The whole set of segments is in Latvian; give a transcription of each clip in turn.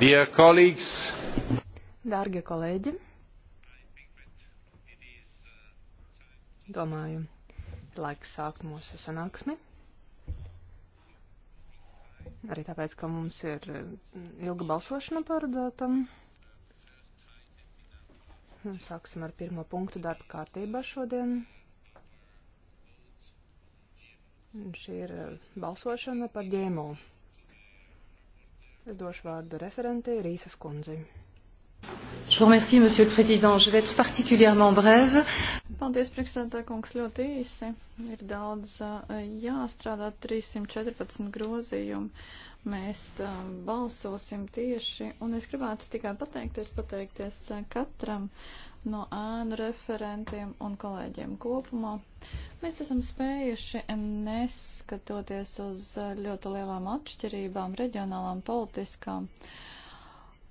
Dear colleagues, Dārgie kolēģi, domāju, ir laiks sākt mūsu sanāksmi. Arī tāpēc, ka mums ir ilga balsošana paredzēta. Sāksim ar pirmo punktu darba kārtībā šodien. Un šī ir balsošana par ģēmo. Es došu vārdu referentei Rīsas kundzi. Je vous remercie, Monsieur le Président. Je vais être particulièrement brève. Paldies, priekšsēdētāj, kungs, ļoti īsi. Ir daudz jāstrādā 314 grozījumi. Mēs balsosim tieši, un es gribētu tikai pateikties, pateikties katram no ēnu referentiem un kolēģiem kopumā. Mēs esam spējuši, neskatoties uz ļoti lielām atšķirībām, reģionālām, politiskām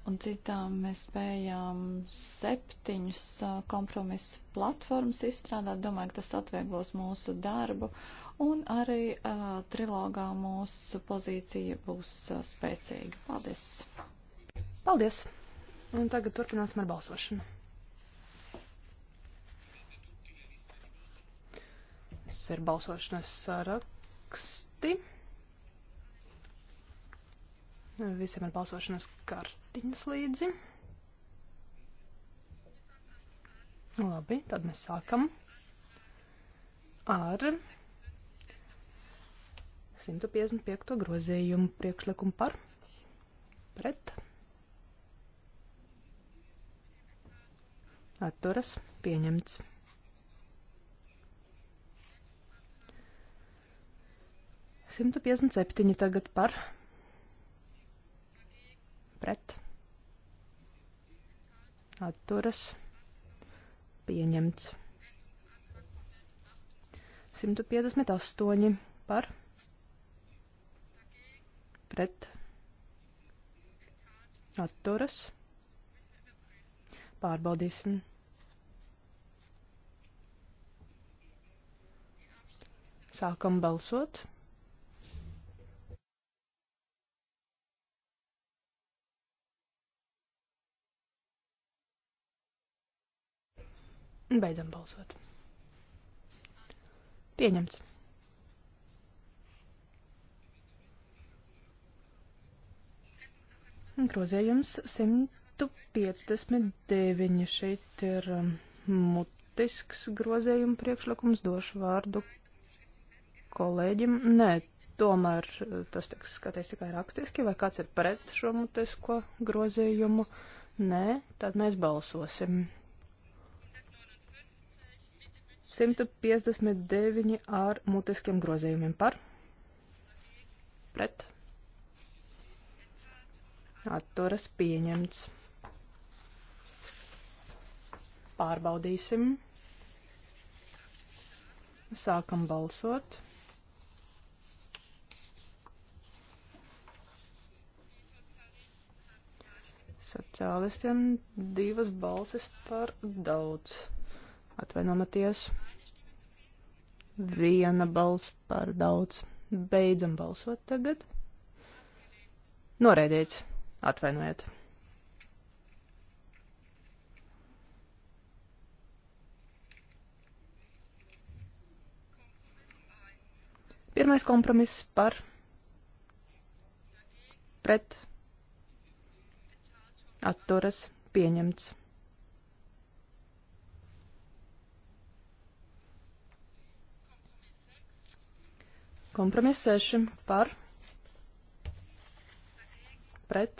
un citām, mēs spējām septiņus kompromisu platformas izstrādāt. Domāju, ka tas atvieglos mūsu darbu un arī uh, trilogā mūsu pozīcija būs uh, spēcīga. Paldies! Paldies! Un tagad turpināsim ar balsošanu. Jums ir balsošanas saraksti. Visiem ir balsošanas kartiņas līdzi. Labi, tad mēs sākam ar 155. grozījumu priekšlikumu par pret atturas pieņemts. 157 tagad par. Pret. Atturas. Pieņemts. 158 par. Pret. Atturas. Pārbaudīsim. Sākam balsot. Beidzam balsot. Pieņemts. Grozījums 159. Šeit ir um, mutisks grozījuma priekšlikums. Došu vārdu kolēģim. Nē, tomēr uh, tas tiks skatīts tikai rakstiski, vai kāds ir pret šo mutisko grozījumu. Nē, tad mēs balsosim. 159 ar mutiskiem grozījumiem par, pret, atturas pieņemts. Pārbaudīsim. Sākam balsot. Sociālistiem divas balsis par daudz. Atvainojaties. Viena balss par daudz. Beidzam balsot tagad. Noreidīts. Atvainojiet. Pirmais kompromiss par pret atturas pieņemts. Kompromiss 6 par pret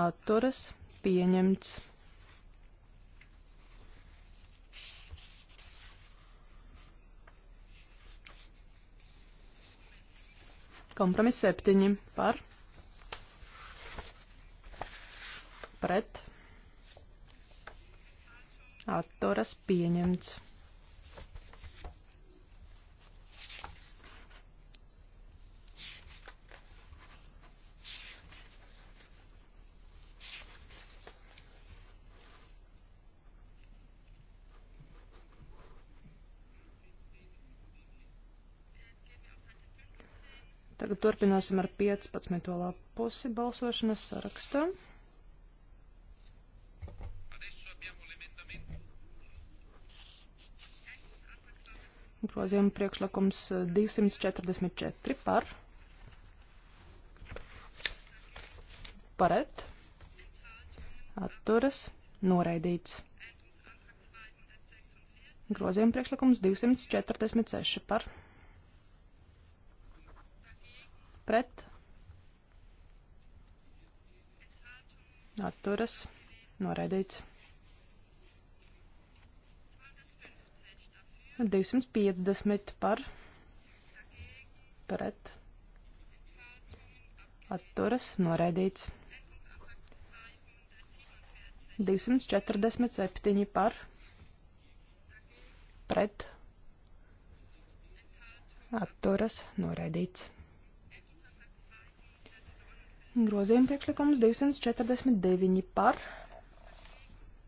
atturas pieņemts. Kompromiss 7 par pret atturas pieņemts. turpināsim ar 15. lapusi balsošanas sarakstā. Grozījuma priekšlikums 244 par. Paret. Atturas. Noraidīts. Grozījuma priekšlikums 246 par pret atturas noraidīts. 250 par pret atturas noraidīts. 247 par pret atturas noraidīts. Grozījuma priekšlikums 249 par,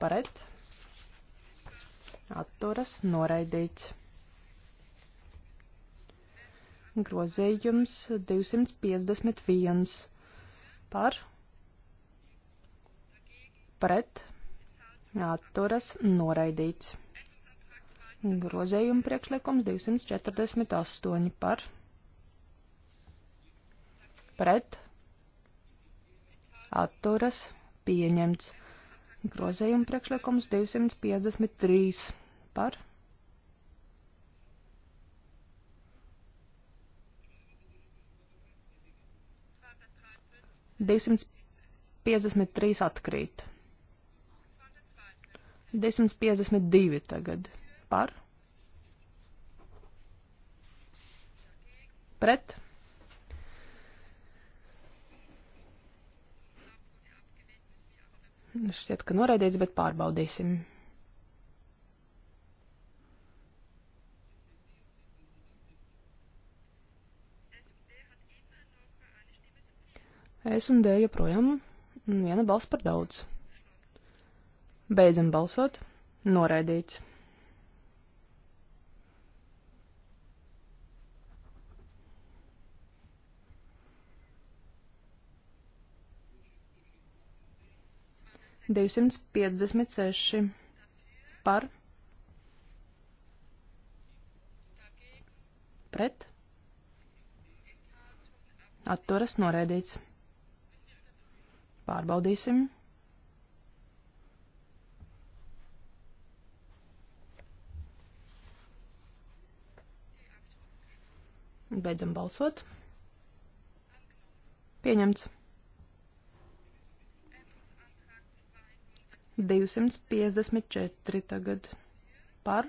paret, atturas, noraidīts. Grozījums 251 par, pret, atturas, noraidīts. Grozījuma priekšlikums 248 par, pret, atturas pieņemts. Grozējuma priekšlikums 253 par. Divsimt piecdesmit trīs atkrīt. Divsimt piecdesmit divi tagad. Par? Pret? Šķiet, ka noraidīts, bet pārbaudīsim. Es un D joprojām viena balss par daudz. Beidzam balsot. Noraidīts. 256 par pret atturas noraidīts. Pārbaudīsim. Beidzam balsot. Pieņemts. 254 tagad par,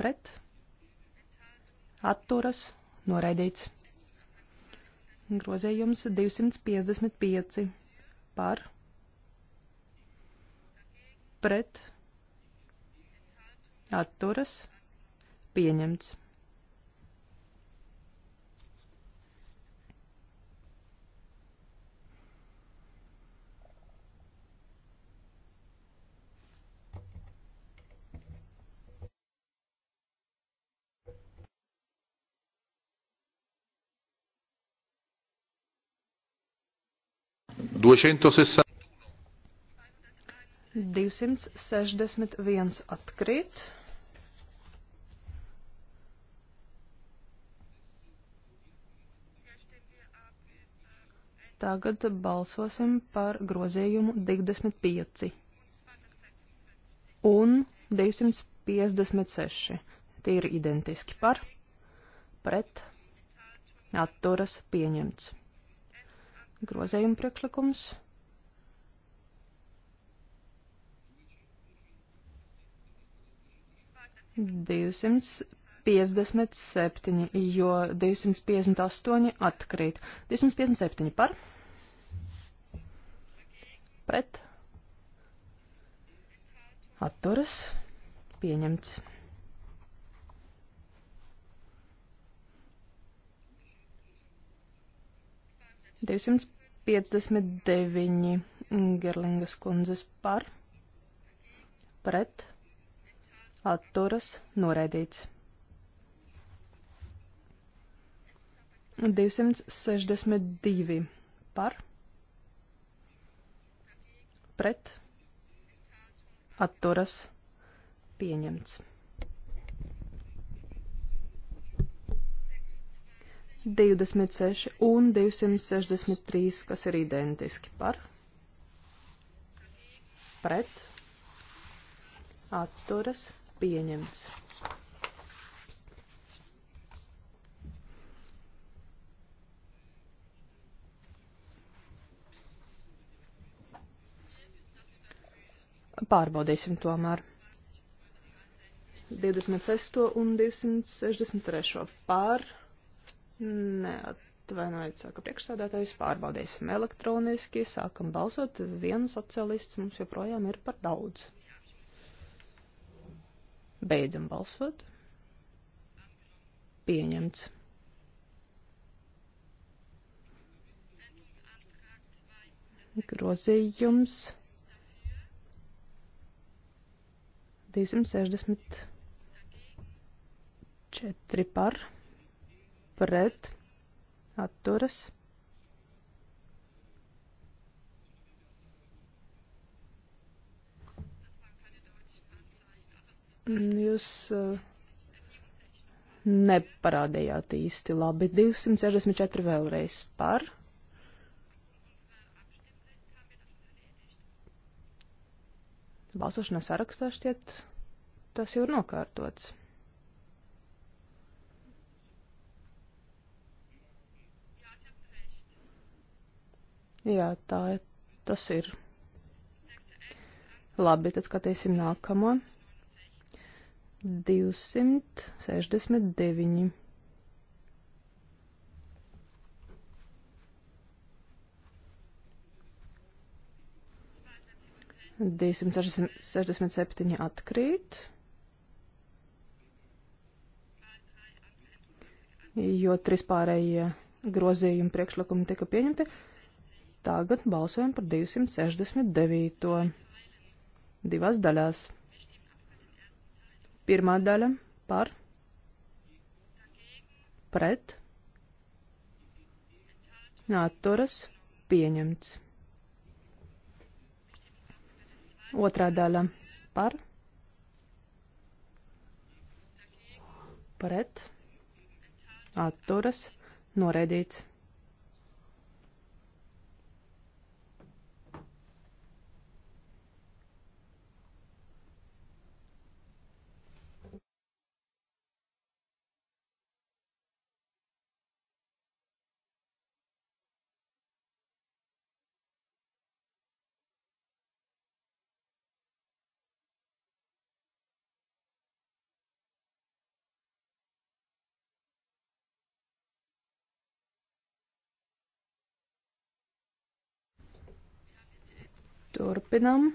pret, atturas, noraidīts. Grozējums 255 par, pret, atturas, pieņemts. 260. 261 atkrīt. Tagad balsosim par grozījumu 25 un 256. Tie ir identiski par, pret, atturas pieņemts grozējuma priekšlikums. Divsimts 57, jo 258 atkrīt. 257 par. Pret. Atturas. Pieņemts. 259 Gerlingas kundzes par, pret, atturas, noraidīts. 262 par, pret, atturas, pieņemts. 26 un 263, kas ir identiski par, pret, atturas, pieņemts. Pārbaudīsim tomēr. 26. un 263. pār Neatvainojiet, saka priekšsādātājs, pārbaudīsim elektroniski, sākam balsot, vienu socialists mums joprojām ir par daudz. Beidzam balsot. Pieņemts. Grozījums 264 par pret atturas. Jūs uh, neparādījāt īsti labi. 264 vēlreiz par. Balsošanas sarakstā šķiet tas jau ir nokārtots. Jā, tā tas ir. Labi, tad skatīsim nākamo. 269. Divsimt sešdesmit septiņi atkrīt, jo trīs pārējie grozījumi priekšlikumi tika pieņemti. Uh, Tagad balsojam par 269. divās daļās. Pirmā daļa par, pret, atturas, pieņemts. Otrā daļa par, pret, atturas, noraidīts. Turpinam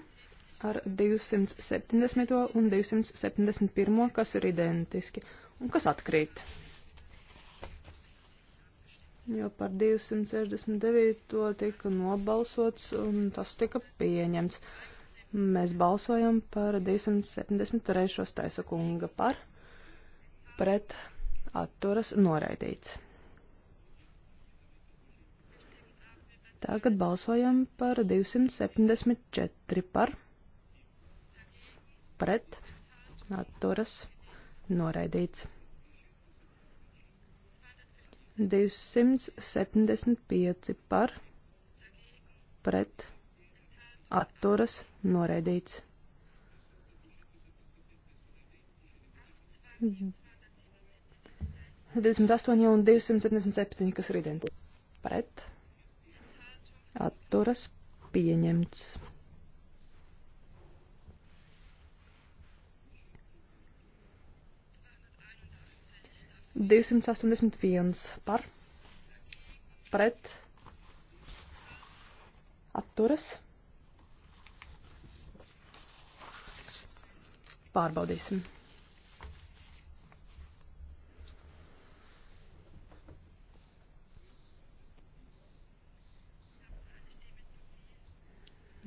ar 270. un 271. kas ir identiski un kas atkrīt. Jo par 269. tika nobalsots un tas tika pieņemts. Mēs balsojam par 273. taisa kunga par pret atturas noraidīts. Tagad balsojam par 274 par pret atturas noraidīts. 275 par pret atturas noraidīts. 28 un 277, kas ir identiski pret atturas pieņemts. Divsimt astoņdesmit viens par pret atturas. Pārbaudīsim.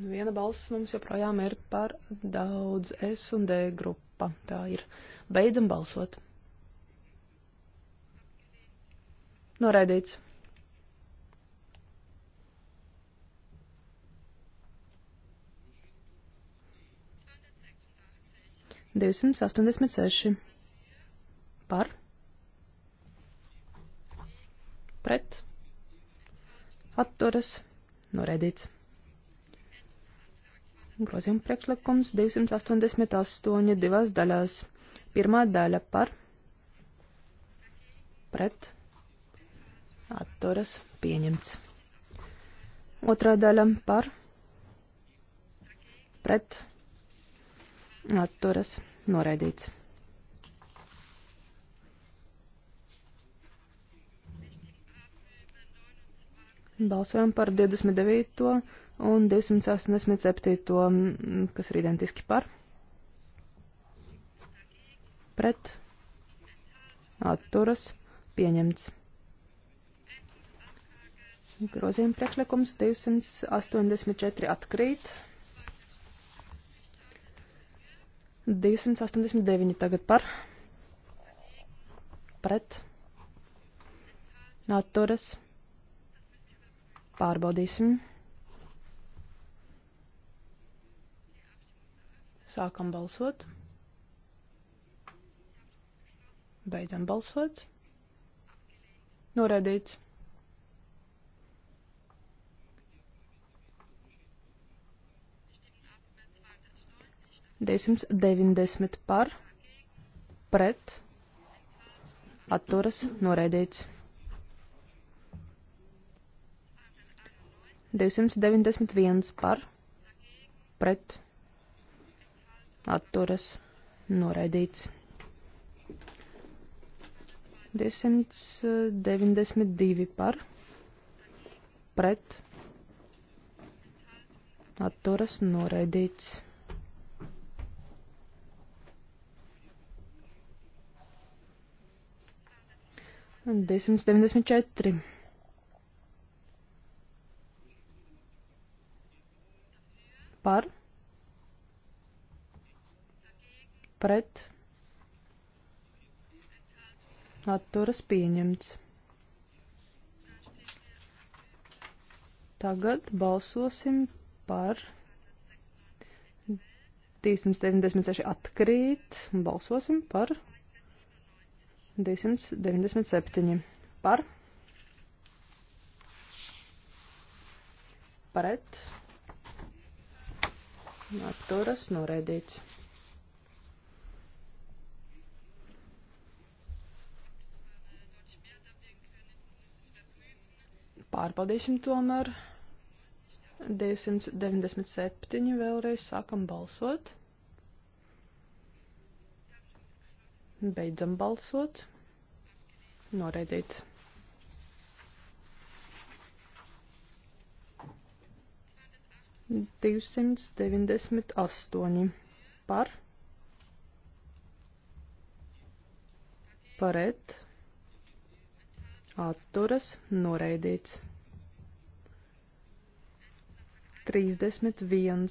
Viena balss mums joprojām ir par daudz. S un D grupa. Tā ir. Beidzam balsot. Noraidīts. Divsimt astoņdesmit seši. Par. Pret. Atturas. Noraidīts. Grozījuma priekšlikums 288 divās daļās. Pirmā daļa par pret atturas pieņemts. Otrā daļa par pret atturas noraidīts. Balsojam par 29 un 287, kas ir identiski par, pret, atturas, pieņemts. Grozījuma priekšlikums 284 atkrīt. 289 tagad par, pret, atturas, pārbaudīsim. Sākam balsot. Beidzam balsot. Noraidīts. Divsimt deviņdesmit par, pret, atturas, noraidīts. 291 par, pret, atturas noraidīts. 292 eh, par pret atturas noraidīts. Desmit deviņdesmit četri. Par. pret atturas pieņemts. Tagad balsosim par 296 atkrīt un balsosim par 297 par pret atturas noraidīts. pārbaudīsim tomēr. 297 vēlreiz sākam balsot. Beidzam balsot. Noreidīts. Divsimts deviņdesmit astoņi par paret atturas noreidīts. 31.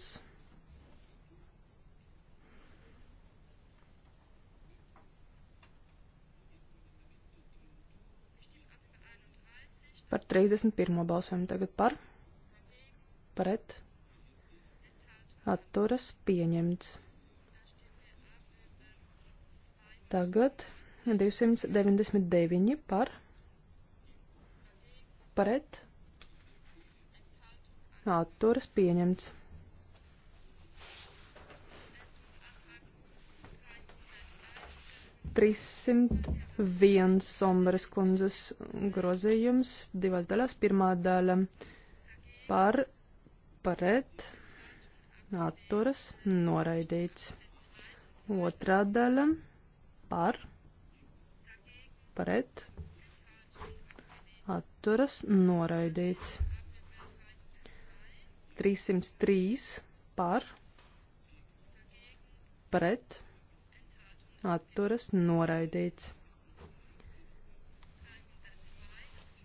Par 31. balsojumu tagad par, pret, atturas pieņemts. Tagad 299 par, pret, atturas pieņemts. Trīsimt viens sombras kundzes grozījums divās daļās. Pirmā daļa par, paret, atturas, noraidīts. Otrā daļa par, paret, atturas, noraidīts. 303 par pret atturas noraidīts.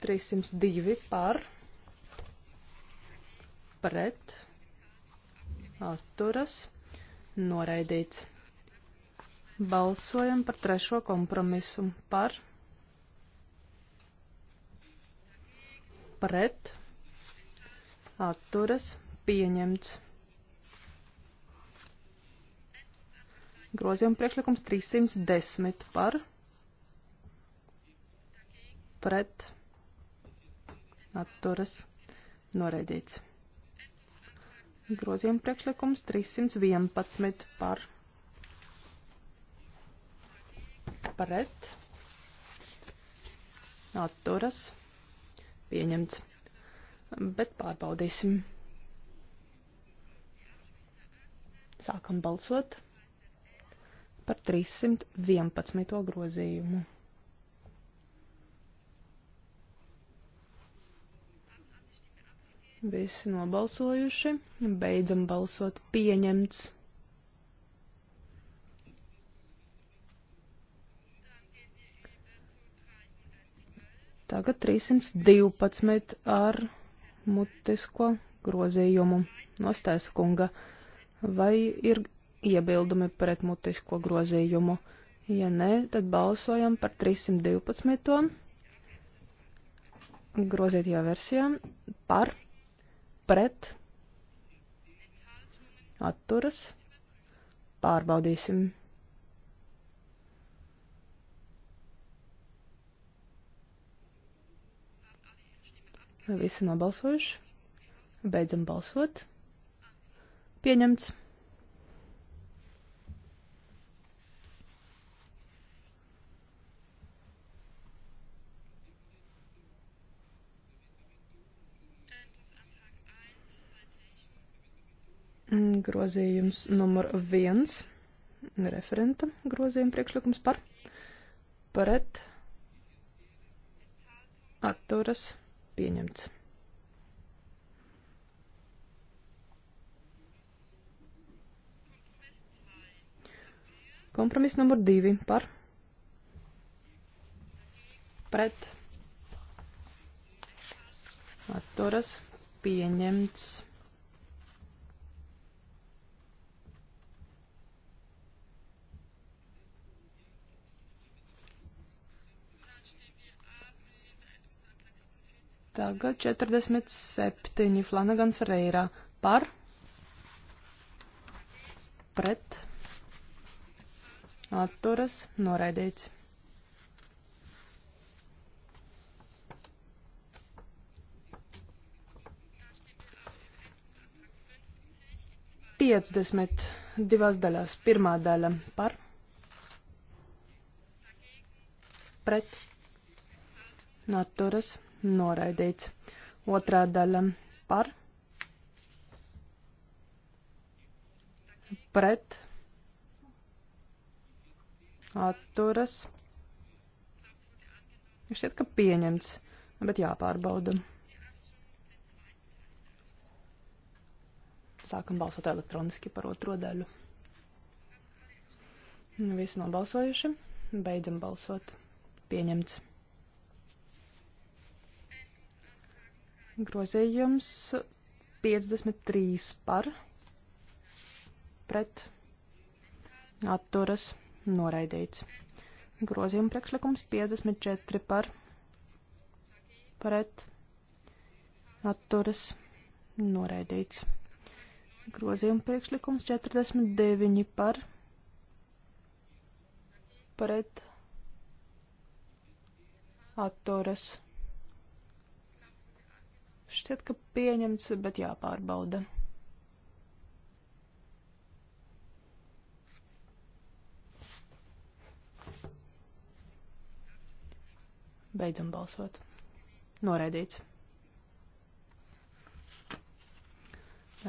302 par pret atturas noraidīts. Balsojam par trešo kompromisu par pret atturas pieņemts. Grozījuma priekšlikums 310 par pret atturas noraidīts. Grozījuma priekšlikums 311 par pret atturas pieņemts bet pārbaudīsim. Sākam balsot par 311. grozījumu. Visi nobalsojuši, beidzam balsot pieņemts. Tagad 312 ar mutisko grozījumu no Stēskunga. Vai ir iebildumi pret mutisko grozījumu? Ja nē, tad balsojam par 312. grozītajā versijā par, pret, atturas, pārbaudīsim. Vai visi nobalsojuši? Beidzam balsot. Pieņemts. Mm, grozījums numur viens referenta grozījuma priekšlikums par pret atturas pieņemts. Kompromiss numur divi par pret atturas pieņemts. Tagad 47. Flanagan Ferreira par, pret, atturas, noraidīts. Piecdesmit divās daļās. Pirmā daļa par, pret, atturas, noraidīts noraidīts. Otrā daļa par, pret, atturas. Šķiet, ka pieņemts, bet jāpārbauda. Sākam balsot elektroniski par otro daļu. Visi nobalsojuši, beidzam balsot. Pieņemts. Grozījums 53 par pret atturas noraidīts. Grozījuma priekšlikums 54 par pret atturas noraidīts. Grozījuma priekšlikums 49 par pret atturas noraidīts. Šķiet, ka pieņemts, bet jāpārbauda. Beidzam balsot. Noraidīts.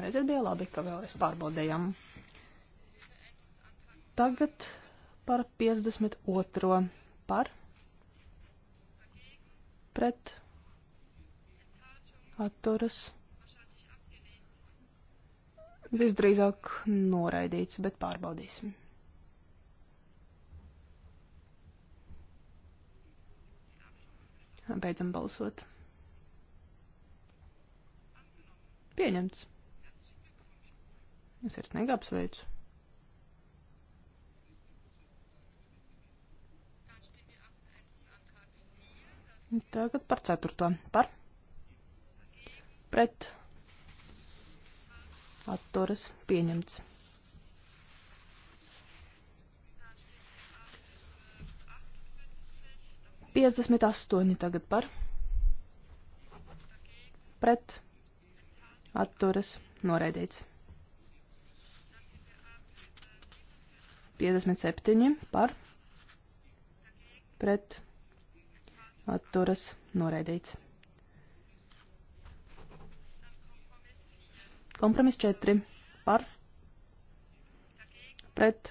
Redziet, bija labi, ka vēlreiz pārbaudējām. Tagad par 52. par pret atturas. Visdrīzāk noraidīts, bet pārbaudīsim. Beidzam balsot. Pieņemts. Es ar snegu apsveicu. Tagad par ceturto. Par? pret atturas pieņemts. Piecdesmit astoņi tagad par pret atturas noraidīts. 57 par pret atturas noraidīts. Kompromis 4 par pret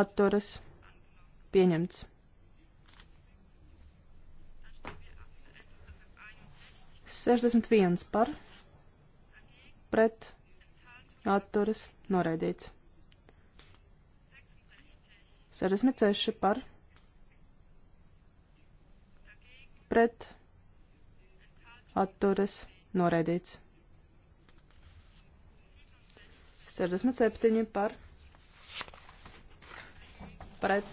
atturas pieņemts. Sešdesmit viens par pret atturas noraidīts. 66 par pret atturas noraidīts. 67 par pret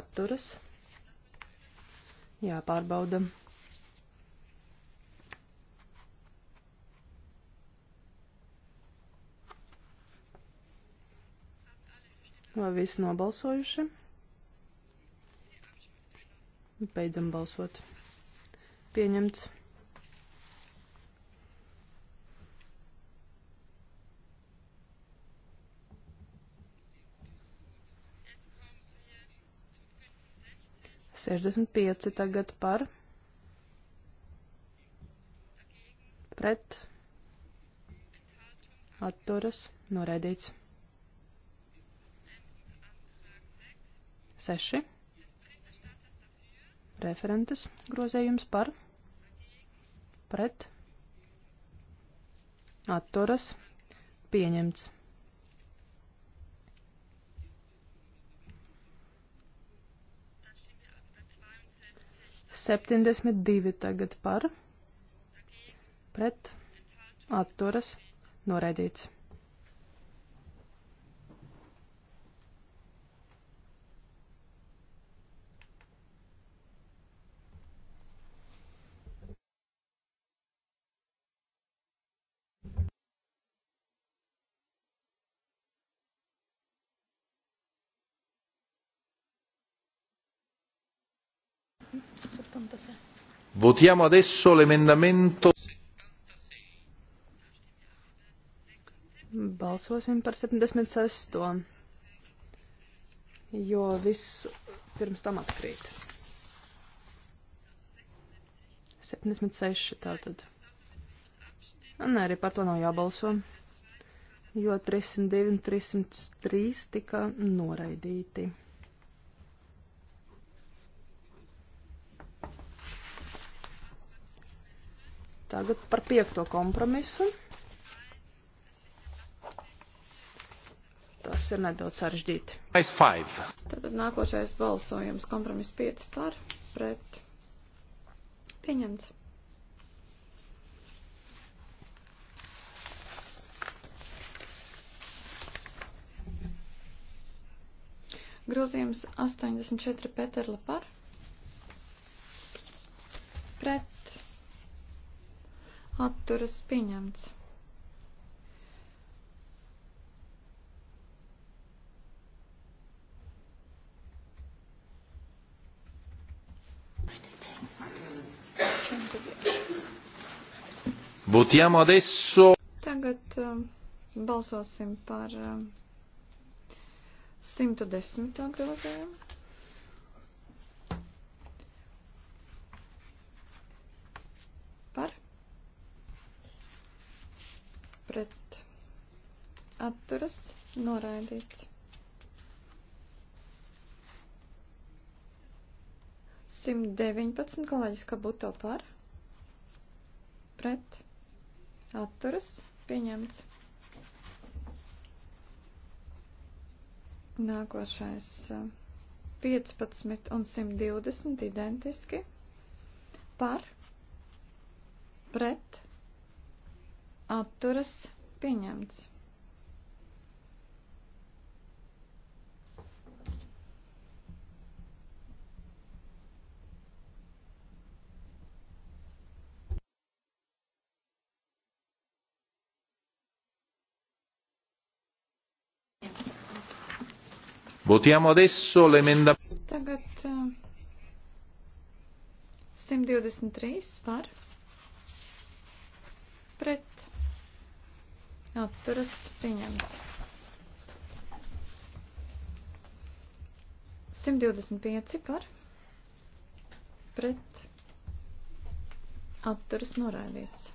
atturas. Jāpārbauda. Vai visi nobalsojuši? Beidzam balsot. Pieņemts. 65 tagad par pret atturas noraidīts. 6. Referentes grozējums par pret atturas pieņemts. 72 tagad par, pret, atturas, noraidīts. Votiamo adesso l'emendamento. Balsosim par 76. Jo viss pirms tam atkrīt. 76 tātad. Un arī par to nav jābalso, jo 302 un 303 tika noraidīti. Tagad par piekto kompromisu. Tas ir nedaudz sarežģīti. Tātad nākošais balsojums kompromiss 5 par pret pieņemts. Grozījums 84 Peterla par pret atturas pieņemts. Votiamo adesso. Tagad um, balsosim par um, 110. grozījumu. pret atturas noraidīts. Simt deviņpadsmit kolēģis Kabuto par pret atturas pieņemts. Nākošais 15 un 120 identiski par pret atturas pieņemts. Votiamo adesso l'emendamento. Tagad uh, 123 par pret atturas pieņemts. 125 par pret atturas noraidīts.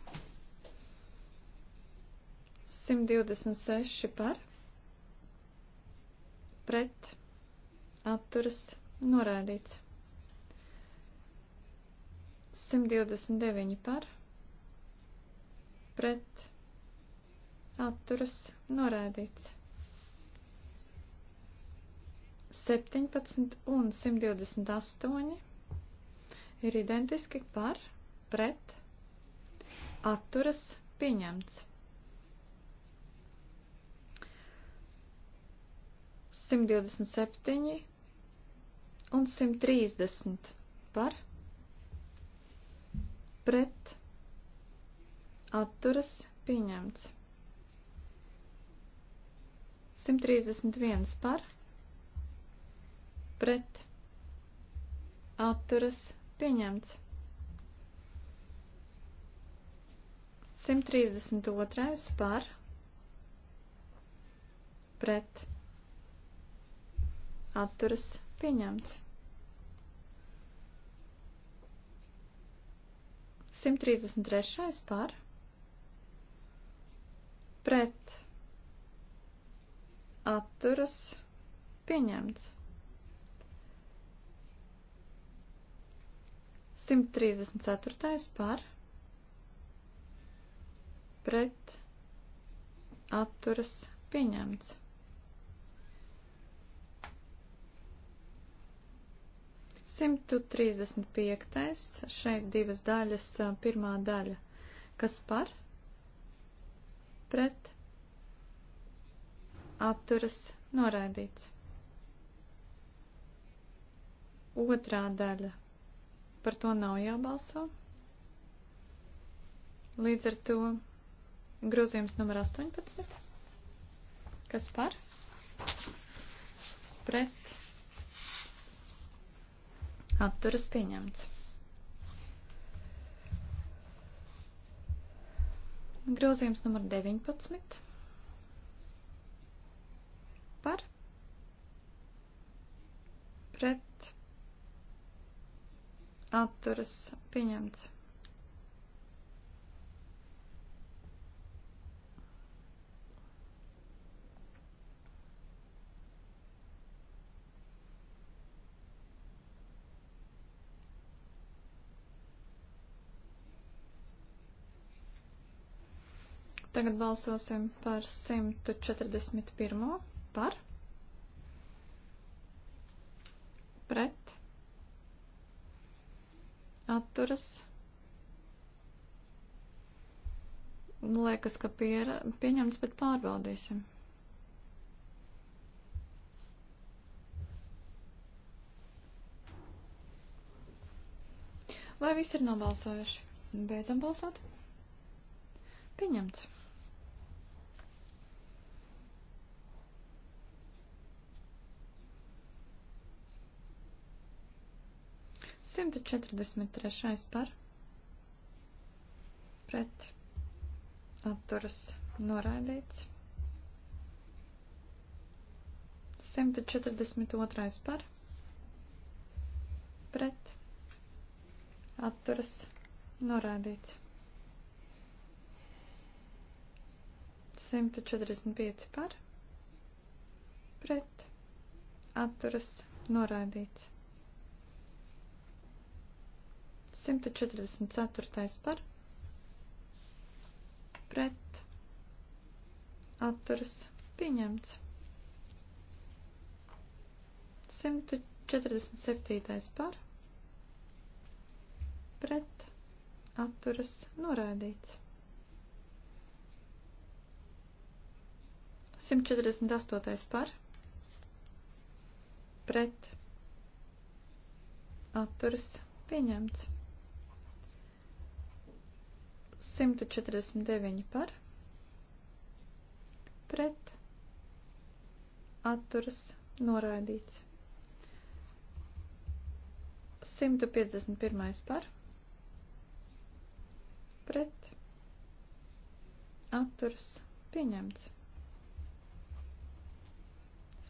126 par pret atturas noraidīts. 129 par pret atturas noraidīts atturas norādīts. 17 un 128 ir identiski par, pret, atturas pieņemts. 127 un 130 par, pret, atturas pieņemts. 131 par, pret, atturas, pieņemts. 132 par, pret, atturas, pieņemts. 133 par, pret, atturas pieņemts. 134. par pret atturas pieņemts. Simtu trīsdesmit piektais, šeit divas daļas, pirmā daļa, kas par, pret, atturas noraidīts. Otrā daļa. Par to nav jābalso. Līdz ar to grozījums numur 18. Kas par? Pret. Atturas pieņemts. Grozījums numur 19 par pret atturas pieņemts. Tagad balsosim par 141 par, pret, atturas. Liekas, ka piera, pieņemts, bet pārbaudīsim. Vai visi ir nobalsojuši? Beidzam balsot. Pieņemts. 143. par pret atturas noraidīts. 142. par pret atturas norādīts. 145 par pret atturas norādīts. 144. par pret atturas pieņemts. 147. par pret atturas noraidīts. 148. par pret atturas pieņemts. 149 par, pret, atturas, noraidīts. 151 par, pret, atturas, pieņemts.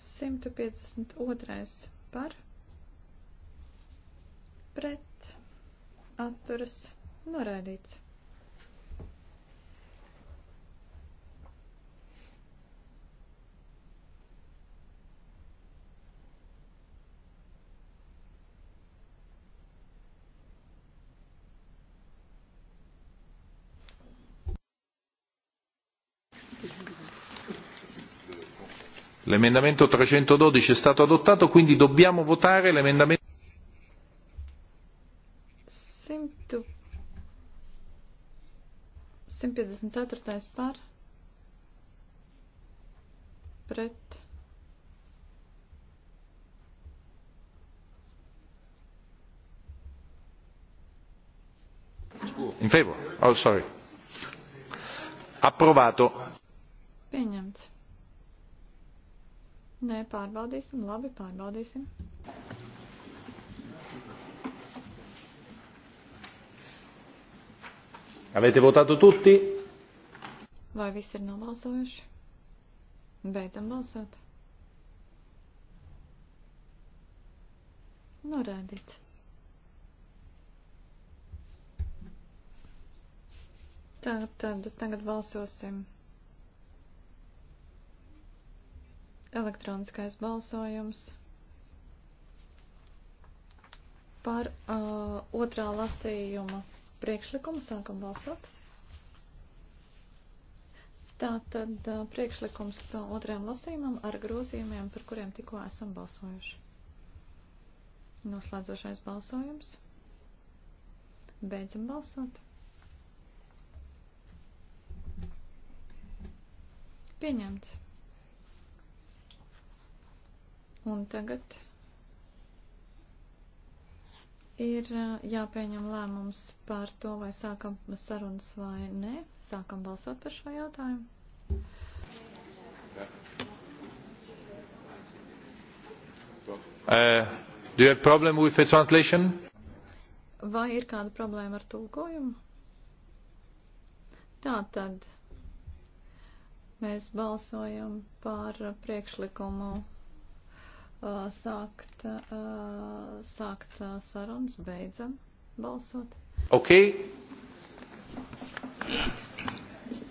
152 par, pret, atturas, noraidīts. l'emendamento trecentododici è stato adottato quindi dobbiamo votare l'emendamento. Simtu. 154. par pret in favor oh sorry approvato pieņemts Nē, pārbaudīsim, labi, pārbaudīsim. Avete votato tutti? Vai visi ir nobalsojuši? Beidzam balsot. Norādīts. Tagad, tad, tagad balsosim elektroniskais balsojums par uh, otrā lasījuma priekšlikumu. Sākam balsot. Tātad uh, priekšlikums uh, otrajam lasījumam ar grozījumiem, par kuriem tikko esam balsojuši. Noslēdzošais balsojums. Beidzam balsot. Pieņemts. Un tagad ir uh, jāpieņem lēmums par to, vai sākam sarunas vai nē. Sākam balsot par šo jautājumu. Uh, do you have problem with the translation? Vai ir kāda problēma ar tulkojumu? Tā tad mēs balsojam par priekšlikumu Uh, sākt, uh, sākt uh, sarunas, beidzam balsot. Ok.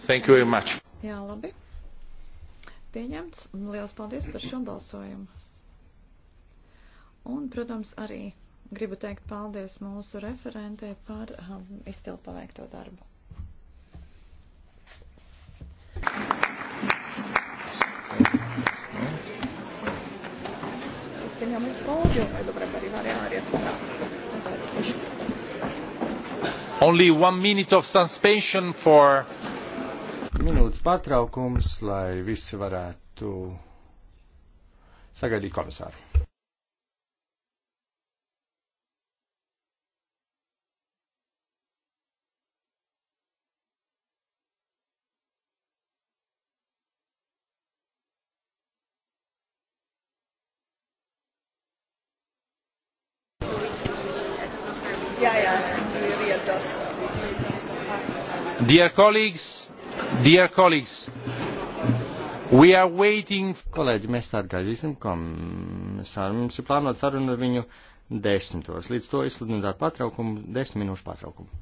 Thank you very much. Jā, labi. Pieņemts. Lielas paldies par šo balsojumu. Un, protams, arī gribu teikt paldies mūsu referentē par um, izcilu paveikto darbu. chiamiamo il podio e dovrebbe arrivare Arias là. Only one minute of suspension for minūtes pārtraukums, lai visi varētu sagaidīt komisāru. Dear colleagues, dear colleagues, we are waiting. Kolēģi, mēs tā gaidīsim, komisāru. Mums ir plānota saruna ar viņu desmitos. Līdz to izsludināt pārtraukumu, desmit minūšu pārtraukumu.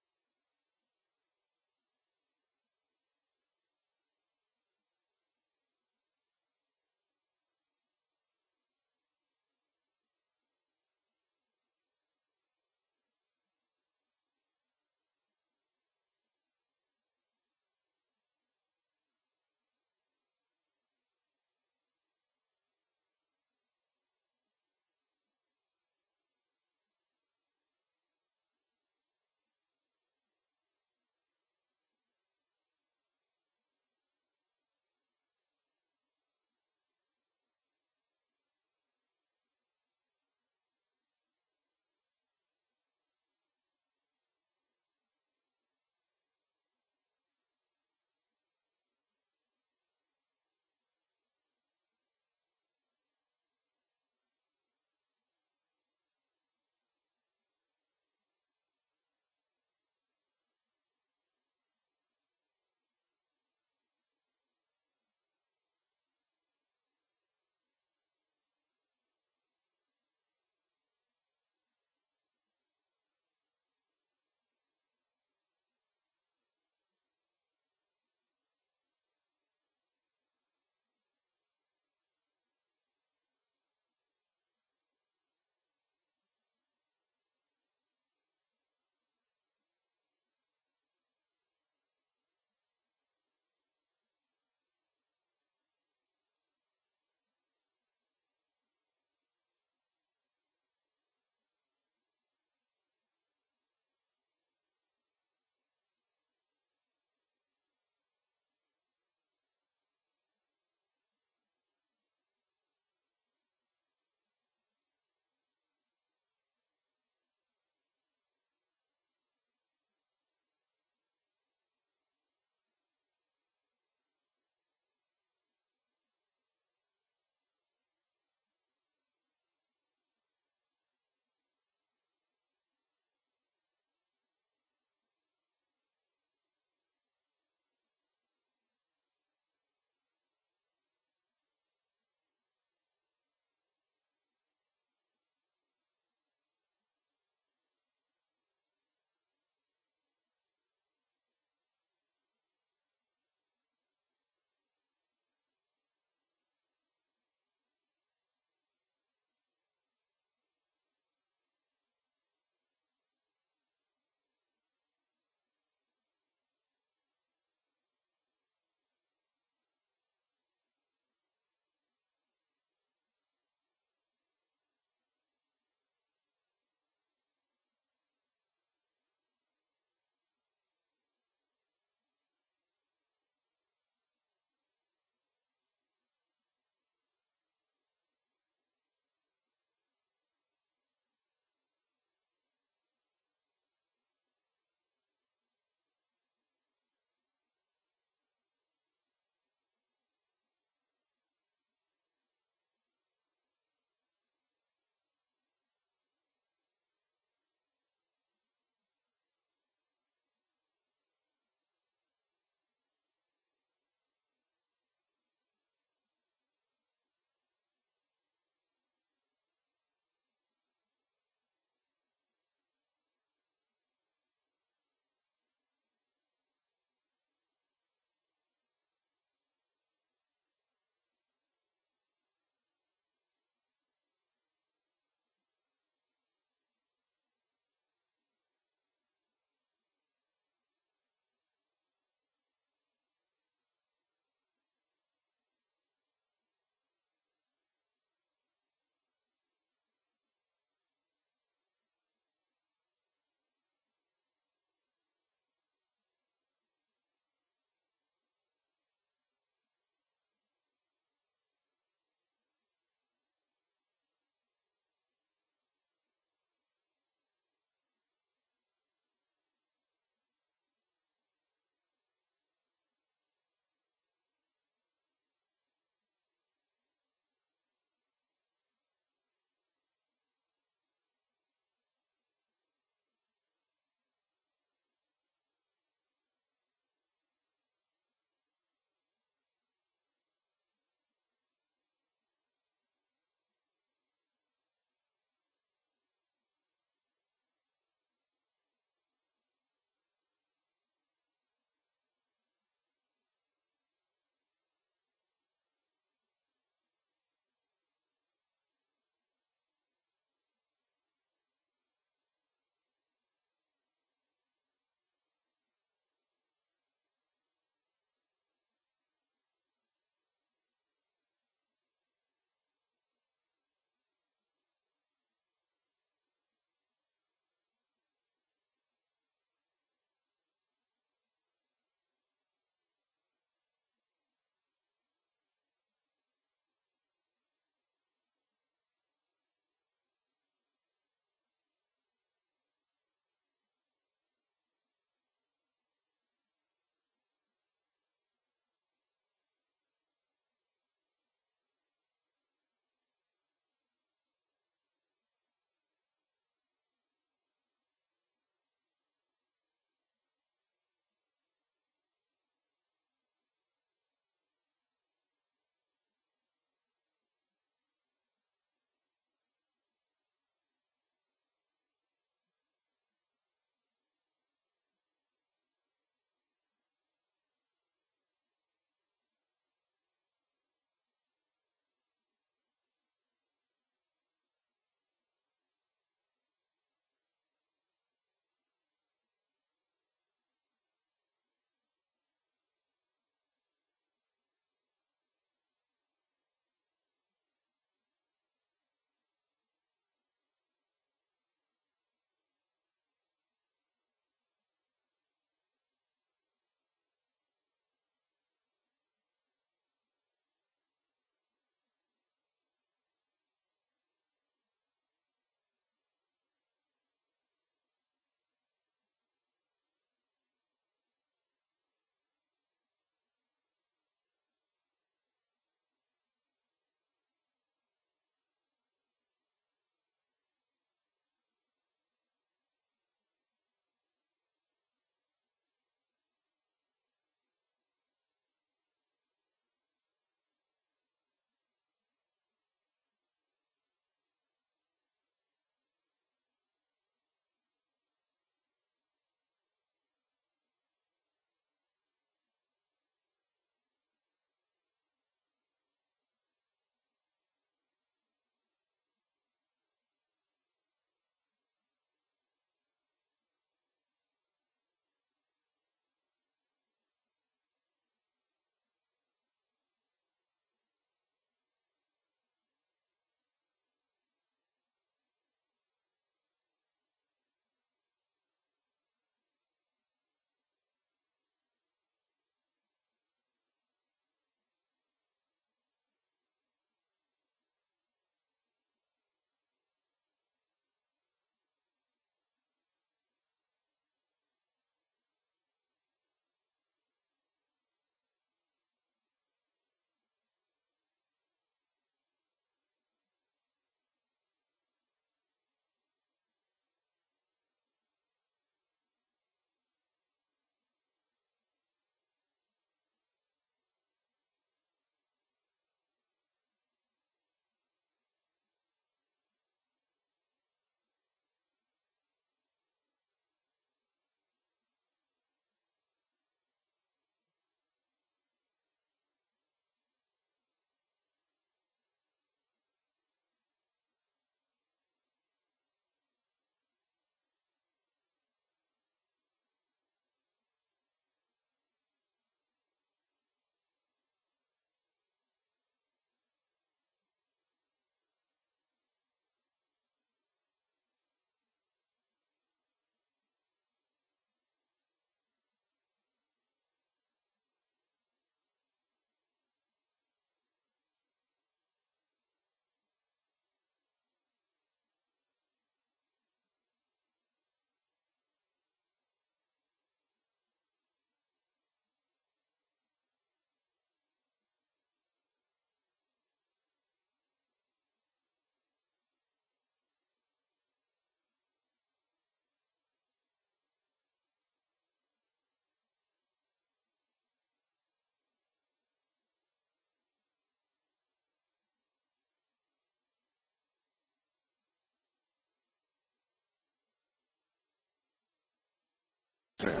Tre.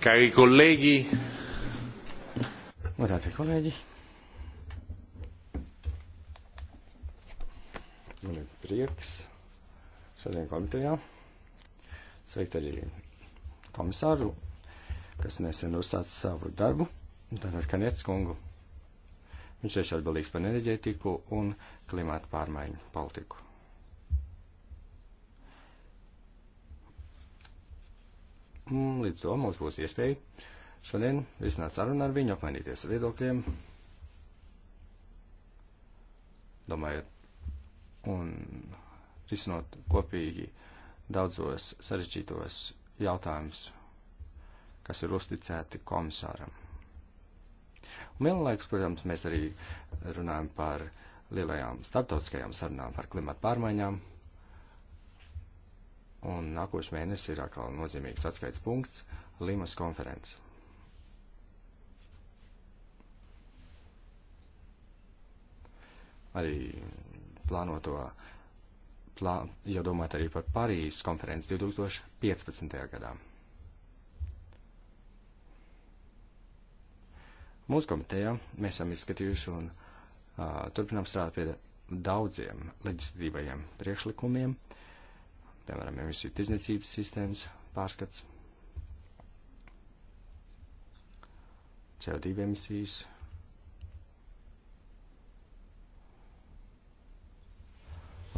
Cari colleghi. Guardate colleghi. Man ir prieks šodien komitejā sveikt arī komisāru, kas nesen uzsāca savu darbu, Danas Kaniets kungu. Viņš tieši atbildīgs par enerģētiku un klimātu pārmaiņu politiku. Mm, līdz to mums būs iespēja šodien risināt sarunu ar viņu, apmainīties ar viedokļiem, domājot un risinot kopīgi daudzos sarežģītos jautājumus, kas ir uzticēti komisāram. Un vienlaikus, protams, mēs arī runājam par lielajām starptautiskajām sarunām par klimatu pārmaiņām, Un nākošais mēnesis ir atkal nozīmīgs atskaits punkts - Limas konference. Arī plānoto, plā, jau domāt arī par Parīzes konferenci 2015. gadā. Mūsu komitejā mēs esam izskatījuši un uh, turpinām strādāt pie daudziem leģislatīvajiem priekšlikumiem. Uh, piemēram, emisiju tirdzniecības sistēmas pārskats, CO2 emisijas.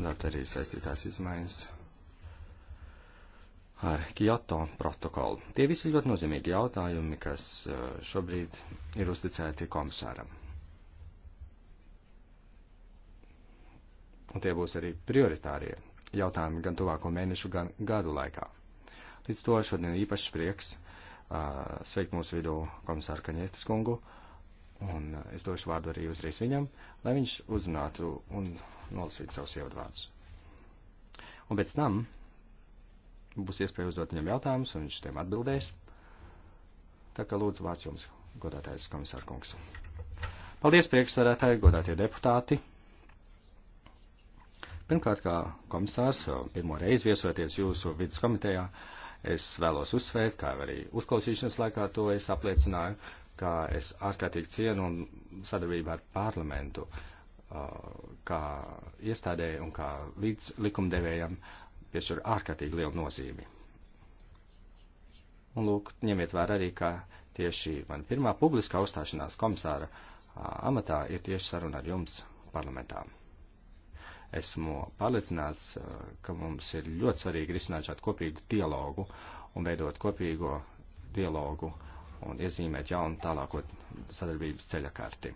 Un ar arī saistītās izmaiņas ar Kyoto protokolu. Tie visi ir ļoti nozīmīgi jautājumi, kas eh, šobrīd ir uzticēti komisāram. Un tie būs arī prioritārie jautājumi gan tuvāko mēnešu, gan gadu laikā. Līdz to šodien īpašs prieks uh, sveikt mūsu vidū komisāru Kaņietis kungu, un uh, es došu vārdu arī uzreiz viņam, lai viņš uzrunātu un nolasītu savus ievadvārdus. Un pēc tam būs iespēja uzdot viņam jautājumus, un viņš tiem atbildēs. Tā kā lūdzu vārds jums, godātais komisāra kungs. Paldies, priekšsarētāji, godātie deputāti! Pirmkārt, kā komisārs, pirmo reizi viesoties jūsu vidus komitejā, es vēlos uzsvērt, kā arī uzklausīšanas laikā to es apliecināju, kā es ārkārtīgi cienu un sadarbību ar parlamentu, uh, kā iestādē un kā līdz likumdevējam piešķir ārkārtīgi lielu nozīmi. Un lūk, ņemiet vērā arī, ka tieši man pirmā publiskā uzstāšanās komisāra uh, amatā ir tieši saruna ar jums parlamentām. Esmu pārliecināts, eh, ka mums ir ļoti svarīgi risināt šādu kopīgu dialogu un veidot kopīgo dialogu un iezīmēt jaunu tālāko sadarbības ceļakārti.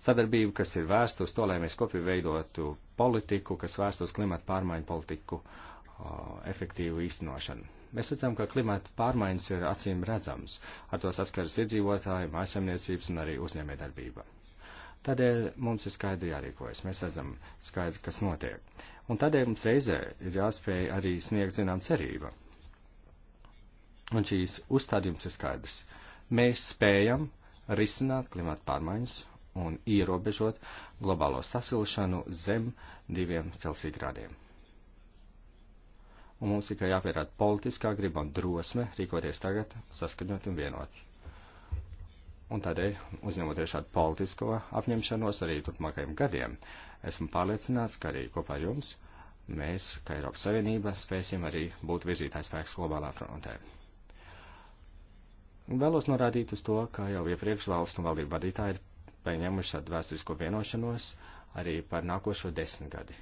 Sadarbību, kas ir vērsta uz to, lai mēs kopīgi veidotu politiku, kas vērsta uz klimatu pārmaiņu politiku uh, efektīvu īstenošanu. Mēs redzam, ka klimata pārmaiņas ir acīm redzams, ar to saskaras iedzīvotāji, mājasemniecības un arī uzņēmējdarbība. Tādēļ mums ir skaidri jārīkojas, mēs redzam skaidri, kas notiek. Un tādēļ mums reizē ir jāspēj arī sniegt zinām cerība. Un šīs uzstādījums ir skaidrs. Mēs spējam risināt klimata pārmaiņas un ierobežot globālo sasilšanu zem diviem Celsija grādiem. Un mums tikai jāpierāda politiskā griba un drosme rīkoties tagad saskaņot un vienoti. Un tādēļ, uzņemoties šādu politisko apņemšanos arī turpmākajiem gadiem, esmu pārliecināts, ka arī kopā ar jums mēs, kā Eiropas Savienība, spēsim arī būt virzītājs spēks globālā frontē. Vēlos norādīt uz to, ka jau iepriekš valstu valdību vadītāji ir pieņēmuši šādu vēsturisko vienošanos arī par nākošo desmitgadi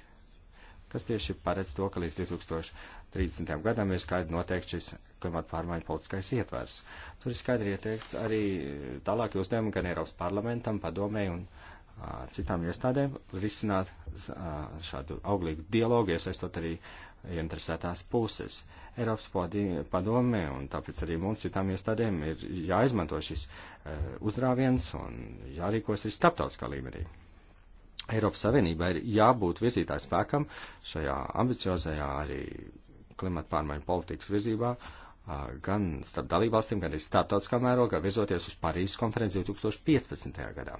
kas tieši paredz to, ka līdz 2030. gadam ir skaidri noteikts šis klimata pārmaiņu politiskais ietvers. Tur ir skaidri ieteikts arī tālākie uzdevumi gan Eiropas parlamentam, padomēji un a, citām iestādēm risināt a, šādu auglīgu dialogu, iesaistot arī interesētās puses. Eiropas padome un tāpēc arī mums citām iestādēm ir jāizmanto šis a, uzrāviens un jārīkos arī starptautiskā līmenī. Eiropas Savienībā ir jābūt virzītājs spēkam šajā ambiciozajā arī klimata pārmaiņu politikas virzībā, gan starp dalībvalstīm, gan arī starptautiskā mērogā, virzoties uz Parīzes konferenci 2015. gadā.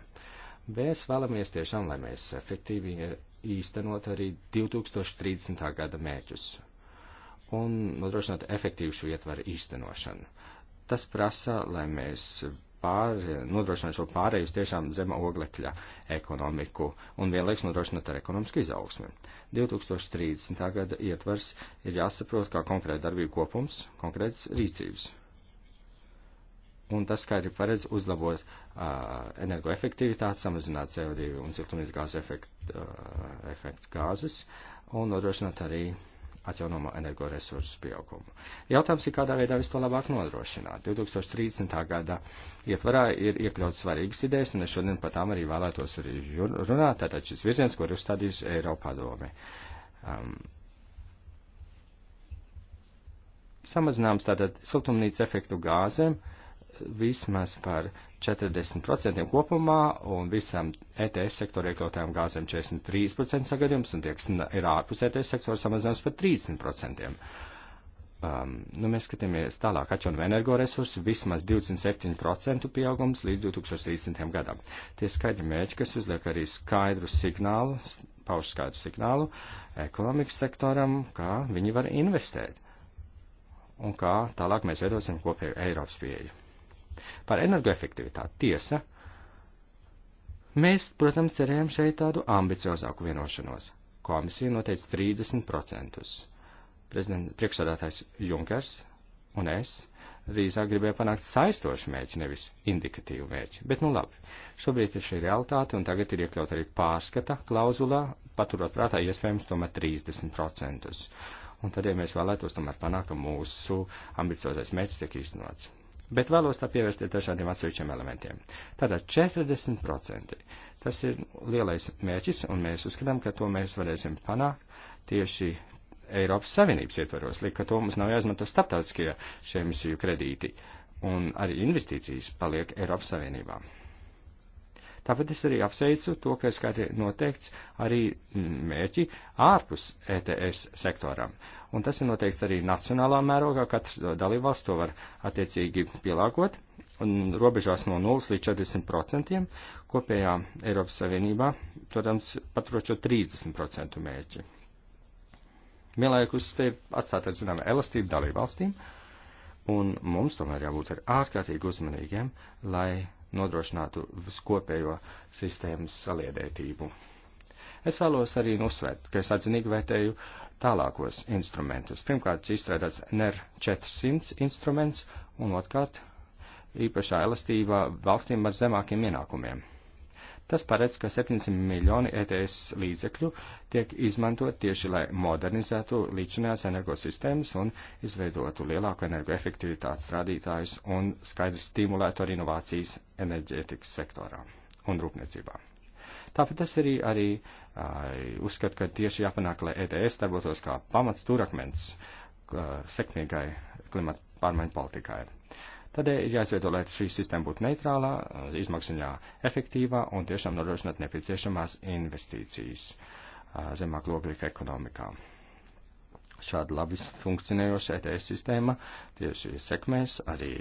Mēs vēlamies tiešām, lai mēs efektīvi īstenot arī 2030. gada mērķus un nodrošināt efektīvu šo ietvaru īstenošanu. Tas prasa, lai mēs pār, nodrošināt šo pārēju uz tiešām zema oglekļa ekonomiku un vienlaiks nodrošināt ar ekonomisku izaugsmi. 2030. gada ietvers ir jāsaprot kā konkrēta darbība kopums, konkrētas rīcības. Un tas, kā ir paredz uzlabot uh, energoefektivitāti, samazināt CO2 un siltumnīcas gāzes efekt, uh, efektu gāzes un nodrošināt arī uh, atjaunomo energoresursu pieaugumu. Jautājums ir, kādā veidā visu to labāk nodrošināt. 2030. gada ietvarā ir iekļauts svarīgas idejas, un es šodien par tām arī vēlētos arī runāt, tātad šis virziens, ko ir uzstādījusi Eiropā doma. Um, samazināms tātad siltumnīca efektu gāzēm vismaz par 40% kopumā un visam ETS sektoru iekļautām gāzēm 43% sagadījums un tie, kas ir ārpus ETS sektora, samazinās par 30%. Um, nu, mēs skatāmies tālāk atjaunam energoresursu vismaz 27% pieaugums līdz 2030. gadam. Tie skaidri mērķi, kas uzliek arī skaidru signālu, pauž skaidru signālu ekonomikas sektoram, kā viņi var investēt un kā tālāk mēs veidosim kopēju Eiropas pieeju. Par energoefektivitāti tiesa. Mēs, protams, cerējām šeit tādu ambiciozāku vienošanos. Komisija noteica 30%. Prezident, priekšsādātājs Junkers un es drīzāk gribēju panākt saistošu mērķi, nevis indikatīvu mērķi. Bet nu labi, šobrīd ir šī realitāte un tagad ir iekļaut arī pārskata klauzulā, paturot prātā iespējams tomēr 30%. Un tad, ja mēs vēlētos tomēr panākt, ka mūsu ambiciozais mērķis tiek īstenots bet vēlos tā pievērsties dažādiem atsevišķiem elementiem. Tātad 40% tas ir lielais mērķis, un mēs uzskatām, ka to mēs varēsim panākt tieši Eiropas Savienības ietvaros, līdz ka to mums nav jāizmanto starptautiskie šie emisiju kredīti, un arī investīcijas paliek Eiropas Savienībā. Tāpēc es arī apsveicu to, ka ir skaidri noteikts arī mērķi ārpus ETS sektoram. Un tas ir noteikts arī nacionālā mērogā, katrs dalībvalsts to var attiecīgi pielāgot, un robežās no 0 līdz 40% kopējā Eiropas Savienībā, protams, paturot šo 30% mērķi. Vienlaikus te ir atstāta, zinām, elastība dalībvalstīm, un mums tomēr jābūt ar ārkārtīgi uzmanīgiem, lai nodrošinātu viskopējo sistēmas saliedētību. Es vēlos arī uzsvērt, ka es atzinīgi vērtēju tālākos instrumentus. Pirmkārt, izstrādāts NER 400 instruments, un otrkārt, īpašā elastībā valstīm ar zemākiem ienākumiem. Tas paredz, ka 700 miljoni ETS līdzekļu tiek izmantot tieši, lai modernizētu līdzinās energosistēmas un izveidotu lielāku energoefektivitātes rādītājus un skaidri stimulētu arī inovācijas enerģētikas sektorā un rūpniecībā. Tāpēc tas arī, arī uh, uzskat, ka tieši jāpanāk, lai ETS darbotos kā pamats stūrakmens uh, sekmīgai klimata pārmaiņu politikai. Tādēļ ir jāizveido, lai šī sistēma būtu neitrālā, izmaksuņā efektīvā un tiešām nodrošināt nepieciešamās investīcijas zemāk loglīga ekonomikā. Šāda labi funkcionējoša ETS sistēma tieši sekmēs arī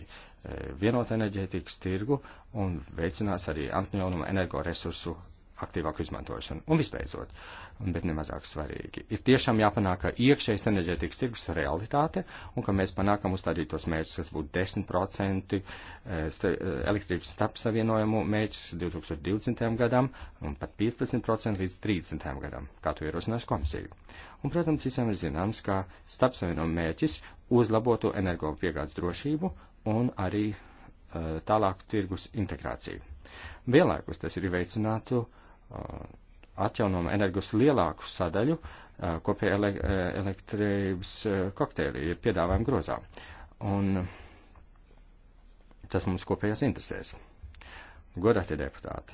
vienot enerģētikas tirgu un veicinās arī atjaunumu energoresursu aktīvāku izmantošanu. Un visbeidzot, bet nemazāk svarīgi, ir tiešām jāpanāk, ka iekšējais enerģētikas tirgus ir realitāte un ka mēs panākam uzstādītos mērķus, kas būtu 10% eh, eh, elektrības starpsavienojumu mērķis 2020. gadam un pat 15% līdz 30. gadam, kā to ierosinās komisija. Un, protams, visiem ir zināms, ka starpsavienojumu mērķis uzlabotu energo piegādes drošību un arī eh, tālāku tirgus integrāciju. Vienlaikus tas ir veicinātu Uh, atjaunumu energus lielāku sadaļu uh, kopēja ele uh, elektrības kokteili ir piedāvājuma grozā. Un tas mums kopējās interesēs. Godāti deputāti,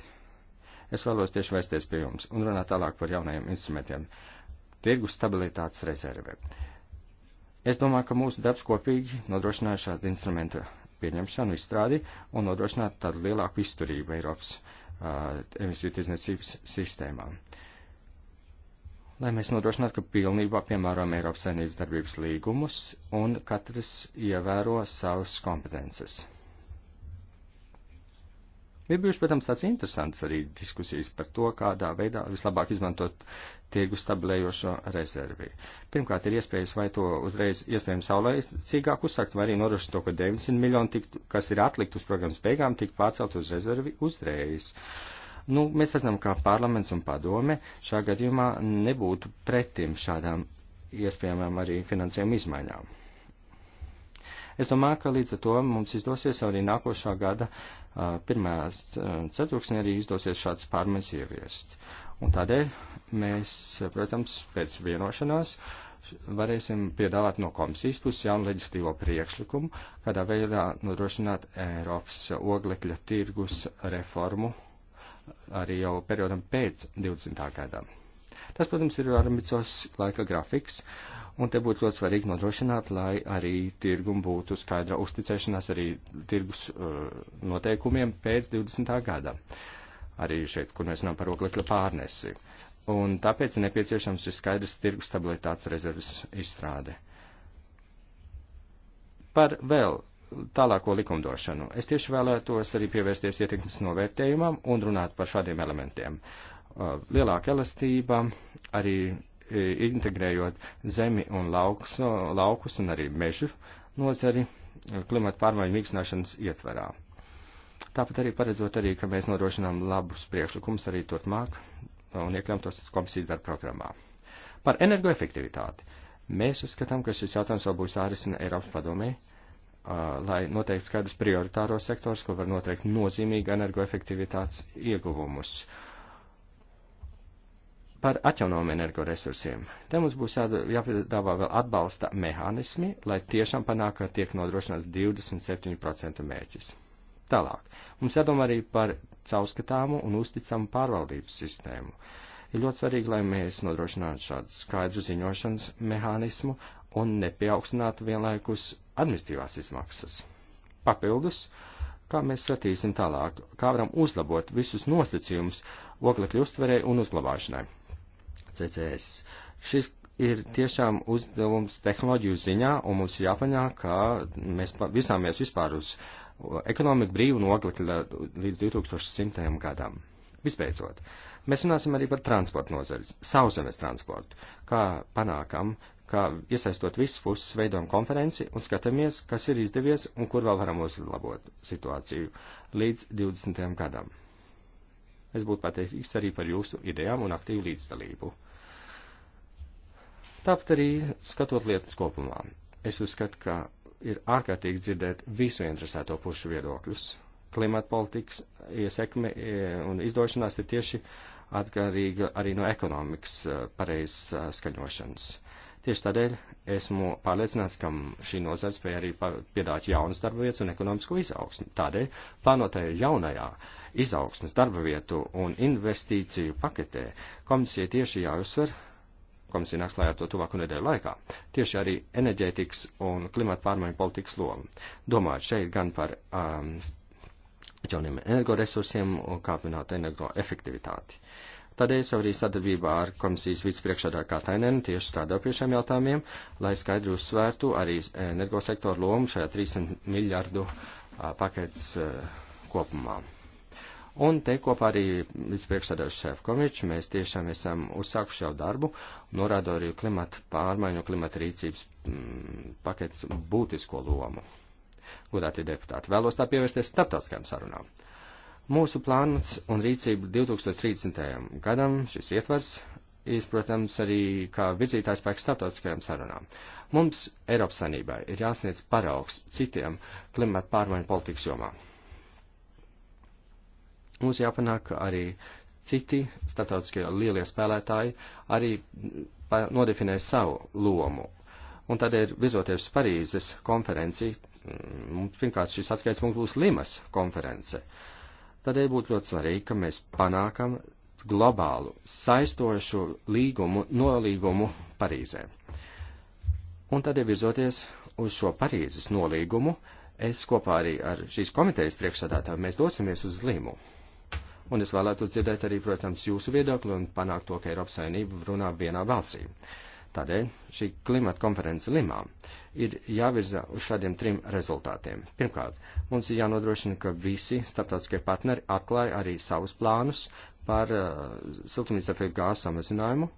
es vēlos tieši vērsties pie jums un runāt tālāk par jaunajiem instrumentiem - tirgus stabilitātes rezerve. Es domāju, ka mūsu darbs kopīgi nodrošināja šādu instrumentu pieņemšanu, izstrādi un nodrošināt tādu lielāku izturību Eiropas uh, emisiju tirdzniecības sistēmām. Lai mēs nodrošinātu, ka pilnībā piemērojam Eiropas saimnības darbības līgumus un katrs ievēro savas kompetences. Ir bijuši, protams, tāds interesants arī diskusijas par to, kādā veidā vislabāk izmantot tirgu stabilējošo rezervi. Pirmkārt, ir iespējas vai to uzreiz iespējams saulēcīgāk uzsakt, vai arī norašu to, ka 900 miljoni, tikt, kas ir atlikt uz programmas beigām, tikt pārcelt uz rezervi uzreiz. Nu, mēs redzam, ka parlaments un padome šā gadījumā nebūtu pretim šādām iespējamām arī finansējuma izmaiņām. Es domāju, ka līdz ar to mums izdosies arī nākošā gada uh, pirmās uh, ceturksnī arī izdosies šāds pārmaiņas ieviest. Un tādēļ mēs, protams, pēc vienošanās varēsim piedāvāt no komisijas puses jaunu leģistīvo priekšlikumu, kādā veidā nodrošināt Eiropas oglekļa tirgus reformu arī jau periodam pēc 20. gadam. Tas, protams, ir ambiciozs laika grafiks, un te būtu ļoti svarīgi nodrošināt, lai arī tirgum būtu skaidra uzticēšanās arī tirgus uh, noteikumiem pēc 20. gada. Arī šeit, kur mēs runājam par oglekļa pārnesi. Un tāpēc nepieciešams ir skaidrs tirgus stabilitātes rezerves izstrāde. Par vēl tālāko likumdošanu. Es tieši vēlētos arī pievērsties ietekmes novērtējumam un runāt par šādiem elementiem. Uh, lielāka elastība, arī E, integrējot zemi un lauks, laukus un arī mežu nozari e, klimata pārmaiņu mīkstināšanas ietverā. Tāpat arī paredzot arī, ka mēs nodrošinām labus priekšlikumus arī turpmāk un iekļām tos komisijas darba programmā. Par energoefektivitāti. Mēs uzskatām, ka šis jautājums vēl būs jārisina Eiropas padomē, lai noteikti skaidrs prioritāros sektors, kur var noteikt nozīmīgi energoefektivitātes ieguvumus. Uh, par atjaunojumu energoresursiem. Te mums būs jāpiedāvā vēl atbalsta mehānismi, lai tiešām panāk, ka tiek nodrošināts 27% mērķis. Tālāk, mums jādomā arī par caurskatāmu un uzticamu pārvaldības sistēmu. Ir ļoti svarīgi, lai mēs nodrošinātu šādu skaidru ziņošanas mehānismu un nepieaugstinātu vienlaikus administratīvās izmaksas. Papildus, kā mēs skatīsim tālāk, kā varam uzlabot visus nosacījumus oglekļu uztverē un uzglabāšanai. CCS. Šis ir tiešām uzdevums tehnoloģiju ziņā, un mums jāpanāk, ka mēs visāmies vispār uz ekonomiku brīvu no oglekļa līdz 2100. gadam. Visbeidzot, mēs runāsim arī par transportu nozares, sauzemes transportu, kā panākam, kā iesaistot visas puses, veidojam konferenci un skatāmies, kas ir izdevies un kur vēl varam uzlabot situāciju līdz 20. gadam. Es būtu pateicīgs arī par jūsu idejām un aktīvu līdzdalību. Tāpat arī skatot lietas kopumā, es uzskatu, ka ir ārkārtīgi dzirdēt visu interesēto pušu viedokļus. Klimata politikas iesekme e, un izdošanās ir tieši atkarīga arī no ekonomikas e, pareizas e, skaņošanas. Tieši tādēļ esmu pārliecināts, ka šī nozara spēja arī piedāt jaunas darba vietas un ekonomisko izaugsmu. Tādēļ plānotajā jaunajā uh, izaugsmes darba vietu un investīciju paketē komisija tieši jāuzsver, komisija nāks klājā to tuvāku nedēļu laikā, tieši arī enerģētikas un klimata pārmaiņu politikas lomu. Domājot šeit gan par um, jauniem energoresursiem un kāpināt energoefektivitāti. Tādēļ es arī sadarbībā ar komisijas vicepriekšādāju Katainēnu tieši strādāju pie šiem jautājumiem, lai skaidri uzsvērtu arī energosektoru lomu šajā 300 miljardu uh, paketes uh, kopumā. Un te kopā arī vispriekšsēdājs Šefkovičs mēs tiešām esam uzsākuši jau darbu, norādo arī klimata pārmaiņu, klimata rīcības mm, paketes būtisko lomu. Godātie deputāti, vēlos tā pievērsties starptautiskajām sarunām. Mūsu plāns un rīcība 2030. gadam šis ietvers ir, protams, arī kā virzītājs spēks starptautiskajām sarunām. Mums Eiropas sanībai ir jāsniedz paraugs citiem klimata pārmaiņu politikas jomā. Mums jāpanāk arī citi starptautiskie lielie spēlētāji arī nodefinē savu lomu. Un tādēļ, virzoties uz Parīzes konferenci, mm, pirmkārt šis atskaits mums būs Limas konference. Tādēļ būtu ļoti svarīgi, ka mēs panākam globālu saistošu līgumu, nolīgumu Parīzē. Un tādēļ, virzoties uz šo Parīzes nolīgumu, es kopā arī ar šīs komitejas priekšsādātāju mēs dosimies uz Limu un es vēlētos dzirdēt arī, protams, jūsu viedokli un panākt to, ka Eiropas Savienība runā vienā valstī. Tādēļ šī klimata konference Limā ir jāvirza uz šādiem trim rezultātiem. Pirmkārt, mums ir jānodrošina, ka visi starptautiskie partneri atklāja arī savus plānus par uh, siltumizefektu gāzu samazinājumu,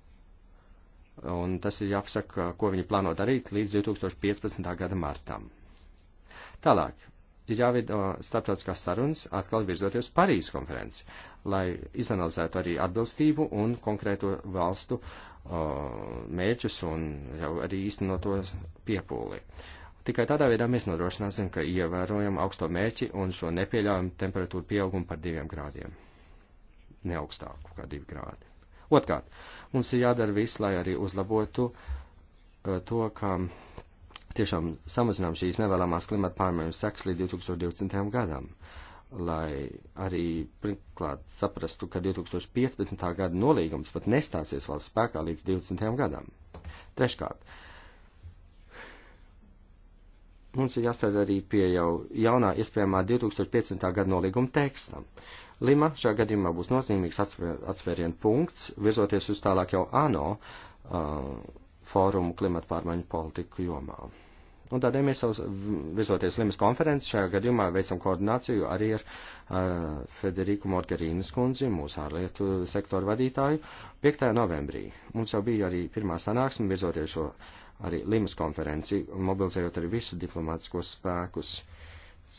un tas ir jāpasaka, ko viņi plāno darīt līdz 2015. gada martam. Tālāk, ir jāveido starptautiskās sarunas, atkal virzoties Parīzes konferenci, lai izanalizētu arī atbilstību un konkrēto valstu uh, mērķus un jau arī īstenoto piepūli. Tikai tādā veidā mēs nodrošināsim, ka ievērojam augsto mērķi un šo nepieļaujamu temperatūru pieaugumu par diviem grādiem. Neaugstāku kā divi grādi. Otkārt, mums ir jādara viss, lai arī uzlabotu uh, to, ka uh, tiešām samazinām šīs nevēlamās klimata pārmaiņu seks līdz 2020. gadam lai arī pirmklāt saprastu, ka 2015. gada nolīgums pat nestāsies valsts spēkā līdz 20. gadam. Treškārt, mums ir jāstrādā arī pie jau jaunā iespējamā 2015. gada nolīguma tekstam. Lima šajā gadījumā būs nozīmīgs atsvērienu punkts, virzoties uz tālāk jau ANO uh, fórumu klimata pārmaiņu politiku jomā. Un tādēļ mēs savus, vizoties Limas konferences, šajā gadījumā veicam koordināciju arī ar uh, Federiku Morgerīnas kundzi, mūsu ārlietu sektoru vadītāju, 5. novembrī. Mums jau bija arī pirmā sanāksme, virzoties šo arī Limas konferenci, mobilizējot arī visu diplomātiskos spēkus.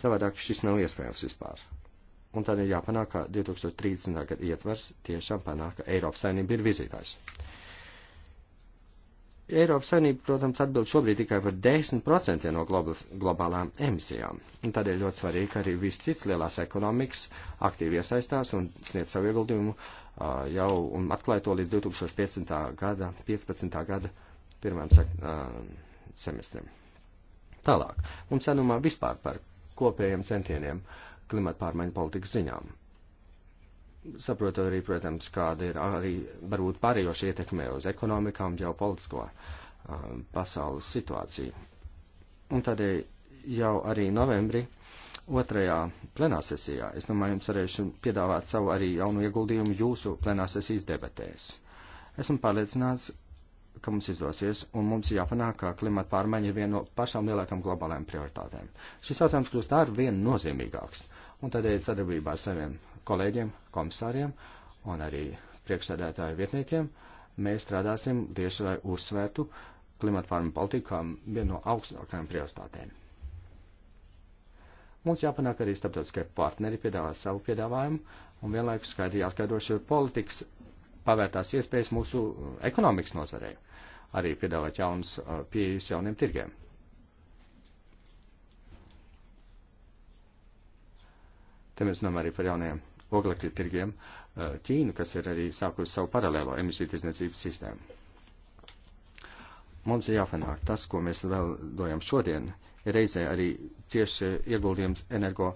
Savādāk šis nav iespējams vispār. Un tad ir jāpanāk, ka 2030. gada ietvers tiešām panāk, ka Eiropas saimnība ir vizītājs. Eiropas Savienība, protams, atbild šobrīd tikai par 10% no globālām emisijām. Un tādēļ ļoti svarīgi, ka arī viss cits lielās ekonomikas aktīvi iesaistās un sniedz savu ieguldījumu jau un atklāja to līdz 2015. gada, 15. gada pirmajam sek, semestrim. Tālāk, mums jādomā vispār par kopējiem centieniem klimata pārmaiņu politikas ziņām saprotu arī, protams, kāda ir arī varbūt pārējoša ietekme uz ekonomikām, ģeopolitisko um, pasaules situāciju. Un tādēļ jau arī novembrī otrajā plenāsesijā, es domāju, jums varēšu piedāvāt savu arī jaunu ieguldījumu jūsu plenāsesijas debatēs. Esmu pārliecināts, ka mums izdosies, un mums jāpanāk, ka klimata pārmaiņa ir viena no pašām lielākām globālajām prioritātēm. Šis jautājums kļūst ar vien nozīmīgāks, un tādēļ sadarbībā ar saviem kolēģiem, komisāriem un arī priekšsēdētāju vietniekiem. Mēs strādāsim tieši, lai uzsvērtu klimata pārmaiņu politiku kā vienu no augstākajām prioritātēm. Mums jāpanāk arī starptautiskie partneri piedāvā savu piedāvājumu un vienlaikus skaidri jāskaidro šī politikas pavērtās iespējas mūsu uh, ekonomikas nozarei, arī piedāvāt jaunas uh, pieejas jauniem tirgiem. Te mēs runājam arī par jauniem oglekļu tirgiem eh, Ķīnu, kas ir arī sākusi savu paralēlo emisiju tirdzniecības sistēmu. Mums ir jāpanāk tas, ko mēs vēl dojam šodien, ir reizē arī cieši ieguldījums energo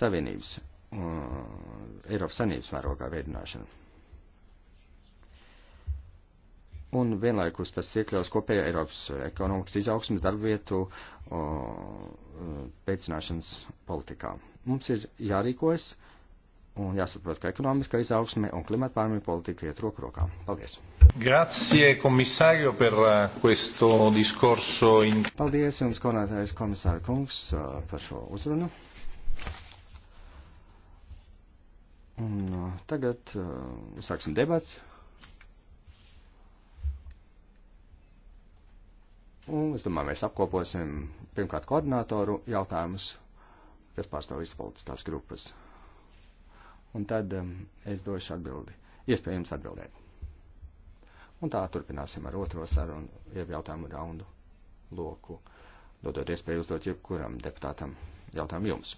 savienības, eh, Eiropas savienības mērogā veidināšana. Un vienlaikus tas iekļaus kopējā Eiropas ekonomikas izaugsmas darbvietu eh, pēcināšanas politikā. Mums ir jārīkojas, uh, Un jāsaprot, ka ekonomiskā izaugsme un klimata pārmaiņu politika iet roku rokā. Paldies! Grazie, komisārio, par eh, questo discorso. In... Paldies jums, konētais komisāra kungs, eh, par šo uzrunu. Un eh, tagad uzsāksim debats. Un es domāju, mēs apkoposim pirmkārt koordinātoru jautājumus, kas pārstāv visas politiskās grupas un tad um, es došu atbildi, iespējams atbildēt. Un tā turpināsim ar otro sarunu jautājumu raundu loku, dodot iespēju uzdot jebkuram deputātam jautājumu jums.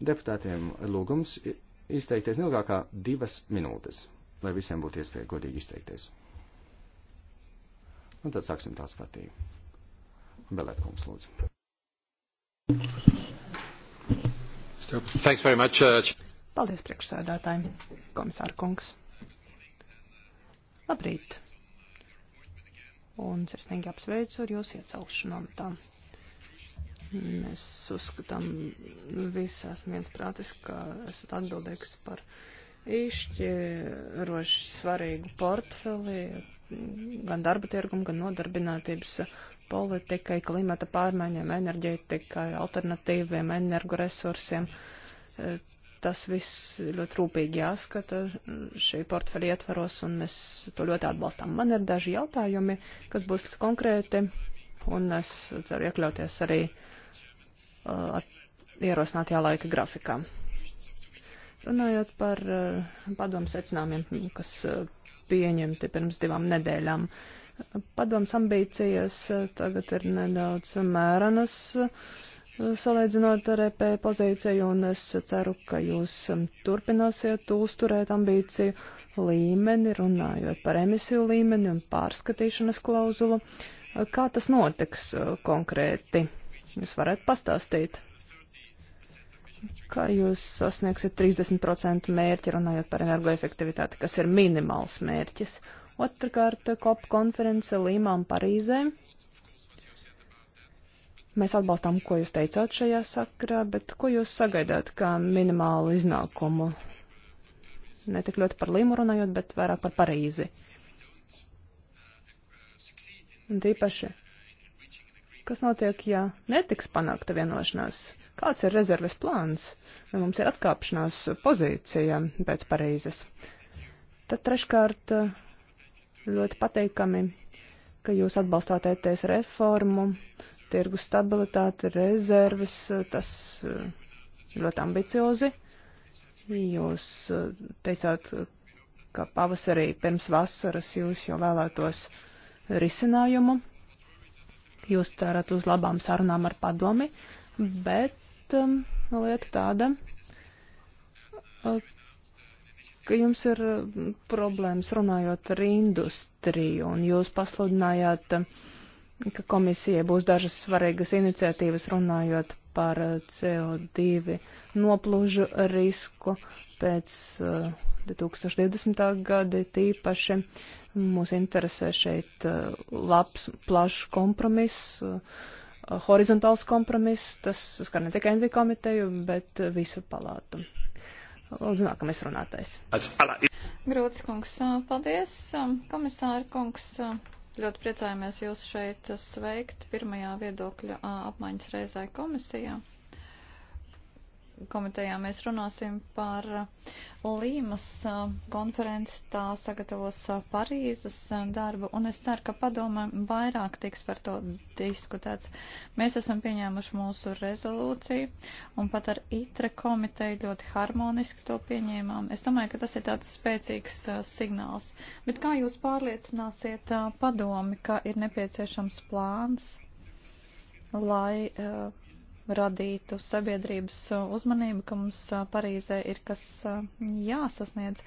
Deputātiem lūgums izteikties neilgākā divas minūtes, lai visiem būtu iespēja godīgi izteikties. Un tad sāksim tāds patīk. Belēt kungs, lūdzu. Uh, Paldies priekšsēdētājiem, komisāra kungs. Labrīt. Un sirsnīgi apsveicu ar jūsu iecelšanām tā. Mēs uzskatām visi esam viensprātis, ka esat atbildīgs par izšķiroši svarīgu portfeli, gan darba tirgumu, gan nodarbinātības politikai, klimata pārmaiņām, enerģētikai, alternatīviem energoresursiem. E, tas viss ļoti rūpīgi jāskata šī portfeļa ietvaros, un mēs to ļoti atbalstām. Man ir daži jautājumi, kas būs konkrēti, un es ceru iekļauties arī uh, ierosinātajā laika grafikā. Runājot par uh, padomu secinājumiem, kas uh, pieņemti pirms divām nedēļām. Padoms ambīcijas eh, tagad ir nedaudz mērenas, eh, salīdzinot ar EP pozīciju, un es ceru, ka jūs eh, turpināsiet uzturēt ambīciju līmeni, runājot par emisiju līmeni un pārskatīšanas klauzulu. Kā tas notiks konkrēti? Jūs varētu pastāstīt kā jūs sasniegsiet 30% mērķi, runājot par energoefektivitāti, kas ir minimāls mērķis. Otrakārt, COP konference Līmā un Parīzē. Mēs atbalstām, ko jūs teicāt šajā sakrā, bet ko jūs sagaidāt kā minimālu iznākumu? Ne tik ļoti par Līmu runājot, bet vairāk par Parīzi. Un tīpaši, kas notiek, ja netiks panākta vienošanās? Kāds ir rezerves plāns? Vai mums ir atkāpšanās pozīcija pēc Parīzes? Tad treškārt ļoti pateikami, ka jūs atbalstāt ETS reformu, tirgus stabilitāti, rezerves, tas ļoti ambiciozi. Jūs eh, teicāt, ka pavasarī pirms vasaras jūs jau vēlētos risinājumu. Jūs cerat uz labām sarunām ar padomi, bet bet um, lieta tāda, uh, ka jums ir um, problēmas runājot ar industriju, un jūs pasludinājāt, um, ka komisija būs dažas svarīgas iniciatīvas runājot par uh, CO2 noplūžu risku pēc 2020. Uh, gada tīpaši. Mūs interesē šeit labs, plašs kompromiss horizontāls kompromiss, tas skar ne tikai NV komiteju, bet visu palātu. Lūdzu, nākamais runātais. Grūts kungs, paldies. Komisāri kungs, ļoti priecājamies jūs šeit sveikt pirmajā viedokļa apmaiņas reizē komisijā komitejā mēs runāsim par uh, Līmas uh, konferenci, tā sagatavos uh, Parīzes darbu, un es ceru, ka padomē vairāk tiks par to diskutēts. Mēs esam pieņēmuši mūsu rezolūciju, un pat ar ITRE komiteju ļoti harmoniski to pieņēmām. Es domāju, ka tas ir tāds spēcīgs signāls. Bet kā jūs pārliecināsiet padomi, ka ir nepieciešams plāns, lai. Uh, radītu sabiedrības uzmanību, ka mums Parīzē ir kas jāsasniedz.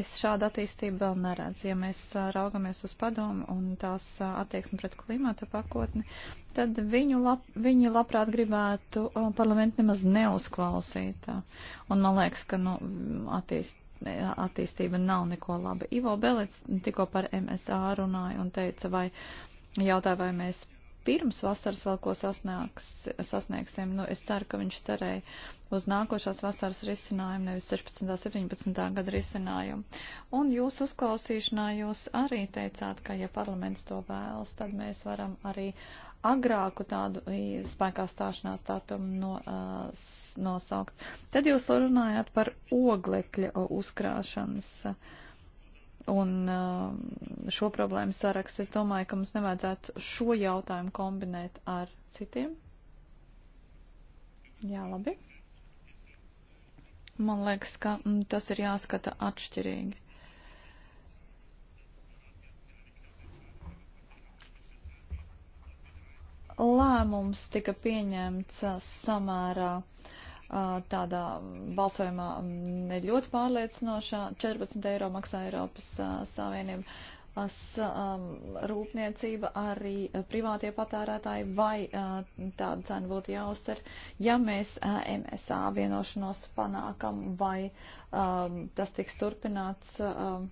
Es šādu attīstību vēl neredzu. Ja mēs raugamies uz padomu un tās attieksmi pret klimata pakotni, tad viņu lab, viņi labprāt gribētu parlamentu nemaz neuzklausīt. Un man liekas, ka nu, attīst, attīstība nav neko laba. Ivo Belets tikko par MSA runāja un teica, vai jautāja, vai mēs pirms vasaras vēl ko sasniegs, sasniegsim. Nu, es ceru, ka viņš cerēja uz nākošās vasaras risinājumu, nevis 16. un 17. gada risinājumu. Un jūs uzklausīšanā jūs arī teicāt, ka, ja parlaments to vēlas, tad mēs varam arī agrāku tādu spēkā stāšanās datumu no, uh, nosaukt. Tad jūs runājāt par oglekļa uzkrāšanas. Uh, un um, šo problēmu sarakstu. Es domāju, ka mums nevajadzētu šo jautājumu kombinēt ar citiem. Jā, labi. Man liekas, ka mm, tas ir jāskata atšķirīgi. Lēmums tika pieņemts uh, samērā uh, Uh, tādā balsojumā ir um, ļoti pārliecinošā. 14 eiro maksā Eiropas uh, Savienība. As, um, rūpniecība arī uh, privātie patērētāji vai uh, tāda cena būtu jāuztver, ja mēs uh, MSA vienošanos panākam vai um, tas tiks turpināts. Um,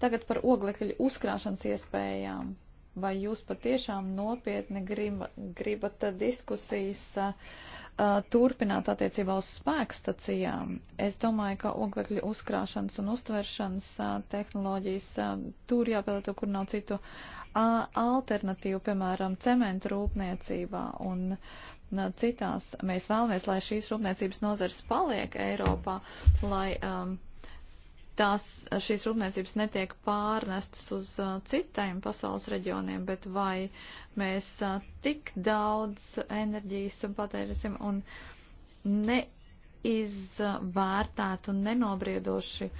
tagad par oglekļu uzkrāšanas iespējām. Vai jūs patiešām nopietni grib, gribat diskusijas? Uh, uh, turpināt attiecībā uz spēkstacijām, es domāju, ka oglekļa uzkrāšanas un uztveršanas uh, tehnoloģijas uh, tur jāpielieto, kur nav citu uh, alternatīvu, piemēram, cementu rūpniecībā un uh, citās. Mēs vēlamies, lai šīs rūpniecības nozars paliek Eiropā, lai. Um, tās, šīs rūpniecības netiek pārnestas uz uh, citiem pasaules reģioniem, bet vai mēs uh, tik daudz enerģijas patērēsim un neizvērtētu un nenobriedoši uh,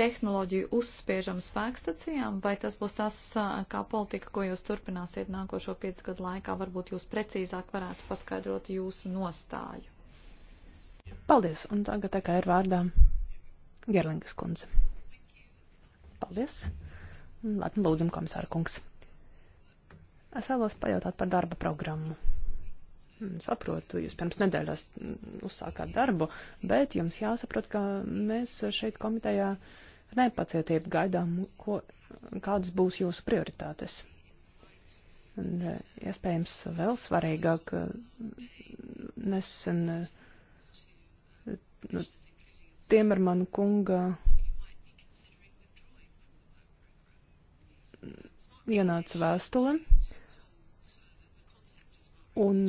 tehnoloģiju uzspiežam spēkstacijām, vai tas būs tas, uh, kā politika, ko jūs turpināsiet nākošo piecu gadu laikā, varbūt jūs precīzāk varētu paskaidrot jūsu nostāju. Paldies, un tagad tā kā ir vārdām Gerlingas kundze. Paldies. Labi, lūdzam, komisāra kungs. Es vēlos pajautāt par darba programmu. Saprotu, jūs pirms nedēļas uzsākāt darbu, bet jums jāsaprot, ka mēs šeit komitejā ar nepacietību gaidām, ko, kādas būs jūsu prioritātes. Un, e, iespējams, vēl svarīgāk e, nesen e, nu, Timerman kunga ienāca vēstule. Un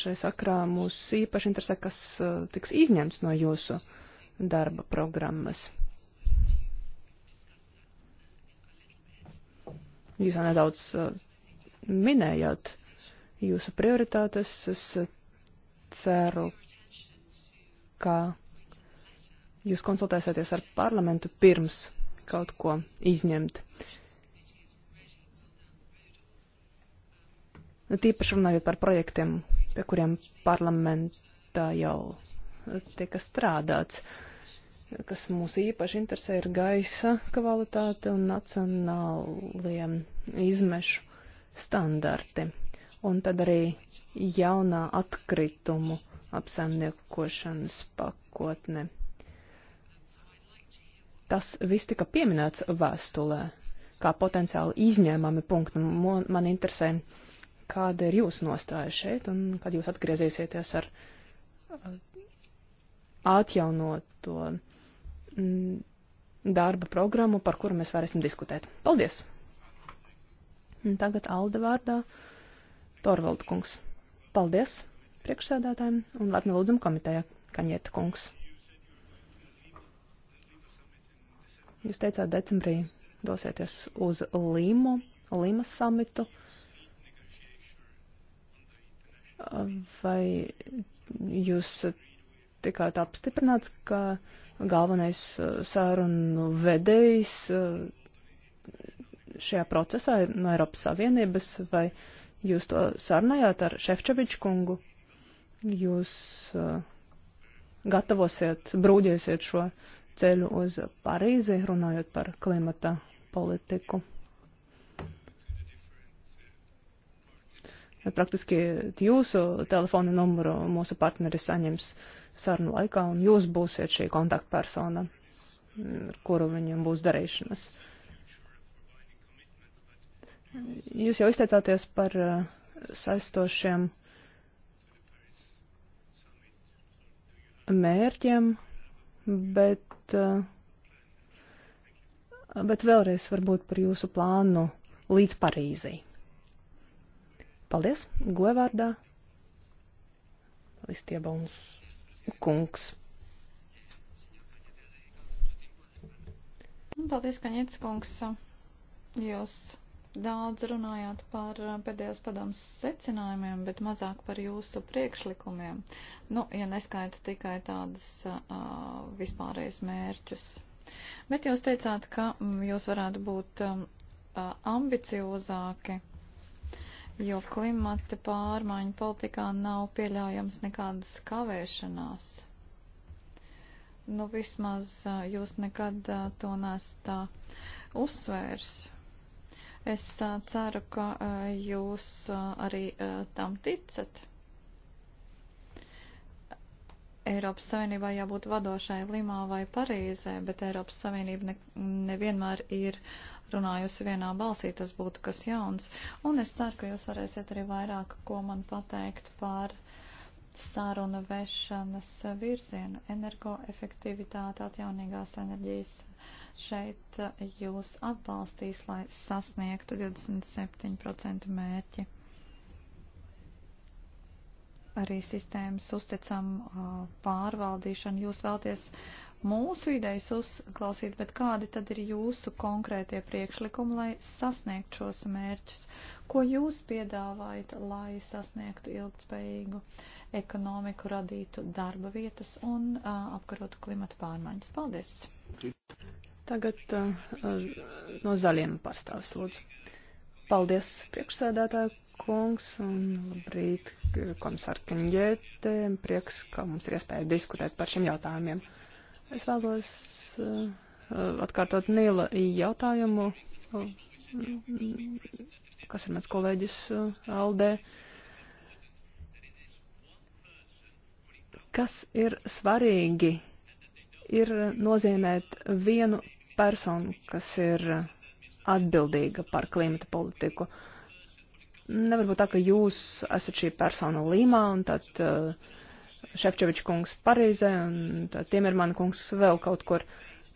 šai sakrā mūs īpaši interesē, kas uh, tiks izņemts no jūsu darba programmas. Jūs jau nedaudz uh, minējāt jūsu prioritātes. Es uh, ceru, ka jūs konsultēsieties ar parlamentu pirms kaut ko izņemt. Nu, tīpaši runājot par projektiem, pie kuriem parlamentā jau tiek strādāts. Kas mūs īpaši interesē ir gaisa kvalitāte un nacionālie izmešu standarti. Un tad arī jaunā atkritumu apsaimniekošanas pakotne. Tas viss tika pieminēts vēstulē kā potenciāli izņēmami punkti. Man, man interesē, kāda ir jūsu nostāja šeit un kad jūs atgriezīsieties ar uh, atjaunoto mm, darba programmu, par kuru mēs varēsim diskutēt. Paldies! Un tagad Alde vārdā Torvalda kungs. Paldies priekšsēdētājiem un Lepni lūdzam komitejā Kaņieta kungs. Jūs teicāt, decembrī dosieties uz Limu, Limas samitu. Vai jūs tikāt apstiprināts, ka galvenais sārunu vedējs šajā procesā ir no Eiropas Savienības, vai jūs to sarunājāt ar Šefčoviču kungu? Jūs uh, gatavosiet, brūģēsiet šo ceļu uz Parīzi, runājot par klimata politiku. Praktiski jūsu telefona numuru mūsu partneri saņems sarunu laikā, un jūs būsiet šī kontaktpersona, ar kuru viņiem būs darīšanas. Jūs jau izteicāties par eh, saistošiem mērķiem bet, eh, bet vēlreiz varbūt par jūsu plānu līdz Parīzī. Paldies, govārdā. Listiebaums kungs. Paldies, Kaņets kungs. Jūs Daudz runājāt par eh, pēdējos padomus secinājumiem, bet mazāk par jūsu priekšlikumiem. Nu, ja neskaita tikai tādas uh, eh, vispārējais mērķus. Bet jūs teicāt, ka mm, jūs varētu būt uh, ambiciozāki, jo klimata pārmaiņu politikā nav pieļaujams nekādas kavēšanās. Nu, vismaz uh, jūs nekad uh, to nesat uh, uzsvērs. Es ceru, ka jūs arī tam ticat. Eiropas Savienībā jābūt vadošai Limā vai Parīzē, bet Eiropas Savienība ne, nevienmēr ir runājusi vienā balsī, tas būtu kas jauns. Un es ceru, ka jūs varēsiet arī vairāk ko man pateikt par sāruna vešanas virzienu, energoefektivitāti, atjaunīgās enerģijas šeit eh, jūs atbalstīs, lai sasniegtu 27% mērķi. Arī sistēmas uzticam eh, pārvaldīšanu. Jūs vēlties mūsu idejas uzklausīt, bet kādi tad ir jūsu konkrētie priekšlikumi, lai sasniegtu šos mērķus? Ko jūs piedāvājat, lai sasniegtu ilgtspējīgu ekonomiku, radītu darba vietas un uh, apkarotu klimatu pārmaiņas? Paldies! Tagad uh, no zaļiem pārstāvis lūdzu. Paldies, priekšsēdētāja kungs, un labrīt, komisāra Kaņģēte. Prieks, ka mums ir iespēja diskutēt par šiem jautājumiem. Es vēlos uh, atkārtot Nīla jautājumu, kas ir mans kolēģis uh, Aldē. Kas ir svarīgi ir nozīmēt vienu persona, kas ir atbildīga par klimata politiku. Nevar būt tā, ka jūs esat šī persona Līmā un tad uh, Šefčovičs kungs Parīzē un tad Timermana kungs vēl kaut kur.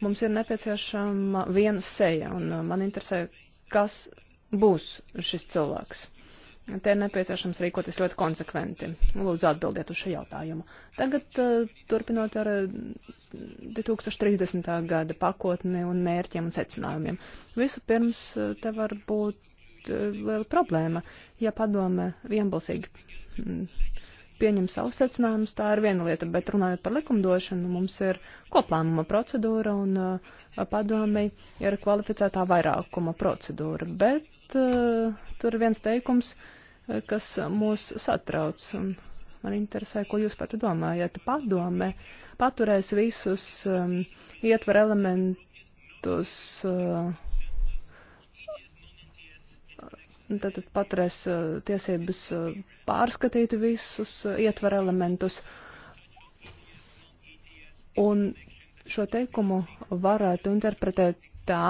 Mums ir nepieciešama viena seja un uh, man interesē, kas būs šis cilvēks. Te ir nepieciešams rīkoties ļoti konsekventi. Lūdzu, atbildiet uz šo jautājumu. Tagad uh, turpinot ar 2030. Uh, gada pakotni un mērķiem un secinājumiem. Vispirms uh, te var būt liela problēma, ja padome vienbalsīgi mm, pieņem savus secinājumus, tā ir viena lieta, bet runājot par likumdošanu, mums ir koplēmuma procedūra un padomei ir kvalificētā vairākuma procedūra, bet Eh, tur viens teikums, eh, kas mūs satrauc. Un man interesē, ko jūs par to domājat. Padome paturēs visus um, ietver elementus. Uh, Tad paturēs uh, tiesības uh, pārskatīt visus uh, ietver elementus. Un šo teikumu varētu interpretēt tā,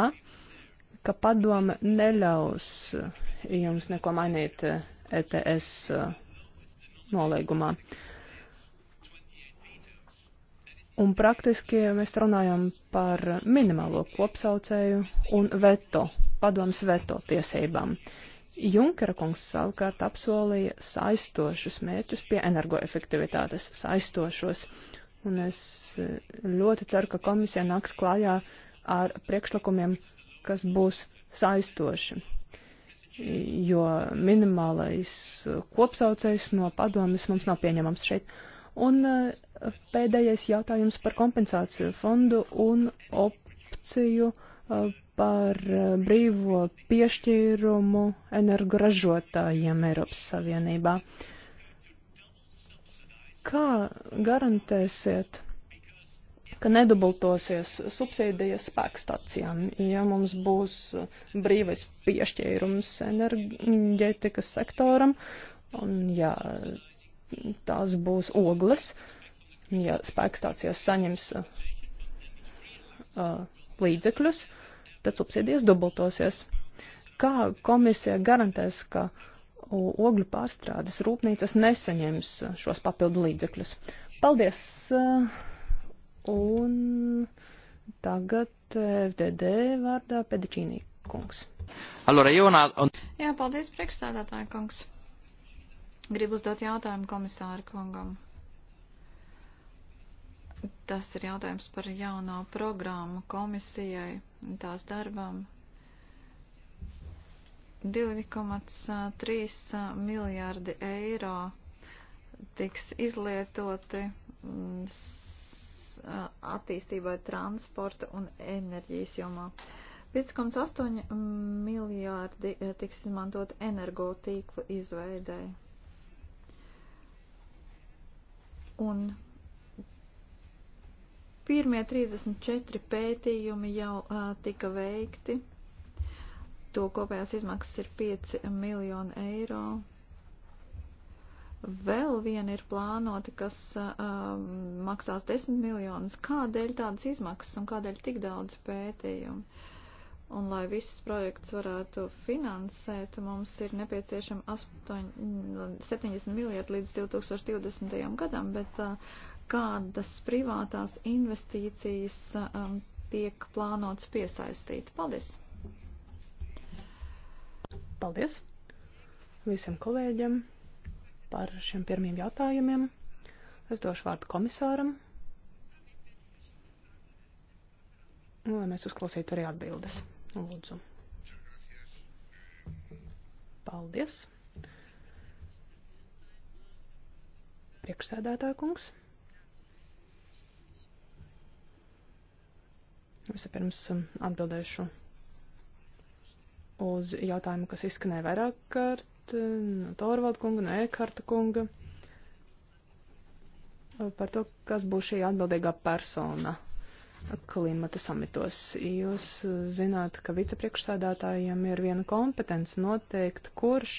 ka padome neļaus eh, jums neko mainīt ETS eh, e eh, nolīgumā. Un praktiski mēs runājam par minimālo kopsaucēju un veto, padomas veto tiesībām. Junkera kungs savukārt apsolīja saistošus mērķus pie energoefektivitātes, saistošos. Un es ļoti ceru, ka komisija nāks klājā ar priekšlikumiem uh, kas būs saistoši, jo minimālais uh, kopsaucējs no padomis mums nav pieņemams šeit. Un uh, pēdējais jautājums par kompensāciju fondu un opciju uh, par brīvo piešķīrumu energoražotājiem Eiropas Savienībā. Kā garantēsiet ka nedubultosies subsīdijas spēkstacijām, ja mums būs brīvais piešķērums enerģētikas sektoram, un ja tās būs ogles, ja spēkstācijas saņems uh, līdzekļus, tad subsīdijas dubultosies. Kā komisija garantēs, ka ogļu pārstrādes rūpnīcas nesaņems šos papildu līdzekļus? Paldies! Uh, Un tagad eh, FDD vārdā Pedičīnī kungs. Allora, Jonā, un... Jā, paldies, priekšstādātāja kungs. Gribu uzdot jautājumu komisāru kungam. Tas ir jautājums par jauno programmu komisijai, tās darbam. 2,3 miljārdi eiro tiks izlietoti attīstībai transporta un enerģijas jomā. 5,8 miljārdi e, tiks izmantot energotīklu izveidai. Un pirmie 34 pētījumi jau uh, tika veikti. To kopējās izmaksas ir 5 miljoni eiro. Vēl viena ir plānota, kas uh, maksās 10 miljonus. Kādēļ tādas izmaksas un kādēļ tik daudz pētījumu? Un lai viss projekts varētu finansēt, mums ir nepieciešama 70 miljardi līdz 2020. gadam, bet uh, kādas privātās investīcijas um, tiek plānotas piesaistīt? Paldies! Paldies visiem kolēģiem! par šiem pirmiem jautājumiem. Es došu vārdu komisāram, lai mēs uzklausītu arī atbildes. Lūdzu. Paldies. Priekšsēdētāja kungs. Vispirms um, atbildēšu uz jautājumu, kas izskanēja vairāk kārt Eh, no Torvalda kunga, no Ekarta kunga eh, par to, kas būs šī atbildīgā persona klimata samitos. Jūs eh, zināt, ka vicepriekšsēdētājiem ir viena kompetence noteikt, kurš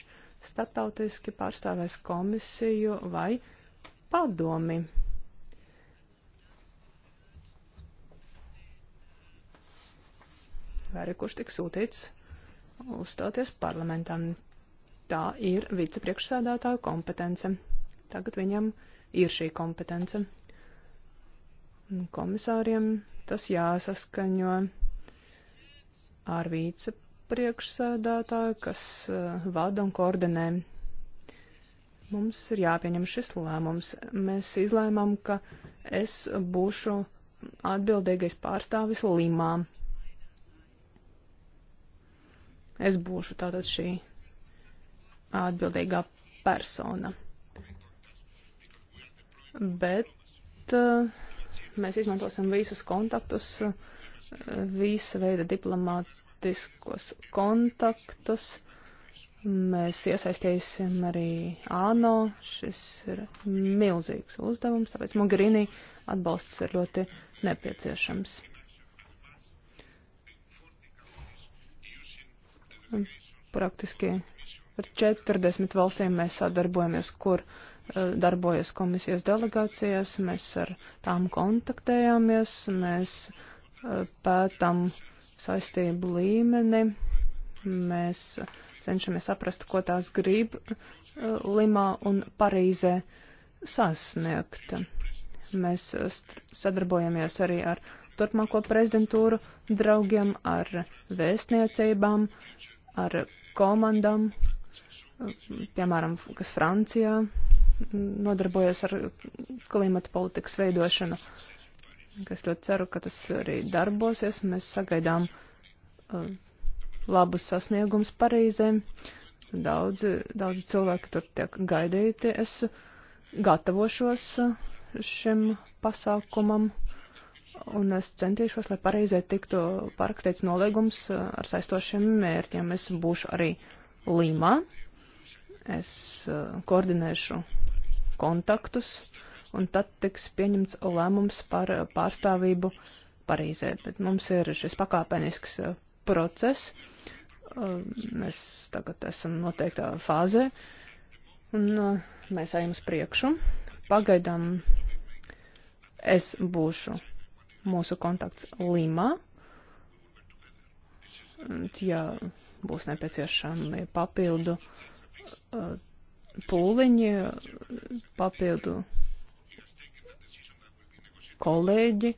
starptautiski pārstāvēs komisiju vai padomi. Vai arī kurš tiks sūtīts uzstāties parlamentam tā ir vicepriekšsēdētāja kompetence. Tagad viņam ir šī kompetence. Komisāriem tas jāsaskaņo ar vicepriekšsēdētāju, kas eh, vada un koordinē. Mums ir jāpieņem šis lēmums. Mēs izlēmām, ka es būšu atbildīgais pārstāvis Limā. Es būšu tātad šī atbildīgā persona. Bet eh, mēs izmantosim visus kontaktus, eh, visa veida diplomātiskos kontaktus. Mēs iesaistīsim arī ANO. Šis ir milzīgs uzdevums, tāpēc Mogherini atbalsts ir ļoti nepieciešams. Praktiski Ar 40 valstīm mēs sadarbojamies, kur eh, darbojas komisijas delegācijas, mēs ar tām kontaktējāmies, mēs eh, pētam saistību līmeni, mēs cenšamies saprast, ko tās grib eh, Limā un Parīzē sasniegt. Mēs sadarbojamies arī ar turpmāko prezidentūru draugiem, ar vēstniecībām, ar komandām, piemēram, kas Francijā nodarbojas ar klimata politikas veidošanu, kas ļoti ceru, ka tas arī darbosies. Mēs sagaidām uh, labus sasniegums Parīzē. Daudzi, daudzi cilvēki tur tiek gaidīti. Es gatavošos uh, šim pasākumam un es centīšos, lai Parīzē tiktu parakstīts nolīgums uh, ar saistošiem mērķiem. Es būšu arī uh, Limā. Es eh, koordinēšu kontaktus, un tad tiks pieņemts lēmums par eh, pārstāvību Parīzē. Bet mums ir šis pakāpenisks eh, process. Mēs um, tagad esam noteiktā fāzē, un mēs ejam uz priekšu. Pagaidām es būšu mūsu kontakts Limā. Ja būs nepieciešami papildu uh, pūliņi, papildu kolēģi.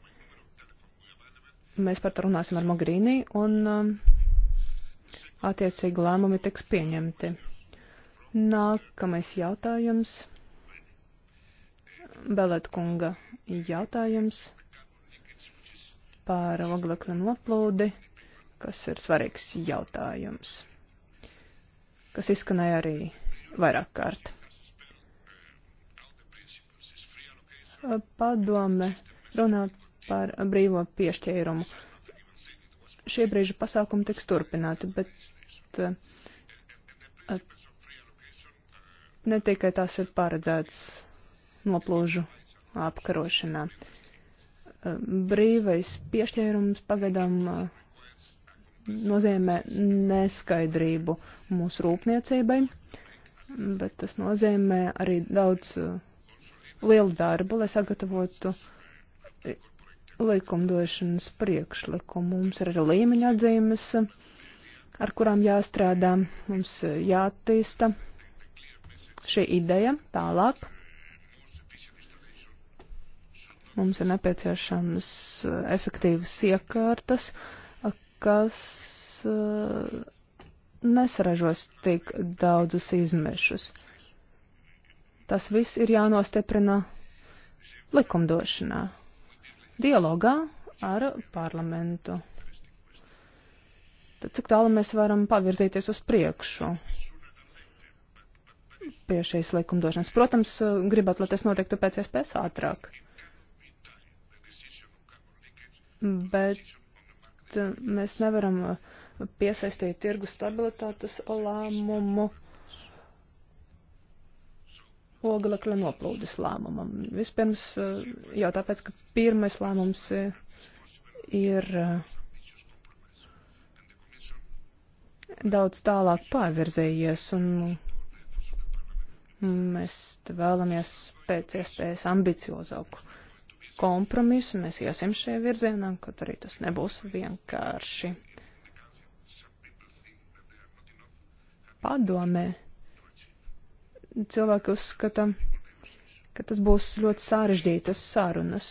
Mēs par to runāsim ar Mogrīnī un um, attiecīgi lēmumi tiks pieņemti. Nākamais jautājums. Beletkunga jautājums par oglekļu noplūdi kas ir svarīgs jautājums, kas izskanēja arī vairāk kārt. Padome runā par brīvo piešķērumu. Šie brīži pasākumi tiks turpināti, bet uh, ne tikai tās ir paredzēts noplūžu apkarošanā. Uh, brīvais piešķērums pagaidām uh, nozīmē neskaidrību mūsu rūpniecībai, bet tas nozīmē arī daudz uh, lielu darbu, lai sagatavotu likumdošanas priekšlikumu. Mums ir arī līmeņa atzīmes, ar kurām jāstrādā, mums jāattīsta šī ideja tālāk. Mums ir nepieciešams uh, efektīvas iekārtas, uh, kas uh, nesaražos tik daudzus izmešus. Tas viss ir jānostiprina likumdošanā, dialogā ar parlamentu. Tad cik tālu mēs varam pavirzīties uz priekšu pie šīs likumdošanas? Protams, uh, gribat, lai tas notiktu pēc iespējas ātrāk. Bet Eh, mēs nevaram eh, piesaistīt tirgu stabilitātes lēmumu oglekļa noplūdes lēmumam. Vispirms eh, jau tāpēc, ka pirmais lēmums ir daudz tālāk pārvirzījies, un mēs vēlamies pēc iespējas ambiciozāku kompromisu, mēs iesim šajā virzienā, kaut arī tas nebūs vienkārši. Padomē. Cilvēki uzskata, ka tas būs ļoti sarežģītas sarunas.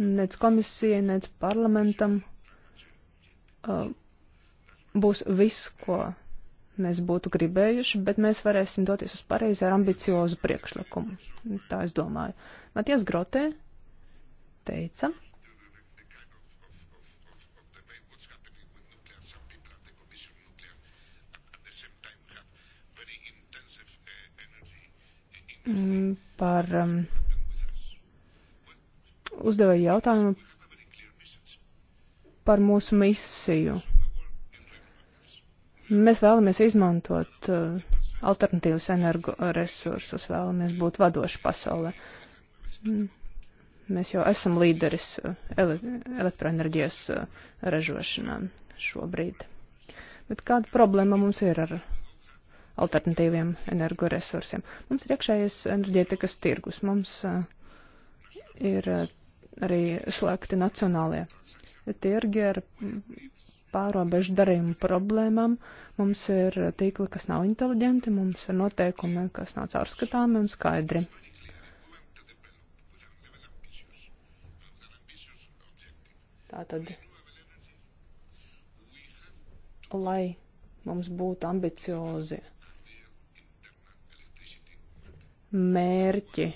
Nec komisijai, nec parlamentam uh, būs viss, ko mēs būtu gribējuši, bet mēs varēsim doties uz pareizi ar ambiciozu priekšlikumu. Tā es domāju. Matijas Grotē teica. Mm, par um, uzdevēju jautājumu par mūsu misiju Mēs vēlamies izmantot uh, alternatīvas energoresursus, vēlamies būt vadoši pasaulē. Mm. Mēs jau esam līderis uh, ele elektroenerģijas uh, ražošanā šobrīd. Bet kāda problēma mums ir ar alternatīviem energoresursiem? Mums ir iekšējais enerģētikas tirgus, mums ir arī slēgti nacionālie tirgi ar pārobežu darījumu problēmām. Mums ir tīkli, kas nav inteliģenti, mums ir noteikumi, kas nav caurskatāmi un skaidri. Tātad, lai mums būtu ambiciozi mērķi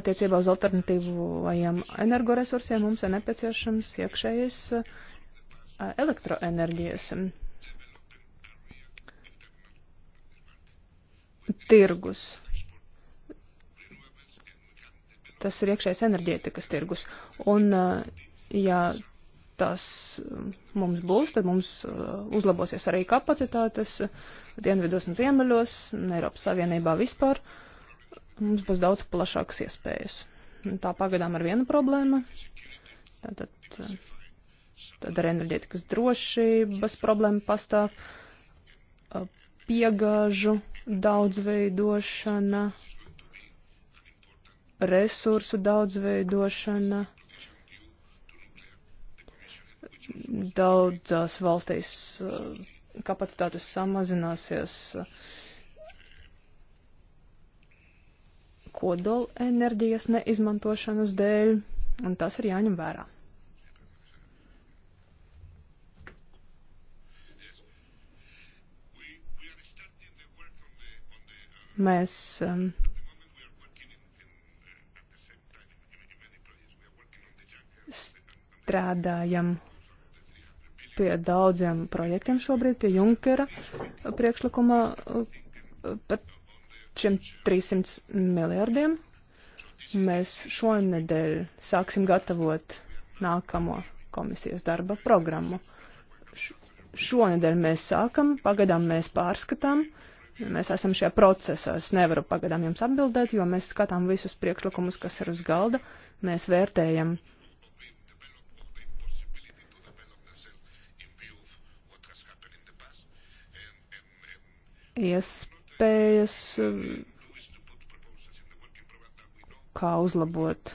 attiecībā uz alternatīvajiem energoresursiem, mums ir nepieciešams iekšējais uh, elektroenerģijas tirgus. Tas ir iekšējais enerģētikas tirgus. Un, ja tas mums būs, tad mums uzlabosies arī kapacitātes dienvidos un ziemeļos, un Eiropas Savienībā vispār. Mums būs daudz plašākas iespējas. Tā pagadām ir viena problēma. Tātad Tad ar enerģētikas drošības problēmu pastāv piegāžu daudzveidošana, resursu daudzveidošana. Daudzās valstīs kapacitātes samazināsies kodola enerģijas neizmantošanas dēļ, un tas ir jāņem vērā. Mēs um, strādājam pie daudziem projektiem šobrīd, pie Junkera priekšlikuma uh, par šiem 300 miljardiem. Mēs šonedēļ sāksim gatavot nākamo komisijas darba programmu. Šonedēļ mēs sākam, pagadām mēs pārskatām. Uh, Mēs esam šajā procesā. Es nevaru pagaidām jums atbildēt, jo mēs skatām visus priekšlikumus, kas ir uz galda. Mēs vērtējam iespējas, kā uzlabot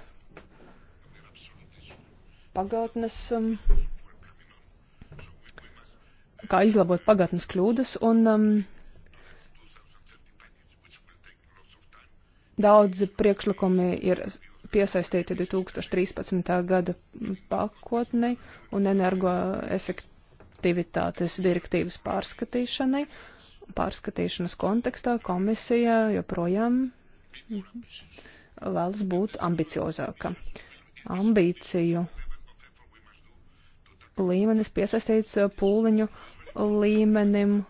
pagātnes, um, kā izlabot pagātnes kļūdas, un um, Daudzi priekšlikumi ir piesaistīti 2013. gada pakotnei un energoefektivitātes direktīvas pārskatīšanai. Pārskatīšanas kontekstā komisija joprojām vēlas būt ambiciozāka. Ambīciju līmenis piesaistīts pūliņu līmenim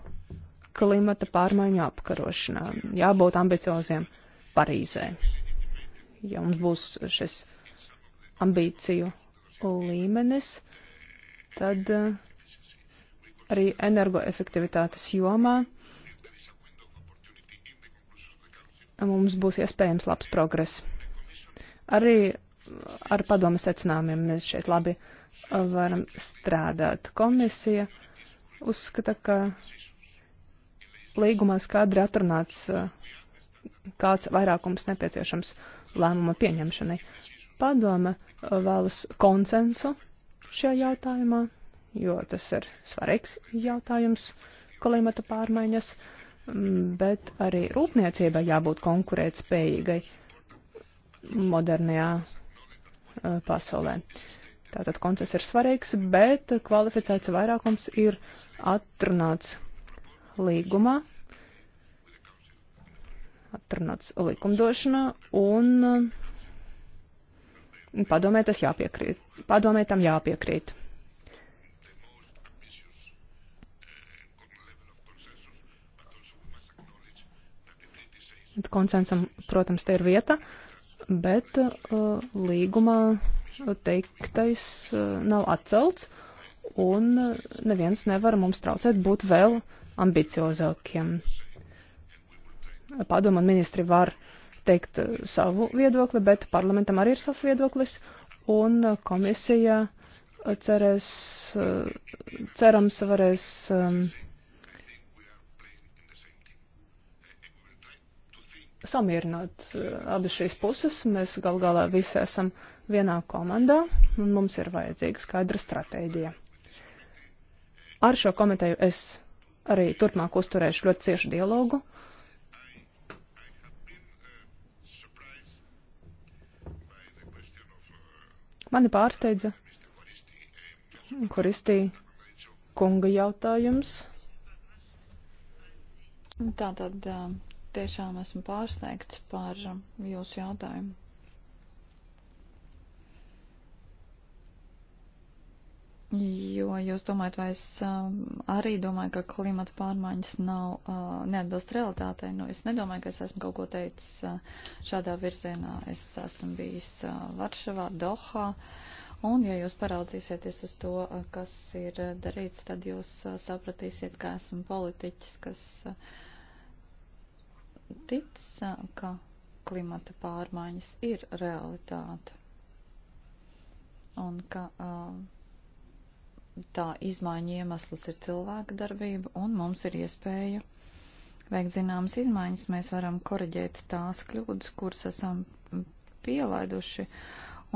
klimata pārmaiņu apkarošanā. Jābūt ambicioziem Parīzē. Ja mums būs šis ambīciju līmenis, tad eh, arī energoefektivitātes jomā mums būs iespējams labs progress. Arī ar padomu secinājumiem mēs šeit labi eh, varam strādāt. Komisija uzskata, ka līgumā skaidri atrunāts uh, kāds vairākums nepieciešams lēmuma pieņemšanai. Padome uh, vēlas konsensu šajā jautājumā, jo tas ir svarīgs jautājums klimata pārmaiņas, mm, bet arī rūpniecībai jābūt konkurētspējīgai modernajā uh, pasaulē. Tātad koncepts ir svarīgs, bet kvalificēts vairākums ir atrunāts līgumā atrunāts likumdošanā, un um, padomē tas jāpiekrīt. Padomē tam jāpiekrīt. Konsensam, protams, te ir vieta, bet uh, līgumā teiktais uh, nav atcelts, un uh, neviens nevar mums traucēt būt vēl ambiciozākiem. Uh, Padomu un ministri var teikt eh, savu viedokli, bet parlamentam arī ir savs viedoklis, un eh, komisija eh, cerēs, cerams, varēs. Um, samierināt abas šīs puses. Mēs gal galā visi esam vienā komandā un mums ir vajadzīga skaidra stratēģija. Ar šo komiteju es arī turpmāk uzturēšu ļoti ciešu dialogu. Mani pārsteidza Koristī kunga jautājums. Tātad tiešām esmu pārsteigts par jūsu jautājumu. Jo jūs domājat, vai es um, arī domāju, ka klimata pārmaiņas nav uh, neatbilst realitātei? Nu, es nedomāju, ka es esmu kaut ko teicis uh, šādā virzienā. Es esmu bijis uh, Varšavā, Dohā. Un, ja jūs paraudzīsieties uz to, kas ir darīts, tad jūs sapratīsiet, ka esmu politiķis, kas tic, ka klimata pārmaiņas ir realitāte. Un ka uh, tā izmaiņa iemesls ir cilvēka darbība, un mums ir iespēja veikt zināmas izmaiņas. Mēs varam koreģēt tās kļūdas, kuras esam pielaiduši,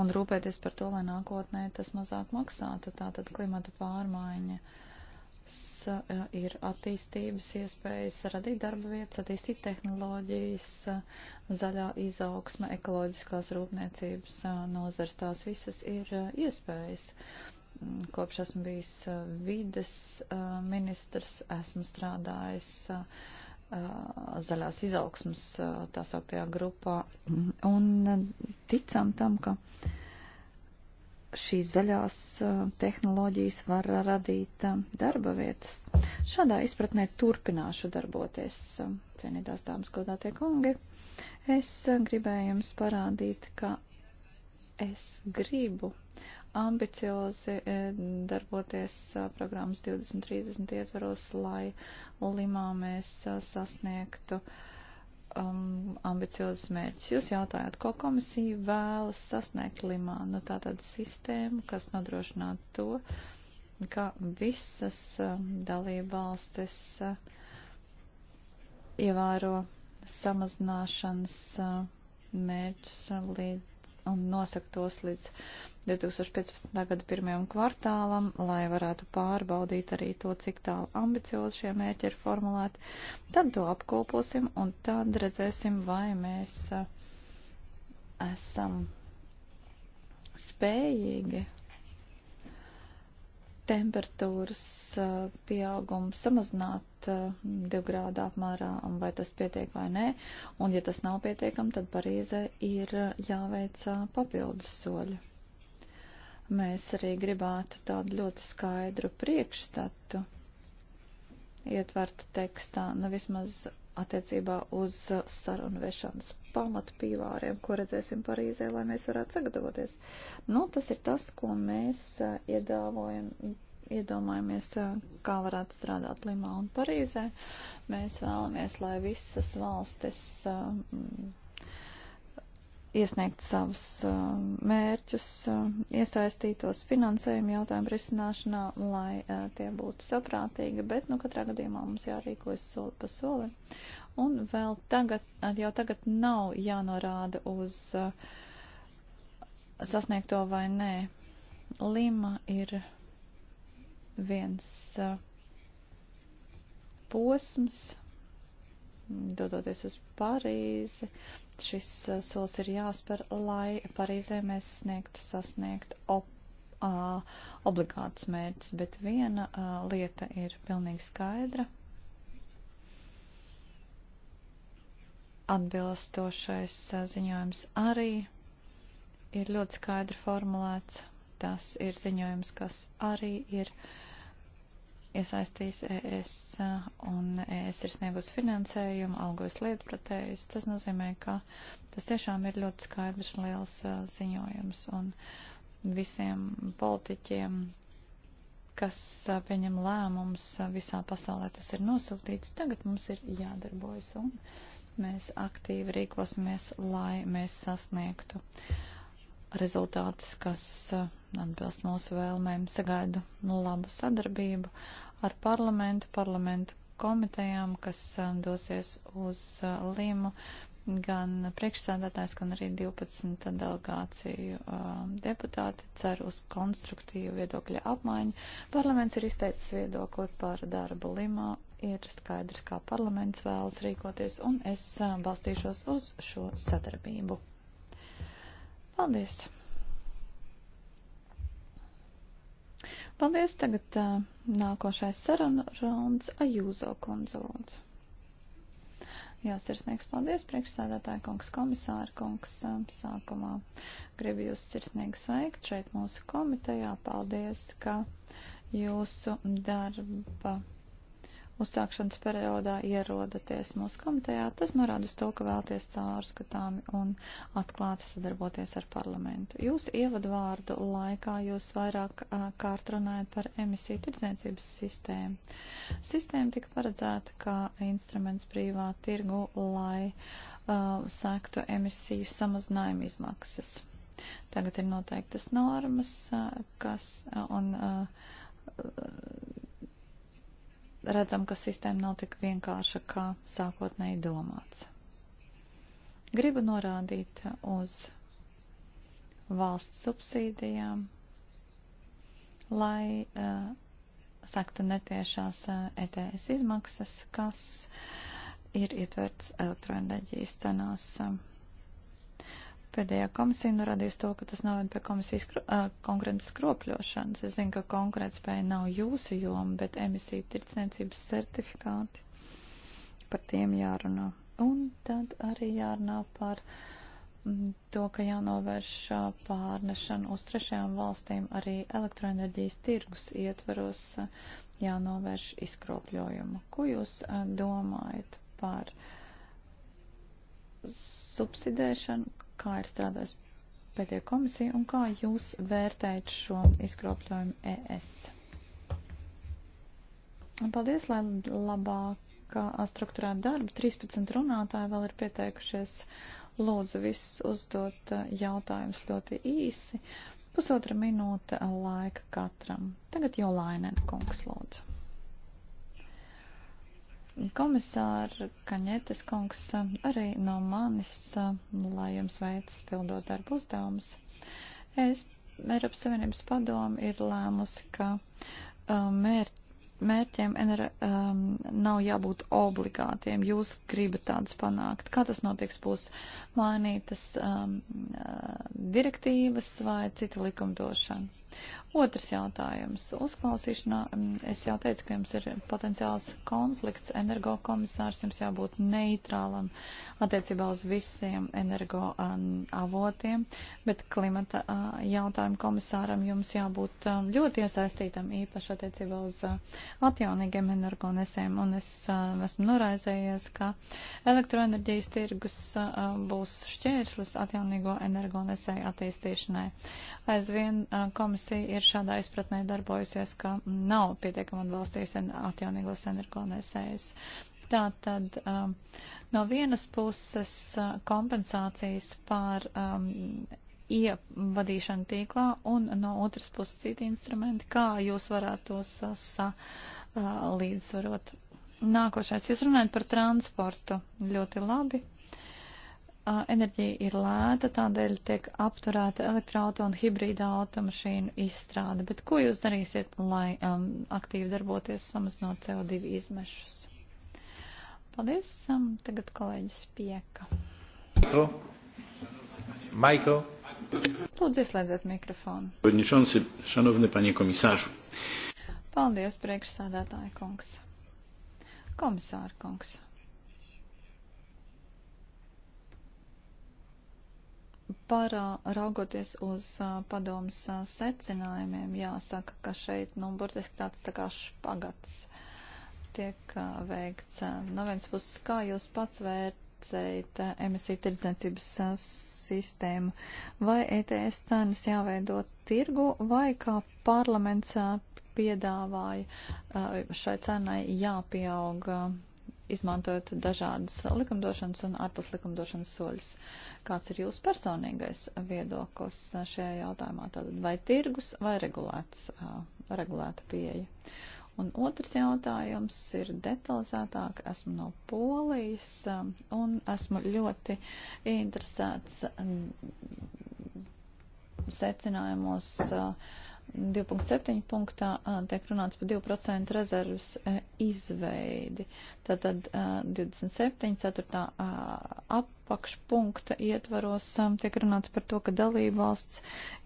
un rūpēties par to, lai nākotnē tas mazāk maksātu. Tātad klimata pārmaiņa e, ir attīstības iespējas radīt darba vietas, attīstīt tehnoloģijas, e, zaļā izaugsme, ekoloģiskās rūpniecības e, nozars, tās visas ir iespējas. Uh, Kopš esmu bijis uh, vides uh, ministrs, esmu strādājis uh, zaļās izaugsmas tā sauktajā grupā un ticam tam, ka šīs zaļās tehnoloģijas var radīt darba vietas. Šādā izpratnē turpināšu darboties, cienītās dāmas, godātie kungi. Es gribēju jums parādīt, ka es gribu ambiciozi e, darboties e, programmas 2030 ietveros, lai Limā mēs e, sasniegtu um, ambiciozus mērķus. Jūs jautājat, ko komisija vēlas sasniegt Limā? Nu, tā tāda sistēma, kas nodrošinātu to, ka visas um, dalība valstis uh, ievēro samazināšanas uh, mērķus līdz un nosaka tos līdz 2015. gada pirmajam kvartālam, lai varētu pārbaudīt arī to, cik tālu ambiciozi šie mērķi ir formulēti. Tad to apkoposim un tad redzēsim, vai mēs eh, esam spējīgi temperatūras pieaugumu samazināt divu grādu apmērā, vai tas pietiek vai nē. Un, ja tas nav pietiekami, tad Parīzē ir jāveic papildus soļi. Mēs arī gribētu tādu ļoti skaidru priekšstatu ietvertu tekstā, nu vismaz attiecībā uz sarunu vešanas pamatpīlāriem, ko redzēsim Parīzē, lai mēs varētu sagatavoties. Nu, tas ir tas, ko mēs iedāvojam. Iedomājamies, kā varētu strādāt Limā un Parīzē. Mēs vēlamies, lai visas valstis iesniegt savus um, mērķus, um, iesaistītos finansējumu jautājumu risināšanā, lai uh, tie būtu saprātīgi, bet, nu, katrā gadījumā mums jārīkojas soli pa soli. Un vēl tagad, jau tagad nav jānorāda uz uh, sasniegto vai nē. Lima ir viens uh, posms, dodoties uz Parīzi, šis uh, solis ir jāspēr, lai Parīzē mēs sniegtu sasniegt op, a, uh, obligātus mērķus, bet viena a, uh, lieta ir pilnīgi skaidra. Atbilstošais ziņojums arī ir ļoti skaidri formulēts. Tas ir ziņojums, kas arī ir uh, iesaistīs ES uh, un ES ir sniegus finansējumu, algos lietpratējus. Tas nozīmē, ka tas tiešām ir ļoti skaidrs un liels uh, ziņojums un visiem politiķiem, kas uh, pieņem lēmums visā pasaulē, tas ir nosūtīts. Tagad mums ir jādarbojas un mēs aktīvi rīkosimies, lai mēs sasniegtu rezultātus, kas atbilst mūsu vēlmēm, sagaidu labu sadarbību ar parlamentu, parlamentu komitejām, kas uh, dosies uz uh, Limu, gan priekšsādātājs, gan arī 12 delegāciju uh, deputāti cer uz konstruktīvu viedokļa apmaiņu. Parlaments ir izteicis viedokli par darbu Limā, ir skaidrs, kā parlaments vēlas rīkoties, un es balstīšos uz šo sadarbību. Paldies! Paldies. Tagad uh, nākošais saruna rauns Ajūzo kundze lūdzu. Jā, sirsnīgs paldies, priekšsēdētāja kungs, komisāra kungs. Sākumā gribu jūs sirsnīgi sveikt šeit mūsu komitejā. Paldies, ka jūsu darba uzsākšanas periodā ierodaties mūsu komitejā, tas norāda uz to, ka vēlties caurskatāmi un atklāti sadarboties ar parlamentu. Jūsu ievadu vārdu laikā jūs vairāk kārt runājat par emisiju tirdzniecības sistēmu. Sistēma tika paredzēta kā instruments brīvā tirgu, lai uh, sektu emisiju samazinājumu izmaksas. Tagad ir noteiktas normas, kas un uh, redzam, ka sistēma nav tik vienkārša, kā sākotnēji domāts. Gribu norādīt uz valsts subsīdijām, lai uh, eh, saktu netiešās uh, eh, ETS izmaksas, kas ir ietverts elektroenerģijas cenās. Uh, Pēdējā komisija norādījusi to, ka tas noved pie komisijas uh, konkurences skropļošanas. Es zinu, ka konkurētspēja nav jūsu joma, bet emisiju tirdzniecības certifikāti par tiem jārunā. Un tad arī jārunā par mm, to, ka jānovērš pārnešana uz trešajām valstīm arī elektroenerģijas tirgus ietveros jānovērš izkropļojumu. Ko jūs domājat par subsidēšanu, kā ir strādājis pēdējā komisija un kā jūs vērtējat šo izkropļojumu ES. Un paldies, lai labākā strukturēta darba. 13 runātāji vēl ir pieteikušies. Lūdzu visus uzdot eh, jautājumus ļoti īsi. Pusotra minūte laika katram. Tagad jau Lainen kungs lūdzu. Komisāra Kaņetes kungs arī no manis, lai jums veicas pildot darbu uzdevumus. Es, Eiropas Savienības padomu ir lēmusi, ka mēr, mērķiem ener, um, nav jābūt obligātiem. Jūs gribat tādus panākt. Kā tas notiks? Būs mainītas um, direktīvas vai cita likumdošana? Otrs jautājums. Uzklausīšanā mm, es jau teicu, ka jums ir potenciāls konflikts. Energokomisārs jums jābūt neitrālam attiecībā uz visiem energo um, avotiem, bet klimata uh, jautājumu komisāram jums jābūt um, ļoti iesaistītam īpaši attiecībā uz uh, atjaunīgiem energonesiem. Un es uh, esmu noraizējies, ka elektroenerģijas tirgus uh, būs šķērslis atjaunīgo energonesēju attīstīšanai. Aizvien uh, komisārs komisija ir šādā izpratnē darbojusies, ka nav pietiekami atbalstījis atjaunīgos energonesējus. Tā tad um, no vienas puses uh, kompensācijas par um, ievadīšanu tīklā un no otras puses citi instrumenti, kā jūs varētu tos uh, sa, uh, līdzsvarot. Nākošais, jūs runājat par transportu ļoti labi, enerģija ir lēta, tādēļ tiek apturēta elektroauto un hibrīda automašīnu izstrāde. Bet ko jūs darīsiet, lai um, aktīvi darboties samazinot CO2 izmešus? Paldies. Um, tagad kolēģis Pieka. Mikro. Mikro. Lūdzu, ieslēdziet mikrofonu. Podničonsi, šanovni paņi komisāžu. Paldies, priekšsādātāja kungs. Komisāra kungs. Par raugoties uz padomus secinājumiem, jāsaka, ka šeit, nu, burtiski tāds tā kā špagats tiek veikts. No viens puses, kā jūs pats vērtējat emisiju tirdzniecības sistēmu? Vai ETS cenas jāveido tirgu vai kā parlaments piedāvāja šai cenai jāpieauga izmantojot dažādas likumdošanas un ārpus likumdošanas soļus. Kāds ir jūsu personīgais viedoklis šajā jautājumā? Tātad vai tirgus vai regulēts, regulēta pieeja? Un otrs jautājums ir detalizētāk. Esmu no Polijas un esmu ļoti interesēts secinājumos. Uh, 2.7 punktā tiek runāts par 2% rezervas e, izveidi. Tātad 27. 4. apakšpunkta ietvaros tiek runāts par to, ka dalība valsts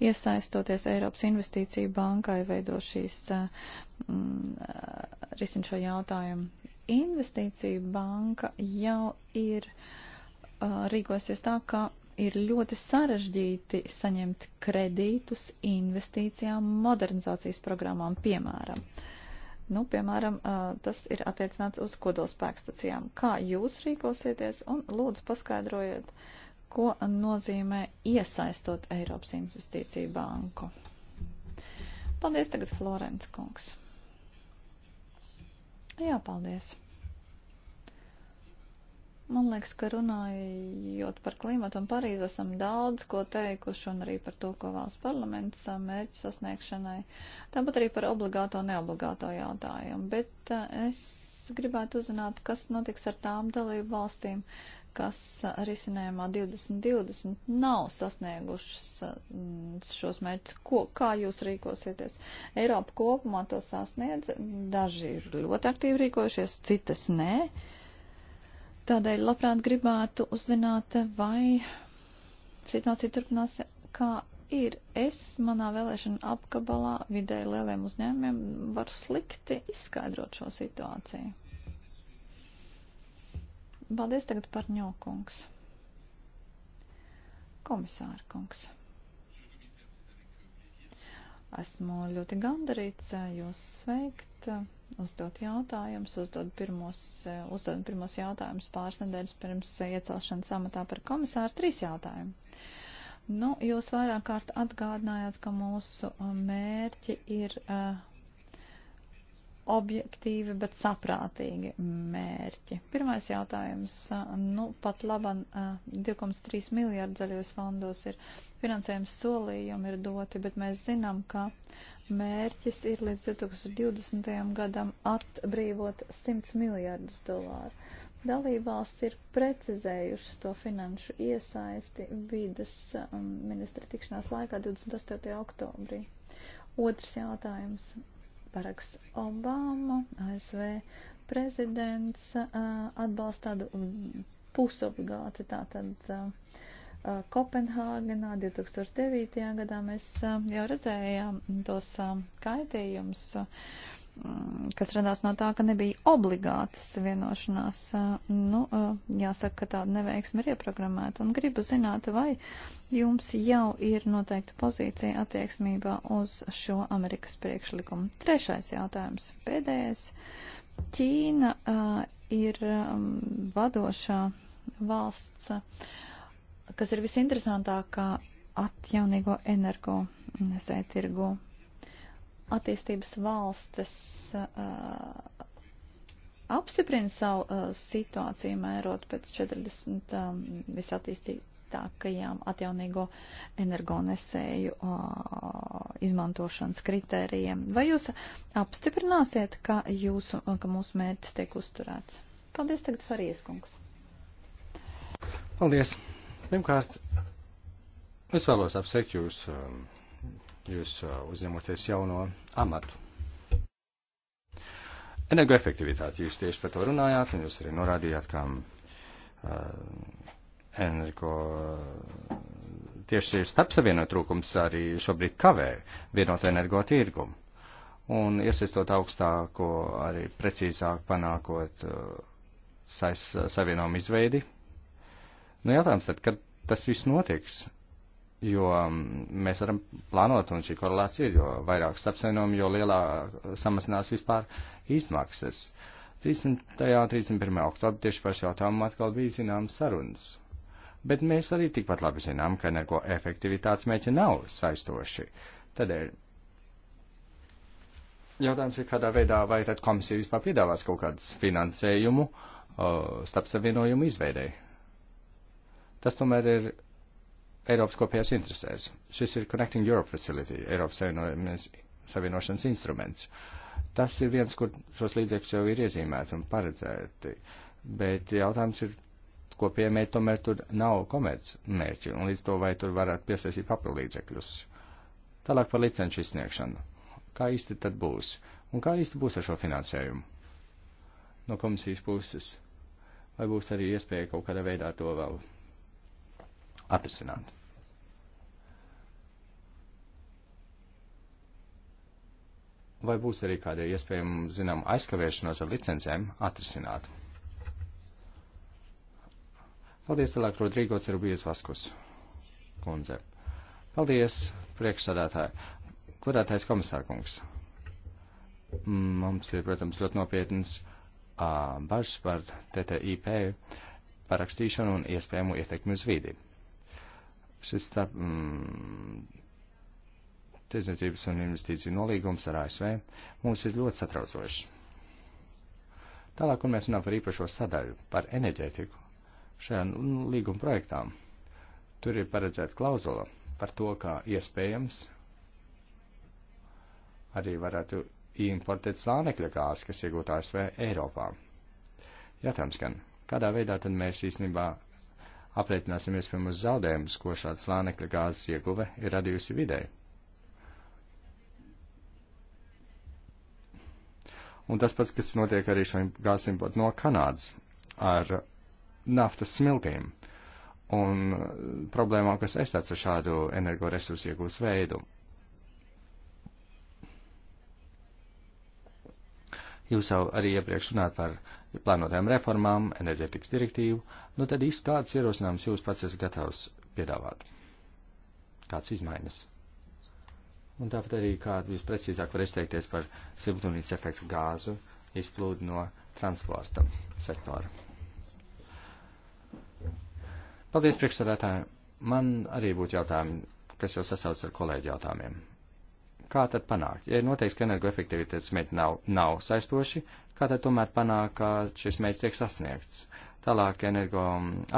iesaistoties Eiropas investīciju bankai veido šīs mm, risin šo jautājumu. Investīcija banka jau ir rīkosies tā, ka ir ļoti sarežģīti saņemt kredītus investīcijām modernizācijas programmām, piemēram. Nu, piemēram, tas ir attiecināts uz kodolspēkstacijām. Kā jūs rīkosieties un lūdzu paskaidrojiet, ko nozīmē iesaistot Eiropas investīciju banku? Paldies tagad, Florence kungs. Jā, paldies. Man liekas, ka runājot par klimatu un Parīzi esam daudz ko teikuši un arī par to, ko vēlas parlaments mērķu sasniegšanai. Tāpat arī par obligāto un neobligāto jautājumu. Bet es gribētu uzzināt, kas notiks ar tām dalību valstīm, kas risinājumā 2020 nav sasniegušas šos mērķus. Ko, kā jūs rīkosieties? Eiropa kopumā to sasniedz, daži ir ļoti aktīvi rīkojušies, citas nē. Ne Tādēļ labprāt gribētu uzzināt, vai situācija turpinās kā ir. Es manā vēlēšana apgabalā vidēji lieliem uzņēmumiem varu slikti izskaidrot šo situāciju. Paldies tagad par ņokungs. Komisāra kungs. Esmu ļoti gandarīts eh, jūs sveikt Eh, uzdot jautājumus, uzdot pirmos, eh, uzdot pirmos jautājumus pāris nedēļas pirms eh, iecelšanas amatā par komisāru trīs jautājumu. Nu, jūs vairāk kārt atgādinājāt, ka mūsu mērķi ir uh, objektīvi, bet saprātīgi mērķi. Pirmais jautājums. Nu, pat laban 2,3 miljārdu zaļos fondos ir finansējums solījumi ir doti, bet mēs zinām, ka mērķis ir līdz 2020. gadam atbrīvot 100 miljārdus dolāru. Dalībvalsts ir precizējušas to finanšu iesaisti vidas um, ministra tikšanās laikā 28. oktobrī. Otrs jautājums. Paraks Obama, ASV prezidents, uh, atbalsta tādu pusobligāti tātad. Uh, Uh, Kopenhāgenā 2009. gadā mēs uh, jau redzējām tos uh, kaitējumus, mm, kas radās no tā, ka nebija obligātas vienošanās. Nu, jāsaka, ka tāda neveiksme ir ieprogrammēta. Un gribu zināt, vai jums jau ir noteikta pozīcija attieksmībā uz šo Amerikas priekšlikumu. Trešais jautājums. Pēdējais. Ķīna uh, ir um, vadošā valsts. Uh, kas ir visinteresantākā atjaunīgo energo nesēja tirgu. Attīstības valstis uh, apstiprina savu uh, situāciju, mērot pēc 40 um, visattīstītākajām atjaunīgo energonesēju uh, izmantošanas kritērijiem. Vai jūs apstiprināsiet, ka, jūsu, ka mūsu mērķis tiek uzturēts? Paldies tagad, Farijas kungs. Paldies. Pirmkārt, es vēlos apsveikt jūs, um, jūs uh, uzņemoties jauno amatu. Energoefektivitāte, jūs tieši par to runājāt, un jūs arī norādījāt, kā uh, energo tieši ir starpsavienot trūkums arī šobrīd kavē vienoto energo tirgumu. Un iesaistot augstāko, arī precīzāk panākot uh, savienojumu izveidi Nu, jautājums tad, kad tas viss notiks? Jo mm, mēs varam plānot, un šī korelācija ir, jo vairāk apsvienojumu, jo lielā samazinās vispār izmaksas. 30. un 31. oktobrī tieši par šo jautājumu atkal bija zināmas sarunas. Bet mēs arī tikpat labi zinām, ka energo efektivitātes mērķi nav saistoši. Tādēļ Jautājums ir, kādā veidā vai tad komisija vispār piedāvās kaut kādus finansējumu uh, starpsavienojumu izveidēji? Tas tomēr ir Eiropas kopējās interesēs. Šis ir Connecting Europe Facility, Eiropas Savienošanas instruments. Tas ir viens, kur šos līdzekļus jau ir iezīmēti un paredzēti, bet jautājums ir, kopējie mērķi tomēr tur nav komerc mērķi, un līdz to vai tur varētu piesaistīt papildu līdzekļus. Tālāk par licenču izsniegšanu. Kā īsti tad būs? Un kā īsti būs ar šo finansējumu? No komisijas puses. Vai būs arī iespēja kaut kādā veidā to vēl atrisināt. Vai būs arī kāda iespējama, zinām, aizkavēšanos ar licencēm atrisināt? Paldies, tālāk Rodrīgo Cerubijas Vaskus kundze. Paldies, priekšsādātāji. Godātais komisārkungs. Mums ir, protams, ļoti nopietnas bažas par TTIP parakstīšanu un iespējamu ietekmi uz vidi. Šis starp mm, tirdzniecības un investīciju nolīgums ar ASV mums ir ļoti satraucošs. Tālāk, un mēs runājam par īpašo sadaļu, par enerģētiku, šajā līguma projektā. Tur ir paredzēta klauzula par to, kā iespējams arī varētu importēt slānekļa gāzi, kas iegūta ASV Eiropā. Jautājums gan, kādā veidā tad mēs īstenībā aprēķināsim iespējamos zaudējumus, ko šāds slānekļa gāzes ieguve ir radījusi vidē. Un tas pats, kas notiek arī šo gāzes importu no Kanādas ar naftas smiltīm un uh, problēmām, kas aizstāts ar šādu energoresursu iegūs veidu. Jūs jau arī iepriekš runājat par plānotajām reformām, enerģetikas direktīvu, nu tad īsti kāds ierosinājums jūs pats esat gatavs piedāvāt? Kāds izmaiņas? Un tāpat arī, kā jūs precīzāk var izteikties par siltumnīca efektu gāzu izplūdu no transporta sektora. Paldies, priekšsēdētāji! Man arī būtu jautājumi, kas jau sasauc ar kolēģi jautājumiem. Kā tad panākt? Ja ir noteikts, ka energoefektivitātes mērķi nav, nav saistoši, kā tad tomēr panākt, ka šis mērķis tiek sasniegts? Tālāk energo,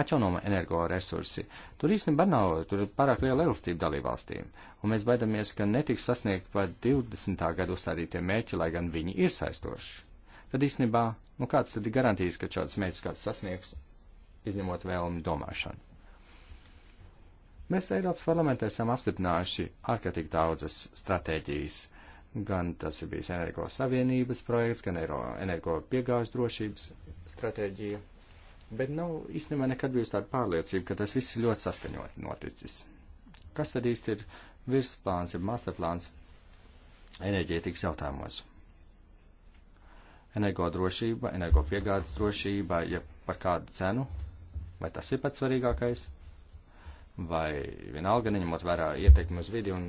atjaunoma energoresursi. Tur īstenībā nav, tur ir pārāk liela elastība dalībvalstīm, un mēs baidamies, ka netiks sasniegt pat 20. gadu uzstādītie mērķi, lai gan viņi ir saistoši. Tad īstenībā, nu kāds tad ir garantijas, ka šāds mērķis kāds sasniegs, izņemot vēlmi domāšanu? Mēs Eiropas parlamentā esam apstiprinājuši ārkārtīgi daudzas stratēģijas. Gan tas ir bijis energo savienības projekts, gan energo piegāžu drošības stratēģija. Bet nav īstenībā nekad bijusi tāda pārliecība, ka tas viss ir ļoti saskaņot noticis. Kas tad īsti ir virsplāns, ir masterplāns enerģētikas jautājumos? energodrošība, energopiegādes drošība, ja par kādu cenu, vai tas ir pats svarīgākais? vai vienalga neņemot vērā ietekmi uz vidi un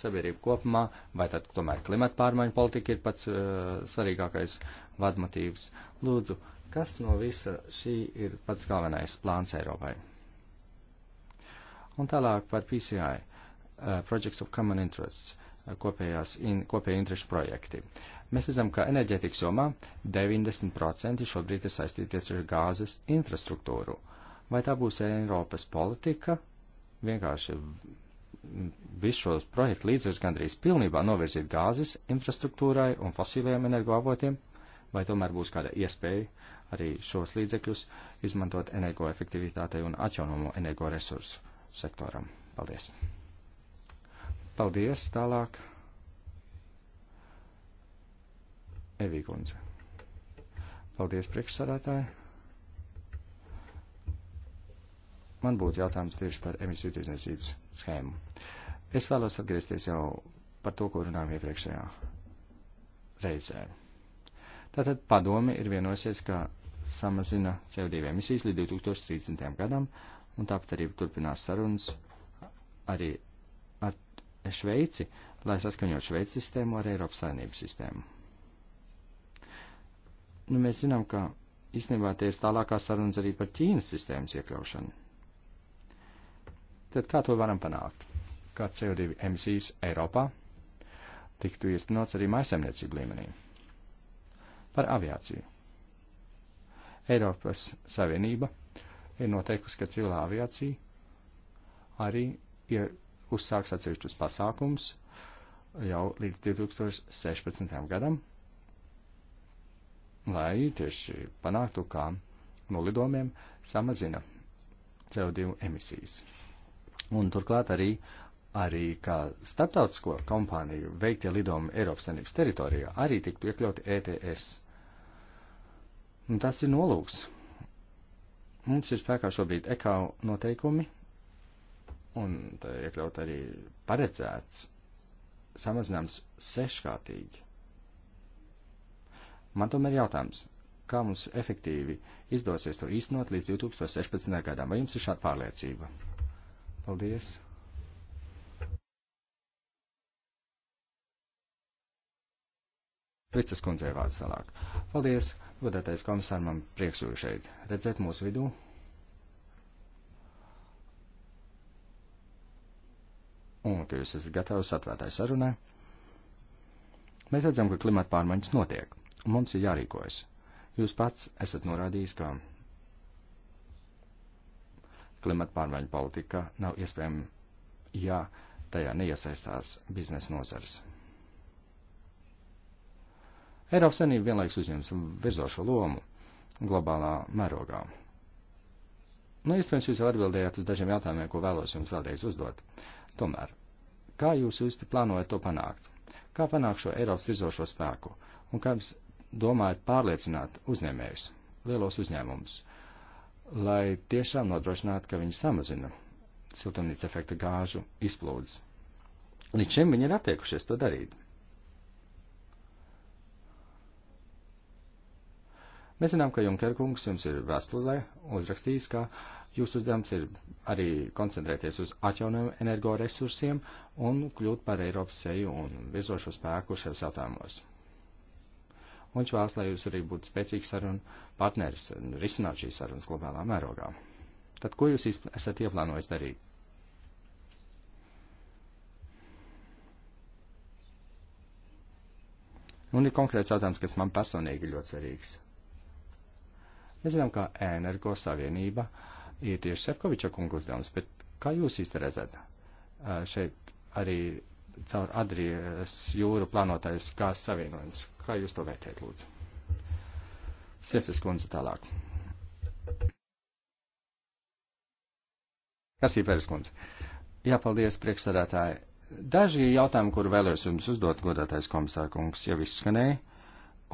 sabiedrību kopumā, vai tad tomēr klimata pārmaiņu politika ir pats uh, svarīgākais vadmotīvs. Lūdzu, kas no visa šī ir pats galvenais plāns Eiropai? Un tālāk par PCI, uh, Projects of Common Interests, uh, kopējās in, kopēja interešu projekti. Mēs redzam, ka enerģētikas jomā 90% šobrīd ir saistīties ar gāzes infrastruktūru. Vai tā būs Eiropas politika vienkārši visus šos projektu līdzekļus gandrīz pilnībā novirzīt gāzes infrastruktūrai un fosīlajiem energoavotiem, vai tomēr būs kāda iespēja arī šos līdzekļus izmantot energoefektivitātei un atjaunomo energoresursu sektoram. Paldies! Paldies! Tālāk! Evīgundze. Paldies, priekšsādātāji! man būtu jautājums tieši par emisiju tirdzniecības schēmu. Es vēlos atgriezties jau par to, ko runājām iepriekšējā reizē. Tātad padome ir vienosies, ka samazina CO2 emisijas līdz 2030. gadam, un tāpat arī turpinās sarunas arī ar Šveici, lai saskaņot Šveici sistēmu ar Eiropas saimnības sistēmu. Nu, mēs zinām, ka īstenībā tie ir tālākās sarunas arī par Ķīnas sistēmas iekļaušanu. Tad kā to varam panākt? Kā CO2 emisijas Eiropā tiktu iestenots arī mājasemniecību līmenī? Par aviāciju. Eiropas Savienība ir noteikusi, ka civilā aviācija arī ja uzsāks atsevišķus pasākums jau līdz 2016. gadam, lai tieši panāktu, kā no lidojumiem samazina CO2 emisijas. Un turklāt arī, arī kā starptautisko kompāniju veiktie lidojumi Eiropas Savienības teritorijā arī tiktu iekļauti ETS. Un tas ir nolūks. Mums ir spēkā šobrīd ekau noteikumi, un tā iekļaut arī paredzēts samazinājums seškārtīgi. Man tomēr jautājums, kā mums efektīvi izdosies to īstenot līdz 2016. gadam, vai jums ir šāda pārliecība? Paldies! Vicas kundzei vārds tālāk. Paldies, godātais komisār, man prieks jūs šeit redzēt mūsu vidū. Un, ka jūs esat gatavs atvērtai sarunai. Mēs redzam, ka klimata pārmaiņas notiek, un mums ir jārīkojas. Jūs pats esat norādījis, ka klimata pārmaiņu politika nav iespējama, ja tajā neiesaistās biznesa nozars. Eiropas Savienība vienlaikus uzņems virzošo lomu globālā mērogā. Nu, iespējams, jūs jau atbildējāt uz dažiem jautājumiem, ko vēlos jums vēlreiz uzdot. Tomēr, kā jūs īsti plānojat to panākt? Kā panākt šo Eiropas virzošo spēku? Un kā jūs domājat pārliecināt uzņēmējus, lielos uzņēmumus? Uh, lai tiešām nodrošinātu, ka viņi samazina siltumnīca efekta gāžu izplūdes. Līdz šim viņi ir attiekušies to darīt. Mēs zinām, ka Junkerkungs jums ir vēstulē uzrakstījis, ka jūsu uzdevums ir arī koncentrēties uz atjaunojumu energoresursiem un kļūt par Eiropas seju un virzošo spēku šajos jautājumos un viņš vēlas, lai jūs arī būtu spēcīgs sarunu partneris un risināt šīs sarunas globālā mērogā. Tad ko jūs esat ieplānojis darīt? Un ir konkrēts jautājums, kas man personīgi ļoti svarīgs. Mēs zinām, ka energo savienība ir tieši Sefkoviča kungu uzdevums, bet kā jūs īsti redzat šeit arī caur Adrijas jūru plānotais gāzes savienojums. Kā jūs to vērtējat, lūdzu? Siefis kundze tālāk. Kas ir Pēris kundze? Jā, paldies, priekšsādātāji. Daži jautājumi, kuru vēlējos jums uzdot, godātais komisārkungs, jau izskanēja,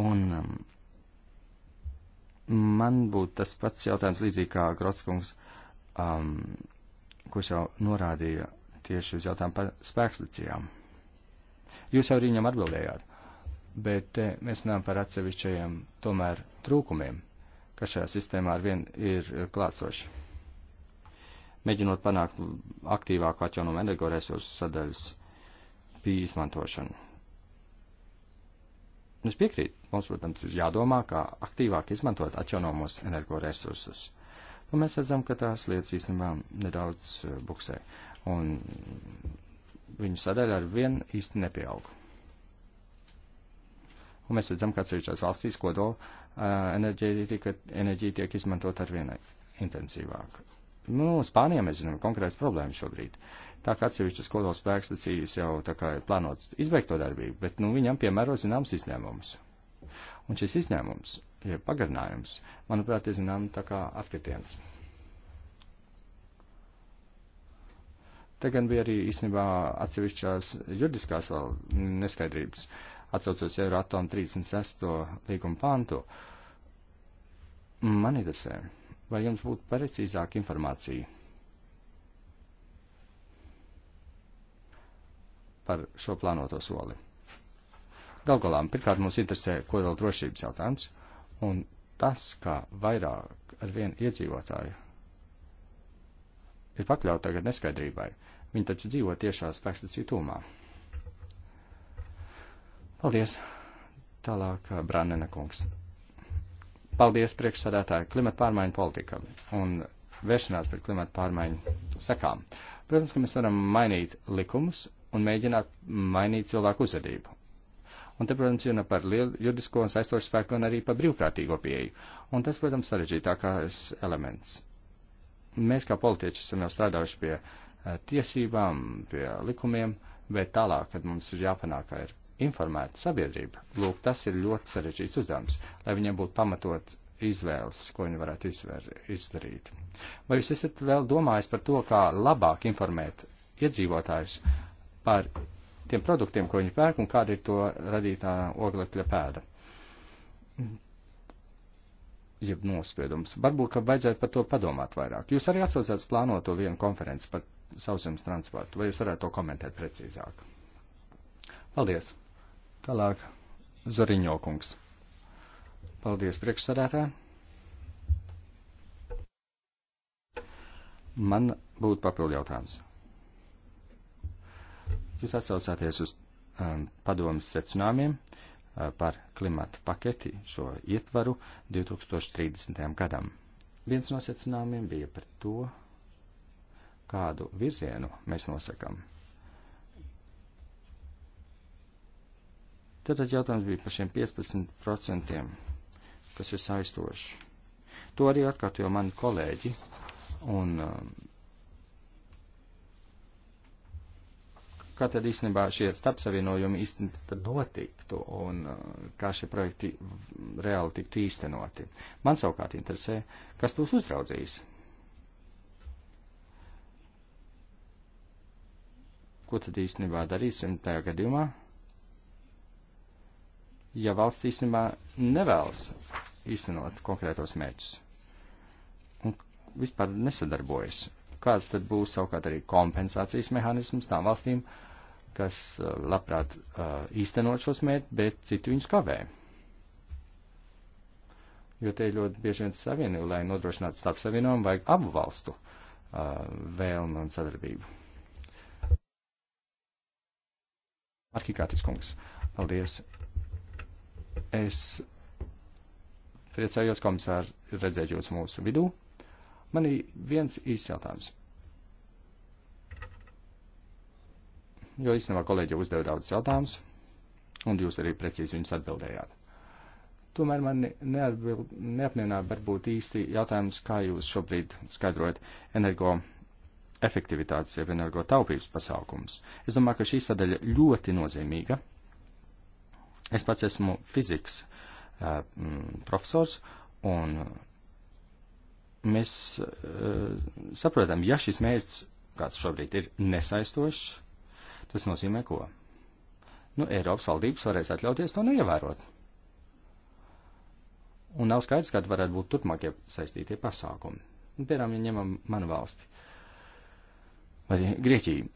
un um, man būtu tas pats jautājums līdzīgi kā Grotskungs, um, kurš jau norādīja tieši uz jautājumu par spēkslicijām. Jūs jau arī viņam atbildējāt, bet eh, mēs runājam par atsevišķajiem tomēr trūkumiem, kas šajā sistēmā ar vien ir eh, klātsoši. Mēģinot panākt aktīvāku atjaunumu energoresursu sadaļas bija izmantošanu. Nu, es piekrītu, mums, protams, ir jādomā, kā aktīvāk izmantot atjaunojamos energoresursus. Un nu, mēs redzam, ka tās lietas īstenībā nedaudz eh, buksē un viņu sadaļa ar vien īsti nepieaug. Un mēs redzam, ka atsevišķās valstīs kodola enerģētika, enerģija tiek izmantot ar vienai intensīvāk. Nu, Spānijā mēs zinām konkrēts problēmas šobrīd. Tā kā atsevišķas kodols spēkstacijas jau tā kā ir plānots izbeigt to darbību, bet, nu, viņam piemēro zināms izņēmums. Un šis izņēmums, ja pagarinājums, manuprāt, ir zinām tā kā atkritiens. Te gan bija arī īstenībā atsevišķās juridiskās vēl neskaidrības, atcaucot jau ar atomu 36. līguma pantu. Man interesē, vai jums būtu precīzāka informācija par šo plānoto soli? Galgalām, pirmkārt, mums interesē kodola drošības jautājums, un tas, kā vairāk ar vienu iedzīvotāju ir pakļauti tagad neskaidrībai Viņi taču dzīvo tiešā spēkstacīju tūmā. Paldies! Tālāk eh, Brānena kungs. Paldies priekšsādātāju klimata pārmaiņu politika un vēršanās pret klimata pārmaiņu sekām. Protams, ka mēs varam mainīt likumus un mēģināt mainīt cilvēku uzvedību. Un te, protams, runa par juridisko un saistošu spēku un arī par brīvprātīgo pieeju. Un tas, protams, sarežģītākais elements. Mēs kā politiķi esam jau strādājuši pie uh, Eh, tiesībām, pie likumiem, bet tālāk, kad mums ir jāpanāk, ka ir informēta sabiedrība, lūk, tas ir ļoti sarežģīts uzdevums, lai viņiem būtu pamatots izvēles, ko viņi varētu izver, izdarīt. Vai jūs esat vēl domājis par to, kā labāk informēt iedzīvotājus par tiem produktiem, ko viņi pērk un kāda ir to radītā oglekļa pēda? jeb nospiedums. Varbūt, ka vajadzētu par to padomāt vairāk. Jūs arī atsaucāt plānoto vienu konferenci par sauszemes transportu. Vai jūs varētu to komentēt precīzāk? Paldies! Tālāk Zariņokungs. Paldies priekšsādātā. Man būtu papildu jautājums. Jūs atsaucāties uz um, padomas secinājumiem uh, par klimata paketi, šo ietvaru 2030. gadam. Viens no secinājumiem bija par to, kādu virzienu mēs nosakam. Tātad jautājums bija par šiem 15%, kas ir saistoši. To arī atkārtoja mani kolēģi, un um, kā tad īstenībā šie starpsavienojumi īstenībā notiktu, un uh, kā šie projekti reāli tiktu īstenoti. Man savukārt interesē, kas tos uzraudzīs, Ko tad īstenībā darīsim tajā gadījumā? Ja valsts īstenībā nevēlas īstenot konkrētos mērķus un vispār nesadarbojas, kāds tad būs savukārt arī kompensācijas mehānisms tām valstīm, kas uh, labprāt uh, īstenot šos mērķus, bet citu viņus kavē. Jo te ļoti bieži vien savienību, lai nodrošinātu starp savienojumu, vajag abu valstu uh, vēlmi un sadarbību. Arkikātis kungs, paldies. Es priecājos, komisār, redzēt jūs mūsu vidū. Man ir viens īsts jautājums. Jo īstenībā kolēģi uzdeva daudz jautājumus, un jūs arī precīzi viņus atbildējāt. Tomēr man neapmienā varbūt īsti jautājums, kā jūs šobrīd skaidrojat energo efektivitātes, jeb energo taupības pasākums. Es domāju, ka šī sadaļa ļoti nozīmīga. Es pats esmu fizikas uh, profesors, un mēs uh, saprotam, ja šis mērķis, kāds šobrīd ir, nesaistošs, tas nozīmē ko? Nu, Eiropas valdības varēs atļauties to neievērot. Un nav skaidrs, kāda varētu būt turpmākie saistītie pasākumi. Piemēram, ja ņemam manu valsti. Uh, vai Grieķiju.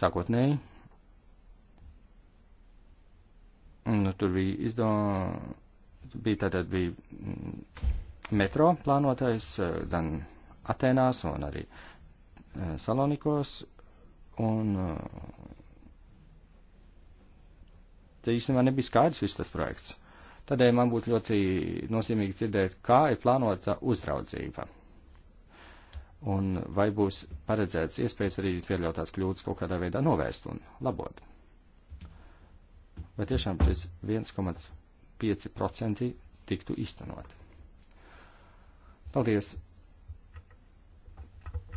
Sākotnēji. Nu, tur bija izdevuma, bija tātad bija mm, metro plānotais eh, gan Atenās un arī eh, Salonikos. Un eh, te īstenībā nebija skaidrs viss tas projekts. Tādēļ man būtu ļoti nozīmīgi dzirdēt, kā ir plānota uzraudzība. Un vai būs paredzēts iespējas arī pieļautās kļūdas kaut kādā veidā novērst un labot. Vai tiešām šis 1,5% tiktu iztenot? Paldies!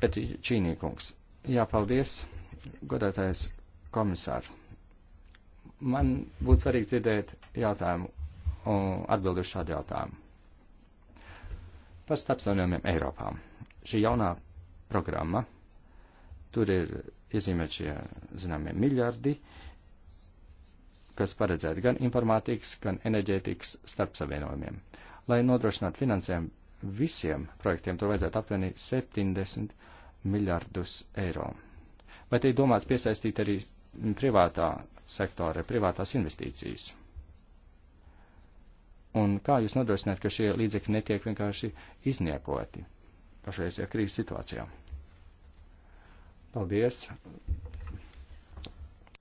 Petričīnīkungs. Jā, paldies, godātais komisār. Man būtu svarīgi dzirdēt jautājumu, atbildi uz šādu jautājumu. Par starpsavienojumiem Eiropā. Šī jaunā programma, tur ir iezīmēt šie, zināmie, miljardi, kas paredzēti gan informātikas, gan enerģētikas starpsavienojumiem. Lai nodrošinātu finansējumu visiem projektiem, tur vajadzētu aptuveni 70 miljardus eiro. Vai te ir domāts piesaistīt arī privātā sektora, privātās investīcijas? Un kā jūs nodrošināt, ka šie līdzekļi netiek vienkārši izniekoti pašreizajā krīzes situācijā? Paldies!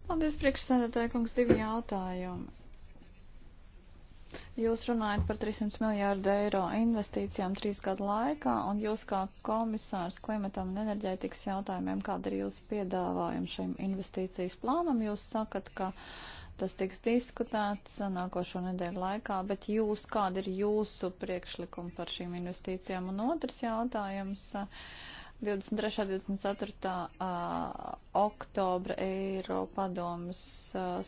Paldies, priekšsēdētāji kungs, divi jautājumi. Jūs runājat par 300 miljārdu eiro investīcijām trīs gadu laikā, un jūs kā komisārs klimatam un enerģētikas jautājumiem, kāda ir jūsu piedāvājuma šim investīcijas plānam, jūs sakat, ka uh, Tas tiks diskutēts nākošo nedēļu laikā, bet jūs, kāda ir jūsu priekšlikuma par šīm investīcijām? Un otrs jautājums. 23. 24. oktobra Eiro padomas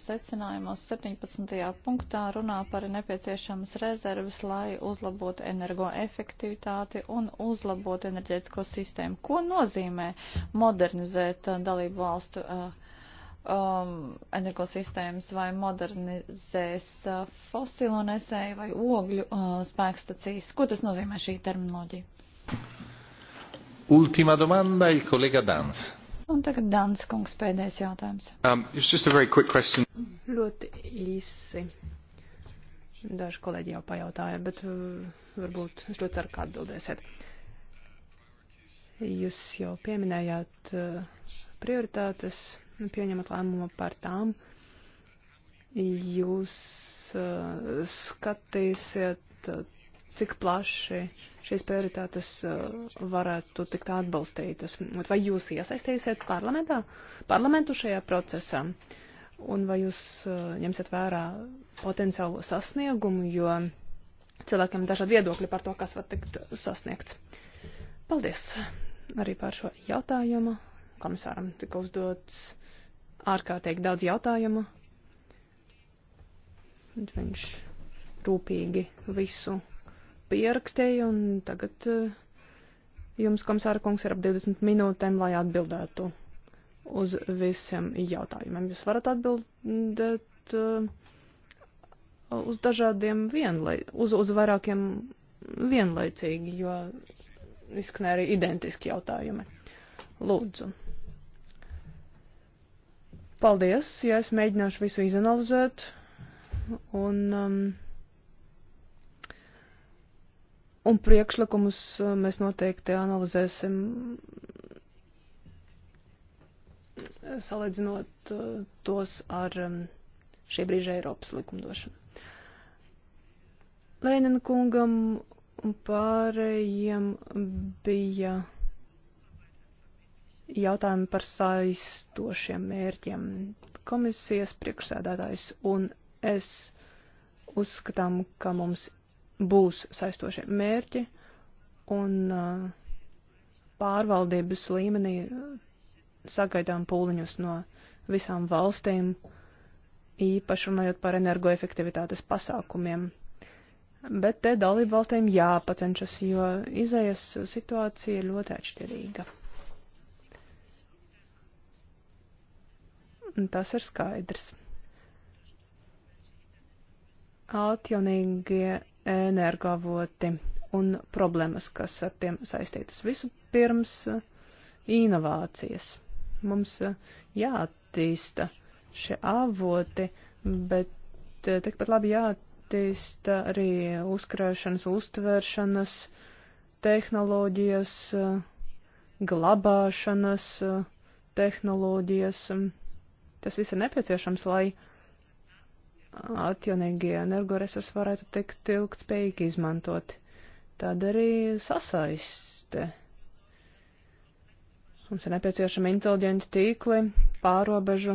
secinājumos 17. punktā runā par nepieciešamas rezerves, lai uzlabotu energoefektivitāti un uzlabotu enerģētisko sistēmu. Ko nozīmē modernizēt dalību valstu uh, um, energosistēmas vai modernizēs uh, fosilo nesēju vai ogļu uh, spēkstacijas. Ko tas nozīmē šī terminoloģija? Ultima domanda, il kolega Dans. Un tagad Dans kungs pēdējais jautājums. Um, Ļoti īsi. Daži kolēģi jau pajautāja, bet uh, varbūt es ļoti ceru, ka atbildēsiet. Jūs jau pieminējāt uh, prioritātes pieņemat lēmumu par tām, jūs uh, skatīsiet, cik plaši šīs prioritātes uh, varētu tikt atbalstītas. Vai jūs iesaistīsiet parlamentā, parlamentu šajā procesā? Un vai jūs uh, ņemsiet vērā potenciālo sasniegumu, jo cilvēkiem dažādi viedokļi par to, kas var tikt sasniegts? Paldies arī par šo jautājumu. Komisāram tika uzdots ārkārtīgi daudz jautājumu. Viņš rūpīgi visu pierakstīja, un tagad eh, jums, komisāra kungs, ir ap 20 minūtēm, lai atbildētu uz visiem jautājumiem. Jūs varat atbildēt eh, uz dažādiem vienlai, uz, uz vairākiem vienlaicīgi, jo izskanē arī identiski jautājumi. Lūdzu. Paldies, ja es mēģināšu visu izanalizēt. Un, um, un priekšlikumus uh, mēs noteikti analizēsim, salīdzinot uh, tos ar um, šī brīža Eiropas likumdošanu. Lēnina kungam pārējiem bija jautājumu par saistošiem mērķiem. Komisijas priekšsēdētājs un es uzskatām, ka mums būs saistošie mērķi un pārvaldības līmenī sagaidām pūliņus no visām valstīm, īpaši runājot par energoefektivitātes pasākumiem. Bet te dalību valstīm jāpacenšas, jo izējas situācija ļoti atšķirīga. tas ir skaidrs. Atjaunīgie energoavoti un problēmas, kas ar tiem saistītas. Visu pirms eh, inovācijas. Mums eh, jāattīsta šie avoti, bet eh, tikpat labi jāattīsta arī uzkrāšanas, uztveršanas tehnoloģijas, glabāšanas tehnoloģijas. Uh, Tas viss ir nepieciešams, lai atjaunīgie energoresursi varētu tikt ilgtspējīgi izmantoti. Tad arī sasaiste. Mums ir nepieciešami inteliģenti tīkli, pārobežu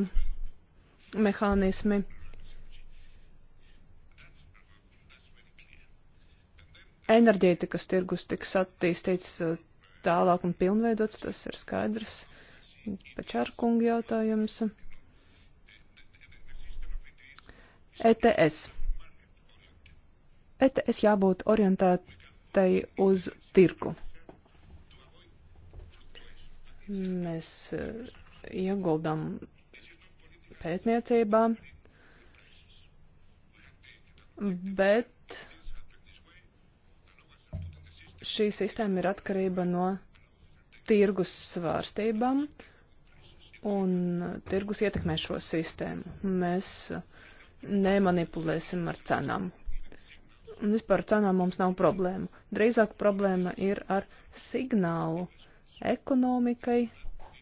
mehānismi. Enerģētikas tirgus tiks attīstīts uh, tālāk un pilnveidots, tas ir skaidrs. Pačārkungi jautājums. ETS. ETS jābūt orientētai uz tirku. Mēs eh, ieguldam pētniecībā, bet šī sistēma ir atkarība no tirgus svārstībām, un tirgus ietekmē šo sistēmu. Mēs uh, nemanipulēsim ar cenām. Un vispār cenām mums nav problēma. Drīzāk problēma ir ar signālu ekonomikai,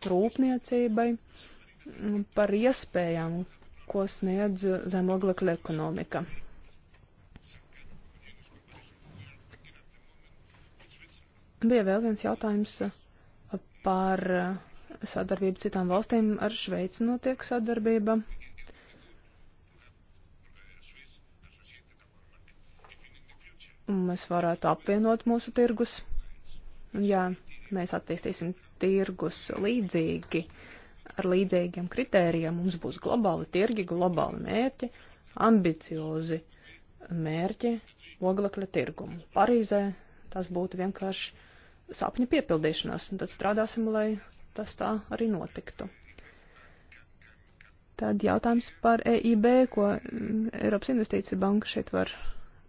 rūpniecībai par iespējām, ko sniedz zemoglekļa ekonomika. Bija vēl viens jautājums par sadarbību citām valstīm. Ar Šveici notiek sadarbība. Mēs varētu apvienot mūsu tirgus. Ja mēs attīstīsim tirgus līdzīgi, ar līdzīgiem kritērijiem, mums būs globāli tirgi, globāli mērķi, ambiciozi mērķi oglekļa tirgumu. Parīzē tas būtu vienkārši sapņu piepildīšanās, un tad strādāsim, lai tas tā arī notiktu. Tad jautājums par EIB, ko Eiropas Investīcija banka šeit var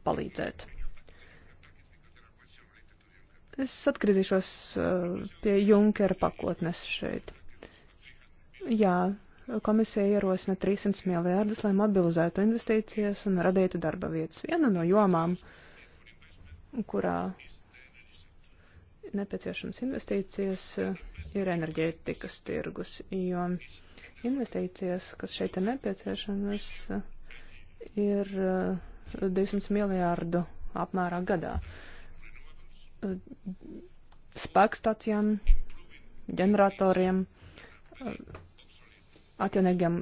palīdzēt. Es atgriezīšos eh, pie Junkera pakotnes šeit. Jā, komisija ierosina 300 miljārdus, lai mobilizētu investīcijas un radītu darba vietas. Viena no jomām, kurā nepieciešams investīcijas, eh, ir enerģētikas tirgus, jo investīcijas, kas šeit ir nepieciešamas, eh, ir 200 miljārdu apmērā gadā. Uh, Eh, spēkstacijām, ģeneratoriem, eh, atjaunīgiem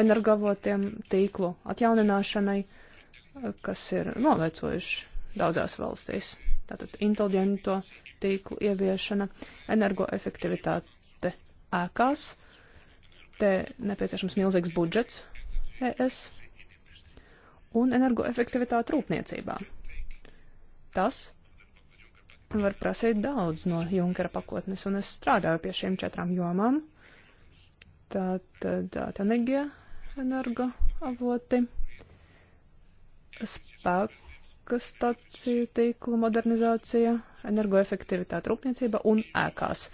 energoavotiem, tīklu atjaunināšanai, eh, kas ir novecojuši daudzās valstīs. Tātad inteliģento tīklu ieviešana, energoefektivitāte ēkās, te nepieciešams milzīgs budžets ES un energoefektivitāte rūpniecībā. Tas var prasīt daudz no Junkera pakotnes, un es strādāju pie šīm četrām jomām. Tā tad enerģija, energo avoti, spēka stāciju tīklu modernizācija, energoefektivitāte rūpniecība un ēkās.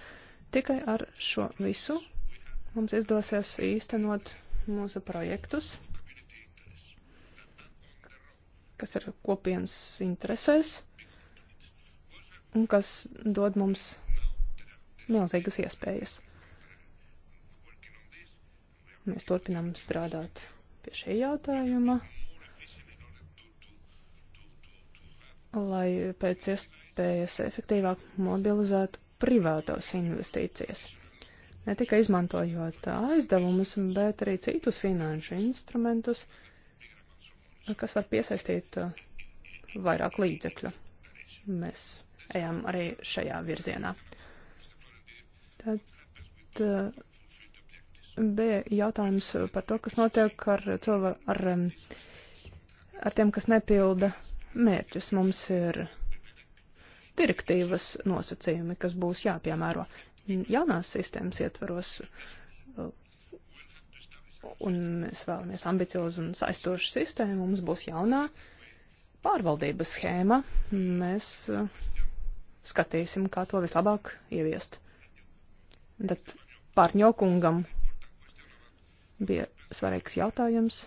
Tikai ar šo visu mums izdosies īstenot mūsu projektus, kas ir kopienas interesēs un kas dod mums milzīgas iespējas. Mēs turpinām strādāt pie šī jautājuma, lai pēc iespējas efektīvāk mobilizētu privātās investīcijas. Ne tikai izmantojot aizdevumus, bet arī citus finanšu instrumentus, kas var piesaistīt uh, vairāk līdzekļu. Mēs ejam arī šajā virzienā. Tad eh, bija jautājums par to, kas notiek ar, cilvē, ar, ar tiem, kas nepilda mērķus. Mums ir direktīvas nosacījumi, kas būs jāpiemēro jaunās sistēmas ietvaros. Un mēs vēlamies ambiciozu un saistošu sistēmu. Mums būs jaunā pārvaldības schēma. Mēs skatīsim, kā to vislabāk ieviest. Un tad pārņokungam bija svarīgs jautājums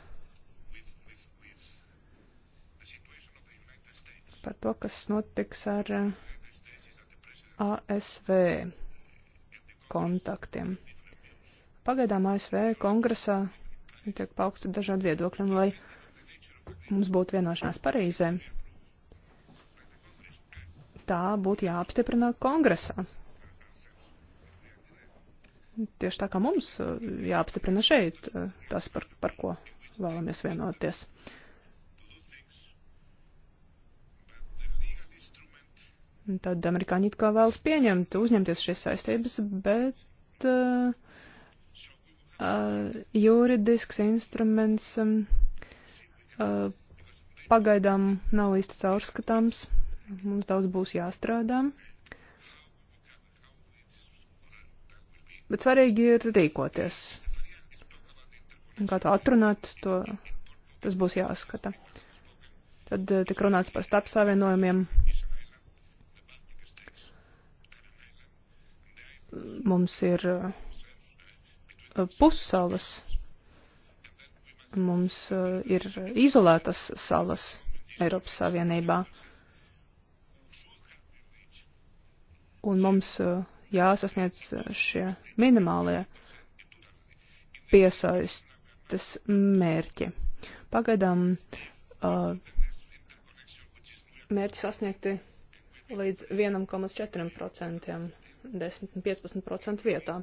par to, kas notiks ar eh, ASV kontaktiem. Pagaidām ASV kongresā tiek pauksti dažādi viedokļi, un lai mums būtu vienošanās Parīzē, tā būtu jāapstiprina kongresā. Tieši tā kā mums uh, jāapstiprina šeit uh, tas, par, par ko vēlamies vienoties. Tad amerikāņi it kā vēlas pieņemt, uzņemties šīs saistības, bet uh, uh, juridisks instruments um, uh, pagaidām nav īsti caurskatāms. Mums daudz būs jāstrādā. Bet svarīgi ir rīkoties. Kā to atrunāt, to, tas būs jāskata. Tad eh, tik runāts par starp savienojumiem. Mums ir eh, pussalas, mums eh, ir izolētas salas Eiropas Savienībā. un mums jāsasniedz šie minimālie piesaistes mērķi. Pagaidām mērķi sasniegti līdz 1,4% 10 un 15% vietā.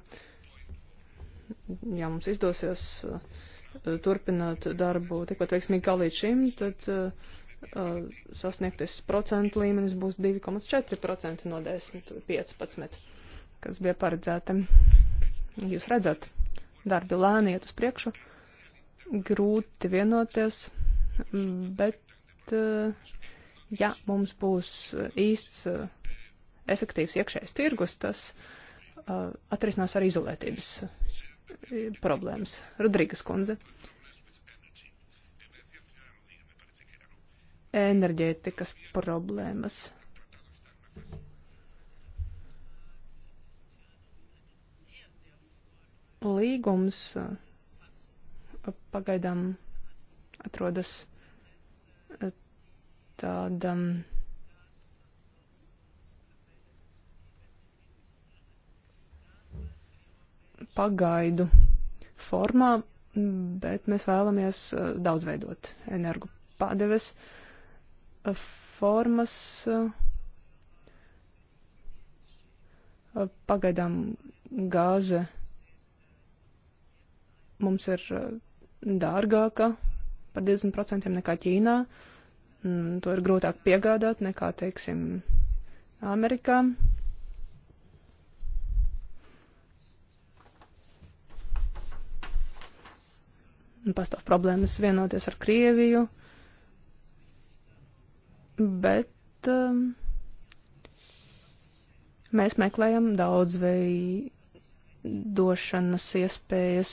Ja mums izdosies turpināt darbu tikpat veiksmīgi kā līdz šim, tad sasniegtais procentu līmenis būs 2,4% no 10, 15, kas bija paredzēta. Jūs redzat, darbi lēni iet uz priekšu, grūti vienoties, bet ja mums būs īsts efektīvs iekšējais tirgus, tas atrisinās arī izolētības problēmas. Rodrīgas kundze. Uh, enerģētikas problēmas. Līgums uh, pagaidām atrodas uh, tādam pagaidu formā, bet mēs vēlamies uh, daudzveidot energu padeves. Uh, formas eh, pagaidām gāze mums ir eh, dārgāka par 20% nekā Ķīnā. Mm, to ir grūtāk piegādāt nekā, teiksim, Amerikā. Pastāv problēmas vienoties ar Krieviju bet um, mēs meklējam daudzveidošanas iespējas.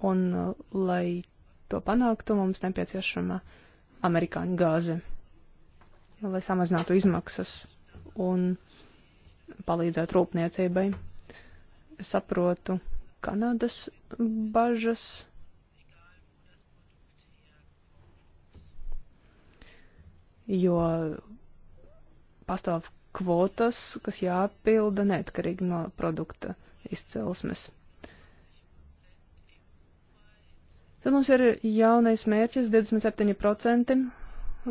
Un, uh, lai to panāktu, mums nepieciešama amerikāņu gāze, lai samazinātu izmaksas un palīdzētu rūpniecībai. Saprotu Kanādas bažas jo pastāv kvotas, kas jāpilda neatkarīgi no produkta izcelsmes. Tad mums ir jaunais mērķis 27%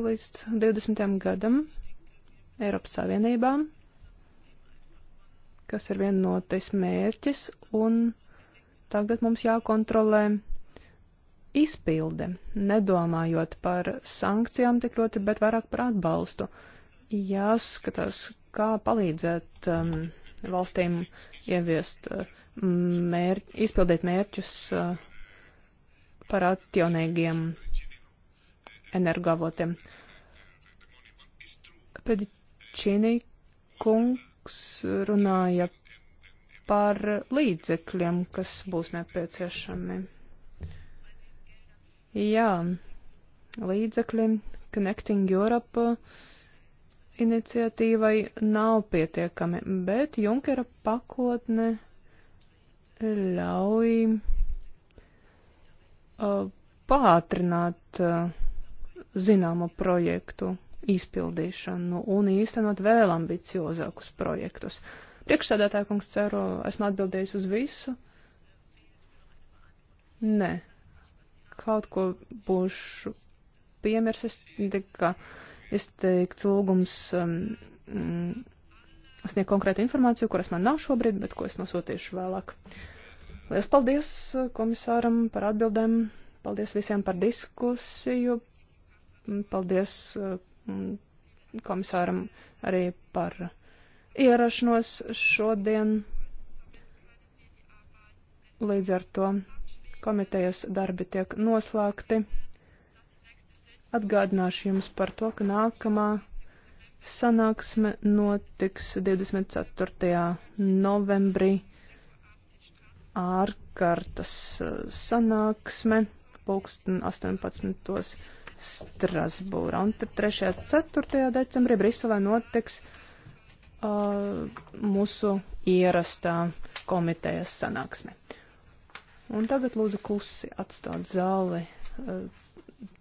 līdz 20. gadam Eiropas Savienībām, kas ir viena no tais mērķis, un tagad mums jākontrolē izpilde, nedomājot par sankcijām tik ļoti, bet vairāk par atbalstu. Jāskatās, kā palīdzēt um, valstīm ieviest, uh, mēr, izpildīt mērķus uh, par atjaunīgiem energoavotiem. Pedičīnī kungs runāja par līdzekļiem, kas būs nepieciešami. Jā, līdzekļi Connecting Europe iniciatīvai nav pietiekami, bet Junkera pakotne ļauj uh, pātrināt uh, zināmu projektu izpildīšanu un īstenot vēl ambiciozākus projektus. Priekšstādātāja kungs ceru, esmu atbildējis uz visu. Nē, kaut ko būšu piemirsis, tika izteikts lūgums um, mm, sniegt konkrētu informāciju, kuras man nav šobrīd, bet ko es nosūtīšu vēlāk. Lielas paldies uh, komisāram par atbildēm, paldies visiem par diskusiju, mm, paldies uh, mm, komisāram arī par ierašanos šodien līdz ar to komitejas darbi tiek noslēgti. Atgādināšu jums par to, ka nākamā sanāksme notiks 24. novembrī ārkārtas uh, sanāksme pulksten 18. Strasbūrā. Un tad 3. un 4. decembrī Briselē notiks uh, mūsu ierastā komitejas sanāksme. Un tagad lūdzu klusi atstāt zāli eh,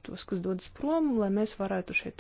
tos, kas dodas prom, lai mēs varētu šeit